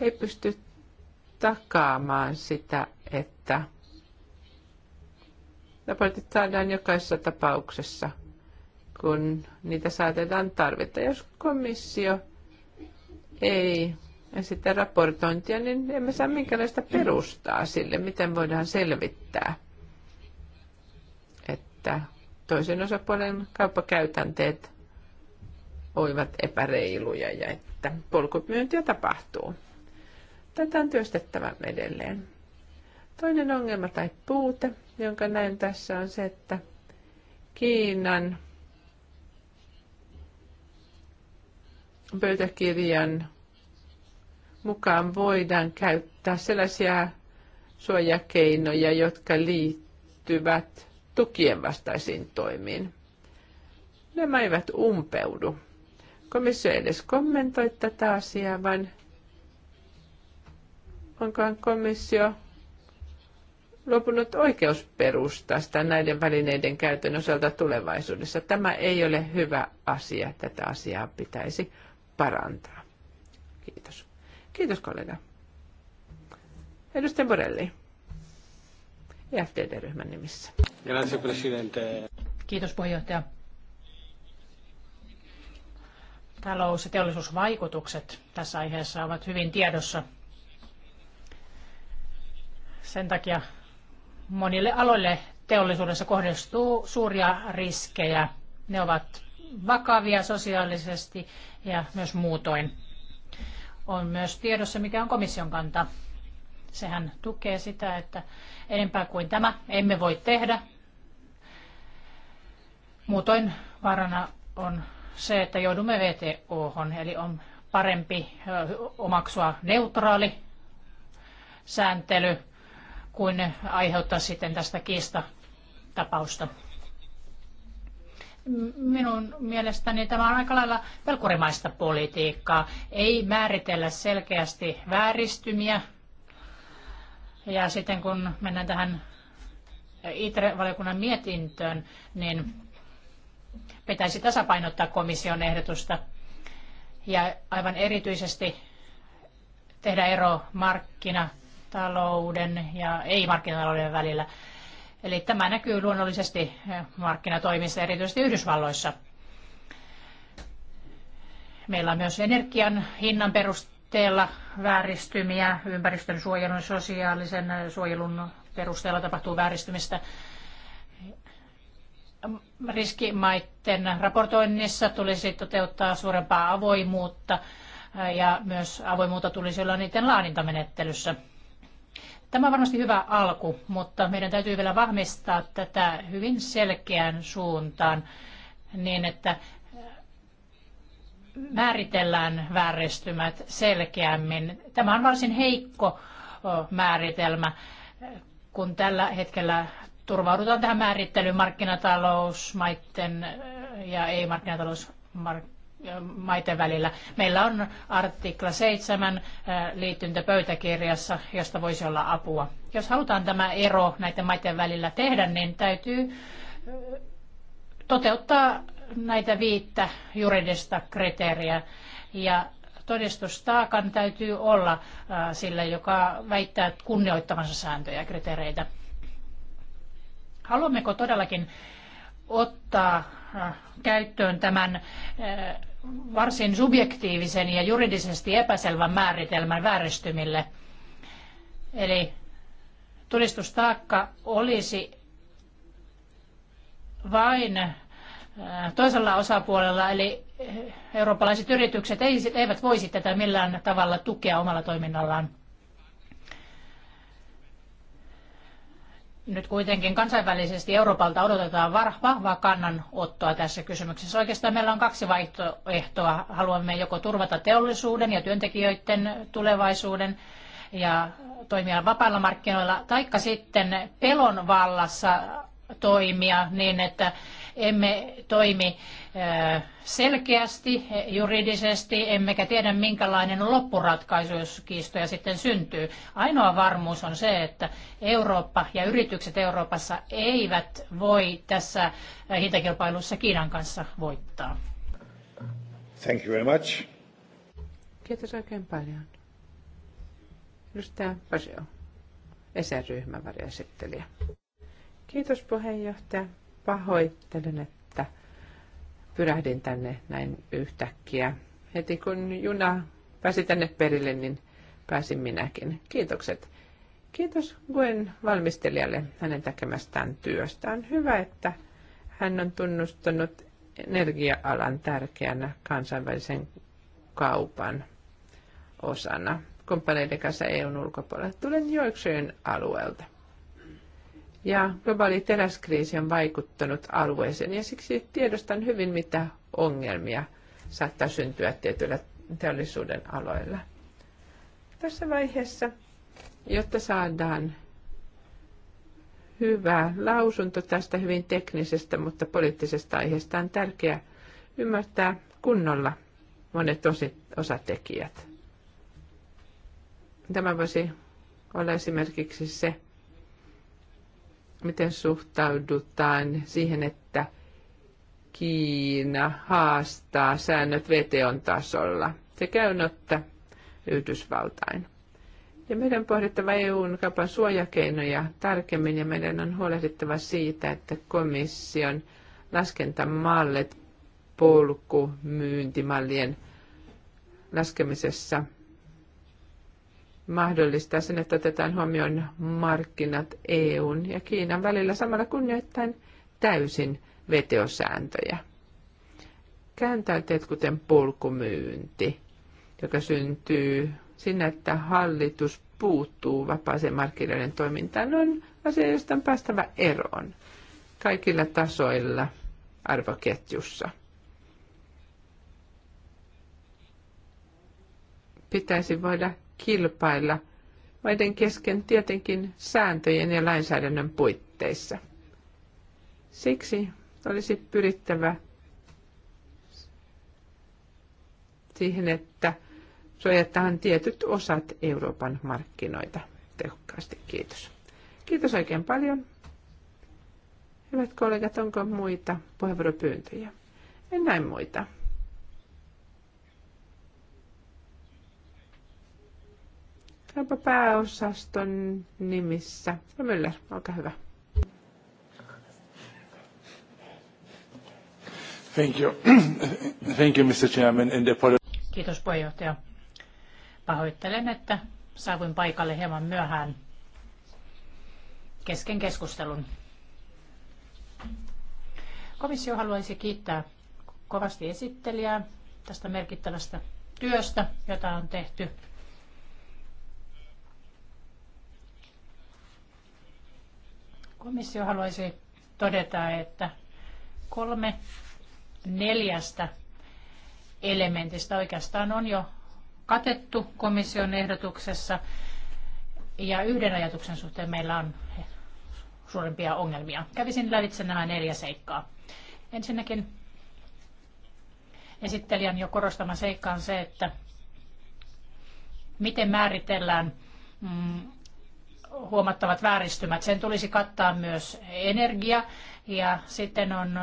ei pysty takaamaan sitä, että raportit saadaan jokaisessa tapauksessa, kun niitä saatetaan tarvita. Jos komissio ei sitä raportointia, niin emme saa minkälaista perustaa sille, miten voidaan selvittää, että toisen osapuolen kauppakäytänteet olivat epäreiluja ja että polkumyyntiä tapahtuu. Tätä on työstettävä edelleen. Toinen ongelma tai puute, jonka näen tässä, on se, että Kiinan pöytäkirjan mukaan voidaan käyttää sellaisia suojakeinoja, jotka liittyvät tukien vastaisiin toimiin. Nämä eivät umpeudu. Komissio ei edes kommentoi tätä asiaa, vaan onkohan komissio lopunut oikeusperustasta näiden välineiden käytön osalta tulevaisuudessa. Tämä ei ole hyvä asia. Tätä asiaa pitäisi parantaa. Kiitos. Kiitos kollega. Edustaja Borelli, EFTD-ryhmän nimissä. Kiitos puheenjohtaja. Talous- ja teollisuusvaikutukset tässä aiheessa ovat hyvin tiedossa. Sen takia monille aloille teollisuudessa kohdistuu suuria riskejä. Ne ovat vakavia sosiaalisesti ja myös muutoin on myös tiedossa, mikä on komission kanta. Sehän tukee sitä, että enempää kuin tämä emme voi tehdä. Muutoin varana on se, että joudumme VTOhon, eli on parempi omaksua neutraali sääntely kuin aiheuttaa sitten tästä kiista tapausta. Minun mielestäni tämä on aika lailla pelkurimaista politiikkaa. Ei määritellä selkeästi vääristymiä. Ja sitten kun mennään tähän ITRE-valiokunnan mietintöön, niin pitäisi tasapainottaa komission ehdotusta ja aivan erityisesti tehdä ero markkinatalouden ja ei-markkinatalouden välillä. Eli tämä näkyy luonnollisesti eh, markkinatoimissa, erityisesti Yhdysvalloissa. Meillä on myös energian hinnan perusteella vääristymiä, ympäristön suojelun, sosiaalisen eh, suojelun perusteella tapahtuu vääristymistä. Riskimaiden raportoinnissa tulisi toteuttaa suurempaa avoimuutta eh, ja myös avoimuutta tulisi olla niiden laadintamenettelyssä. Tämä on varmasti hyvä alku, mutta meidän täytyy vielä vahvistaa tätä hyvin selkeään suuntaan niin, että määritellään vääristymät selkeämmin. Tämä on varsin heikko määritelmä, kun tällä hetkellä turvaudutaan tähän määrittelyyn markkinatalousmaiden ja ei-markkinatalous maiden välillä. Meillä on artikla 7 liityntäpöytäkirjassa, josta voisi olla apua. Jos halutaan tämä ero näiden maiden välillä tehdä, niin täytyy toteuttaa näitä viittä juridista kriteeriä. Ja todistustaakan täytyy olla sillä, joka väittää kunnioittavansa sääntöjä ja kriteereitä. Haluammeko todellakin ottaa äh, käyttöön tämän äh, varsin subjektiivisen ja juridisesti epäselvän määritelmän vääristymille. Eli todistustaakka olisi vain äh, toisella osapuolella, eli eurooppalaiset yritykset eivät voisi tätä millään tavalla tukea omalla toiminnallaan. Nyt kuitenkin kansainvälisesti Euroopalta odotetaan vahvaa kannanottoa tässä kysymyksessä. Oikeastaan meillä on kaksi vaihtoehtoa. Haluamme joko turvata teollisuuden ja työntekijöiden tulevaisuuden ja toimia vapailla markkinoilla, taikka sitten pelon vallassa toimia niin, että emme toimi selkeästi juridisesti, emmekä tiedä minkälainen loppuratkaisu, jos kiistoja sitten syntyy. Ainoa varmuus on se, että Eurooppa ja yritykset Euroopassa eivät voi tässä hintakilpailussa Kiinan kanssa voittaa. Thank you very much. Kiitos oikein paljon. Edustaja Pasio, ESER-ryhmän varjoesittelijä. Kiitos puheenjohtaja. Pahoittelen, että pyrähdin tänne näin yhtäkkiä. Heti kun juna pääsi tänne perille, niin pääsin minäkin. Kiitokset. Kiitos Gwen valmistelijalle hänen tekemästään työstä. On hyvä, että hän on tunnustanut energia-alan tärkeänä kansainvälisen kaupan osana kumppaneiden kanssa EUn ulkopuolella. Tulen Yorkshiren alueelta ja globaali teräskriisi on vaikuttanut alueeseen ja siksi tiedostan hyvin, mitä ongelmia saattaa syntyä tietyillä teollisuuden aloilla. Tässä vaiheessa, jotta saadaan hyvä lausunto tästä hyvin teknisestä, mutta poliittisesta aiheesta on tärkeää ymmärtää kunnolla monet osit, osatekijät. Tämä voisi olla esimerkiksi se, miten suhtaudutaan siihen, että Kiina haastaa säännöt VTOn tasolla sekä että Yhdysvaltain. Ja meidän on pohdittava EUn kaupan suojakeinoja tarkemmin ja meidän on huolehdittava siitä, että komission laskentamallit polkumyyntimallien laskemisessa – mahdollistaa sen, että otetaan huomioon markkinat EUn ja Kiinan välillä samalla kunnioittain täysin vetosääntöjä. Kääntäyteet kuten polkumyynti, joka syntyy sinne, että hallitus puuttuu vapaaseen markkinoiden toimintaan, on asia, josta on päästävä eroon kaikilla tasoilla arvoketjussa. Pitäisi voida kilpailla maiden kesken tietenkin sääntöjen ja lainsäädännön puitteissa. Siksi olisi pyrittävä siihen, että suojataan tietyt osat Euroopan markkinoita tehokkaasti. Kiitos. Kiitos oikein paljon. Hyvät kollegat, onko muita puheenvuoropyyntöjä? En näin muita. Saapa pääosaston nimissä. Müller, olkaa hyvä. Thank you. [coughs] Thank you, Mr. Chairman. And the... Kiitos puheenjohtaja. Pahoittelen, että saavuin paikalle hieman myöhään kesken keskustelun. Komissio haluaisi kiittää kovasti esittelijää tästä merkittävästä työstä, jota on tehty Komissio haluaisi todeta, että kolme neljästä elementistä oikeastaan on jo katettu komission ehdotuksessa. Ja yhden ajatuksen suhteen meillä on suurempia ongelmia. Kävisin lävitse nämä neljä seikkaa. Ensinnäkin esittelijän jo korostama seikka on se, että miten määritellään mm, huomattavat vääristymät. Sen tulisi kattaa myös energia ja sitten on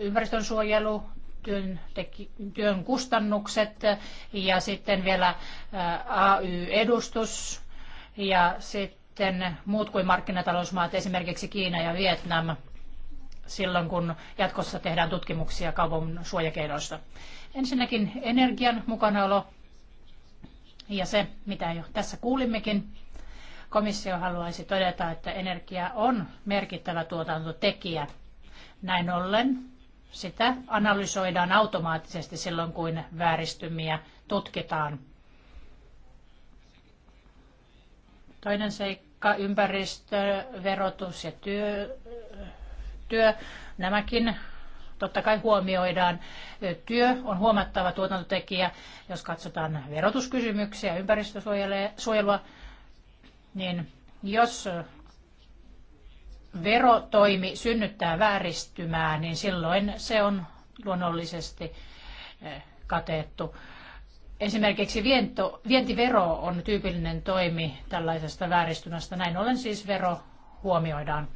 ympäristönsuojelu, työn, työn kustannukset ja sitten vielä AY-edustus ja sitten muut kuin markkinatalousmaat, esimerkiksi Kiina ja Vietnam, silloin kun jatkossa tehdään tutkimuksia kaupungin suojakeinoista. Ensinnäkin energian mukanaolo ja se, mitä jo tässä kuulimmekin komissio haluaisi todeta, että energia on merkittävä tuotantotekijä. Näin ollen sitä analysoidaan automaattisesti silloin, kun vääristymiä tutkitaan. Toinen seikka, ympäristö, verotus ja työ, työ nämäkin totta kai huomioidaan. Työ on huomattava tuotantotekijä, jos katsotaan verotuskysymyksiä, ympäristösuojelua, niin jos verotoimi synnyttää vääristymää, niin silloin se on luonnollisesti eh, katettu. Esimerkiksi viento, vientivero on tyypillinen toimi tällaisesta vääristymästä. Näin ollen siis vero huomioidaan.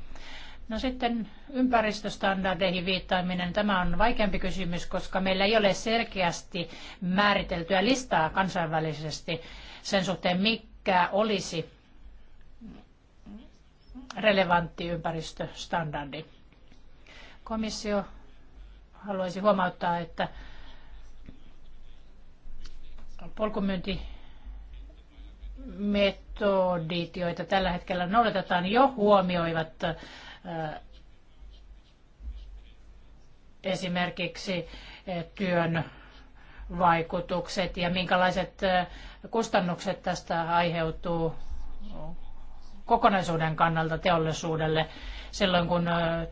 No sitten ympäristöstandardeihin viittaaminen. Tämä on vaikeampi kysymys, koska meillä ei ole selkeästi määriteltyä listaa kansainvälisesti sen suhteen, mikä olisi relevantti ympäristöstandardi. Komissio haluaisi huomauttaa, että polkumyynti metodit, joita tällä hetkellä noudatetaan, jo huomioivat esimerkiksi työn vaikutukset ja minkälaiset kustannukset tästä aiheutuu kokonaisuuden kannalta teollisuudelle silloin, kun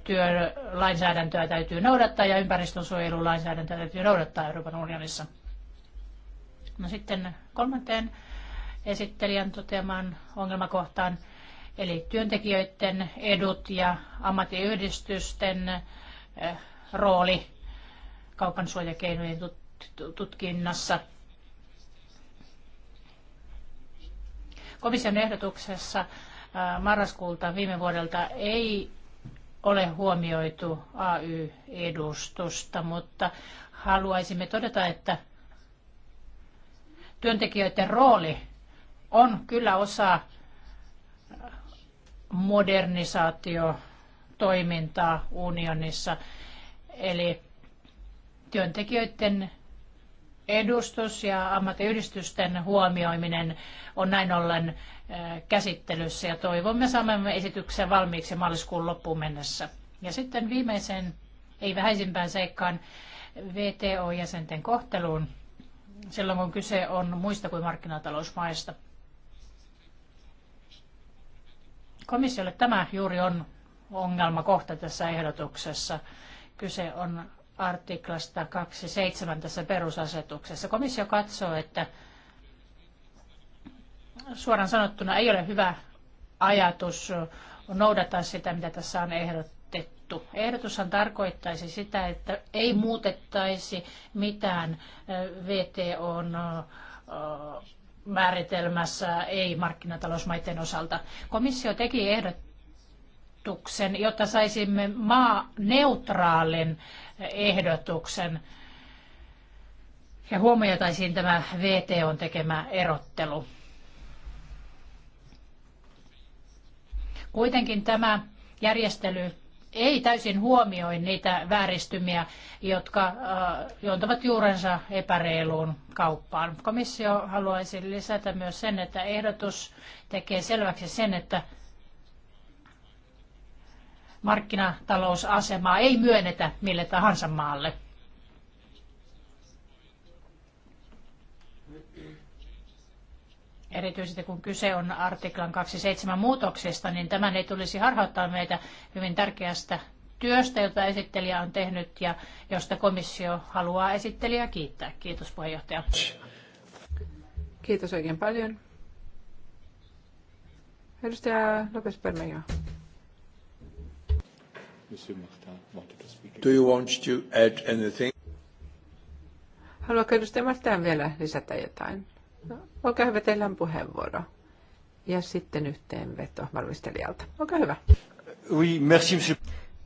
työlainsäädäntöä täytyy noudattaa ja ympäristönsuojelulainsäädäntöä täytyy noudattaa Euroopan unionissa. No sitten kolmanteen esittelijän toteamaan ongelmakohtaan, eli työntekijöiden edut ja ammattiyhdistysten rooli kaupan suojakeinojen tutkinnassa. Komission ehdotuksessa marraskuulta viime vuodelta ei ole huomioitu AY-edustusta, mutta haluaisimme todeta, että työntekijöiden rooli on kyllä osa modernisaatio-toimintaa unionissa. Eli työntekijöiden edustus ja ammattiyhdistysten huomioiminen on näin ollen eh, käsittelyssä ja toivomme saamamme esityksen valmiiksi maaliskuun loppuun mennessä. Ja sitten viimeisen, ei vähäisimpään seikkaan, VTO-jäsenten kohteluun silloin, kun kyse on muista kuin markkinatalousmaista. Komissiolle tämä juuri on ongelmakohta tässä ehdotuksessa. Kyse on artiklasta 2.7 tässä perusasetuksessa. Komissio katsoo, että suoraan sanottuna ei ole hyvä ajatus noudattaa sitä, mitä tässä on ehdotettu. Ehdotushan tarkoittaisi sitä, että ei muutettaisi mitään VTOn määritelmässä ei-markkinatalousmaiden osalta. Komissio teki ehdot, ehdotuksen, jotta saisimme maaneutraalin ehdotuksen ja huomioitaisiin tämä VTOn tekemä erottelu. Kuitenkin tämä järjestely ei täysin huomioi niitä vääristymiä, jotka äh, juontavat juurensa epäreiluun kauppaan. Komissio haluaisi lisätä myös sen, että ehdotus tekee selväksi sen, että markkinatalousasemaa ei myönnetä mille tahansa maalle. Erityisesti kun kyse on artiklan 27 muutoksesta, niin tämän ei tulisi harhauttaa meitä hyvin tärkeästä työstä, jota esittelijä on tehnyt ja josta komissio haluaa esittelijää kiittää. Kiitos puheenjohtaja. Kiitos oikein paljon. Edustaja Lopes Permejo. Martin wanted to speak. Do you want to add anything? Haluatko edustaja Martin vielä lisätä jotain? No, olkaa hyvä, teillä on puheenvuoro. Ja sitten yhteenveto valmistelijalta. Olkaa hyvä. Oui, merci, monsieur.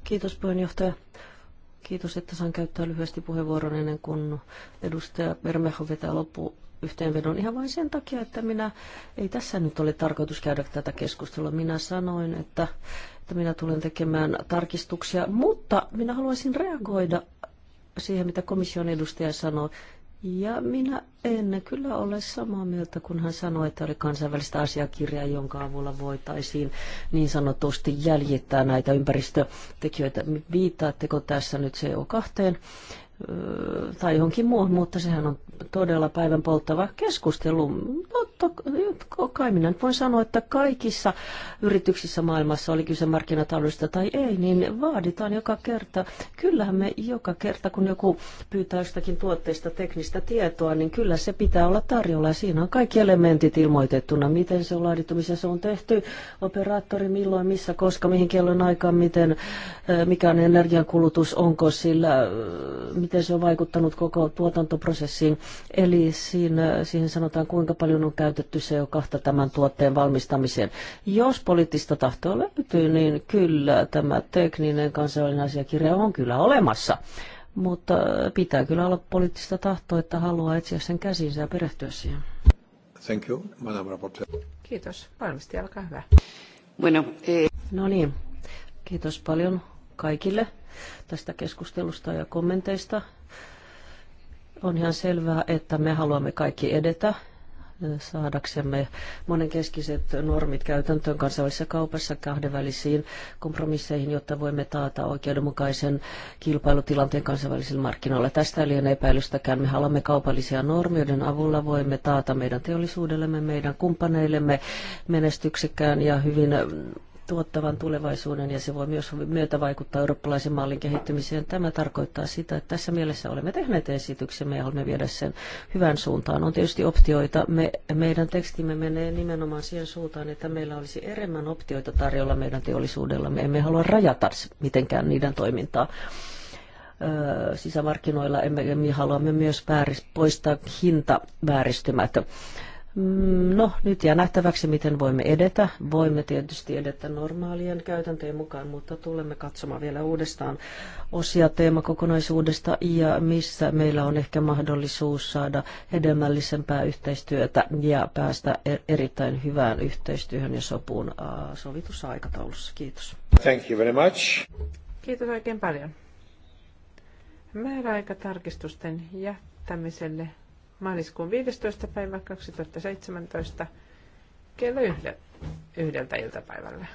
Kiitos puheenjohtaja. Kiitos, että saan käyttää lyhyesti puheenvuoron ennen kuin edustaja Bermeho vetää loppu yhteenvedon ihan vain sen takia, että minä, ei tässä nyt ole tarkoitus käydä tätä keskustelua. Minä sanoin, että, että minä tulen tekemään tarkistuksia, mutta minä haluaisin reagoida siihen, mitä komission edustaja sanoi. Ja minä en kyllä ole samaa mieltä, kun hän sanoi, että oli kansainvälistä asiakirjaa, jonka avulla voitaisiin niin sanotusti jäljittää näitä ympäristötekijöitä. Viittaatteko tässä nyt CO2? tai johonkin muuhun, mutta sehän on todella päivän polttava keskustelu. Mutta kai minä nyt voin sanoa, että kaikissa yrityksissä maailmassa, oli kyse markkinataloudesta tai ei, niin vaaditaan joka kerta. Kyllähän me joka kerta, kun joku pyytää jostakin tuotteista teknistä tietoa, niin kyllä se pitää olla tarjolla. Siinä on kaikki elementit ilmoitettuna, miten se on laadittu, missä se on tehty, operaattori, milloin, missä, koska, mihin kellon aikaan, miten, mikä on energiankulutus, onko sillä, miten se on vaikuttanut koko tuotantoprosessiin. Eli siinä, siihen sanotaan, kuinka paljon on käytetty CO2 tämän tuotteen valmistamiseen. Jos poliittista tahtoa löytyy, niin kyllä tämä tekninen kansainvälinen asiakirja on kyllä olemassa. Mutta pitää kyllä olla poliittista tahtoa, että haluaa etsiä sen käsinsä ja perehtyä siihen. Thank you, Madam Rapporteur. Kiitos. Valmisti, alkaa hyvä. Bueno, eh... No niin. Kiitos paljon kaikille tästä keskustelusta ja kommenteista. On ihan selvää, että me haluamme kaikki edetä saadaksemme monenkeskiset normit käytäntöön kansainvälisessä kaupassa kahdenvälisiin kompromisseihin, jotta voimme taata oikeudenmukaisen kilpailutilanteen kansainvälisillä markkinoilla. Tästä ei liian epäilystäkään. Me haluamme kaupallisia normioiden avulla voimme taata meidän teollisuudellemme, meidän kumppaneillemme menestyksekään ja hyvin tuottavan tulevaisuuden ja se voi myös myötä vaikuttaa eurooppalaisen mallin kehittymiseen. Tämä tarkoittaa sitä, että tässä mielessä olemme tehneet esityksemme ja haluamme viedä sen hyvän suuntaan. On tietysti optioita. Me, meidän tekstimme menee nimenomaan siihen suuntaan, että meillä olisi enemmän optioita tarjolla meidän teollisuudella. Me emme halua rajata mitenkään niiden toimintaa sisämarkkinoilla. Emme, emme haluamme myös poistaa hintavääristymät Mm, no, nyt jää nähtäväksi, miten voimme edetä. Voimme tietysti edetä normaalien käytäntöjen mukaan, mutta tulemme katsomaan vielä uudestaan osia teemakokonaisuudesta ja missä meillä on ehkä mahdollisuus saada hedelmällisempää yhteistyötä ja päästä e- erittäin hyvään yhteistyöhön ja sopuun sovitussa aikataulussa. Kiitos. Thank you very much. Kiitos oikein paljon. Määräaikatarkistusten jättämiselle maaliskuun 15. päivä 2017 kello yhdeltä iltapäivällä.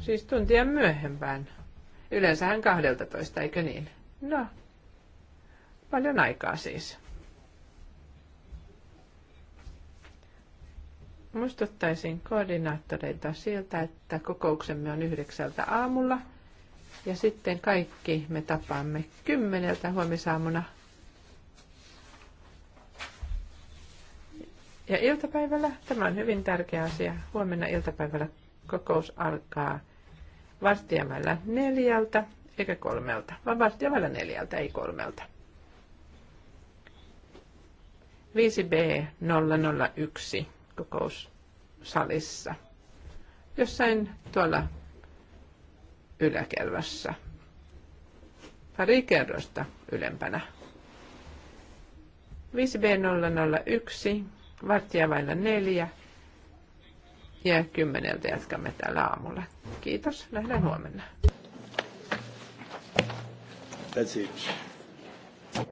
Siis tuntia myöhempään. Yleensähän 12, eikö niin? No, paljon aikaa siis. Muistuttaisin koordinaattoreita siltä, että kokouksemme on yhdeksältä aamulla ja sitten kaikki me tapaamme kymmeneltä huomisaamuna Ja iltapäivällä, tämä on hyvin tärkeä asia, huomenna iltapäivällä kokous alkaa vartijamalla neljältä, eikä kolmelta, vaan vartijamalla neljältä, ei kolmelta. 5B001 kokoussalissa, jossain tuolla yläkerrassa, pari kerrosta ylempänä. 5B001 varttia vailla neljä. Ja kymmeneltä jatkamme täällä aamulla. Kiitos, nähdään huomenna. That's it.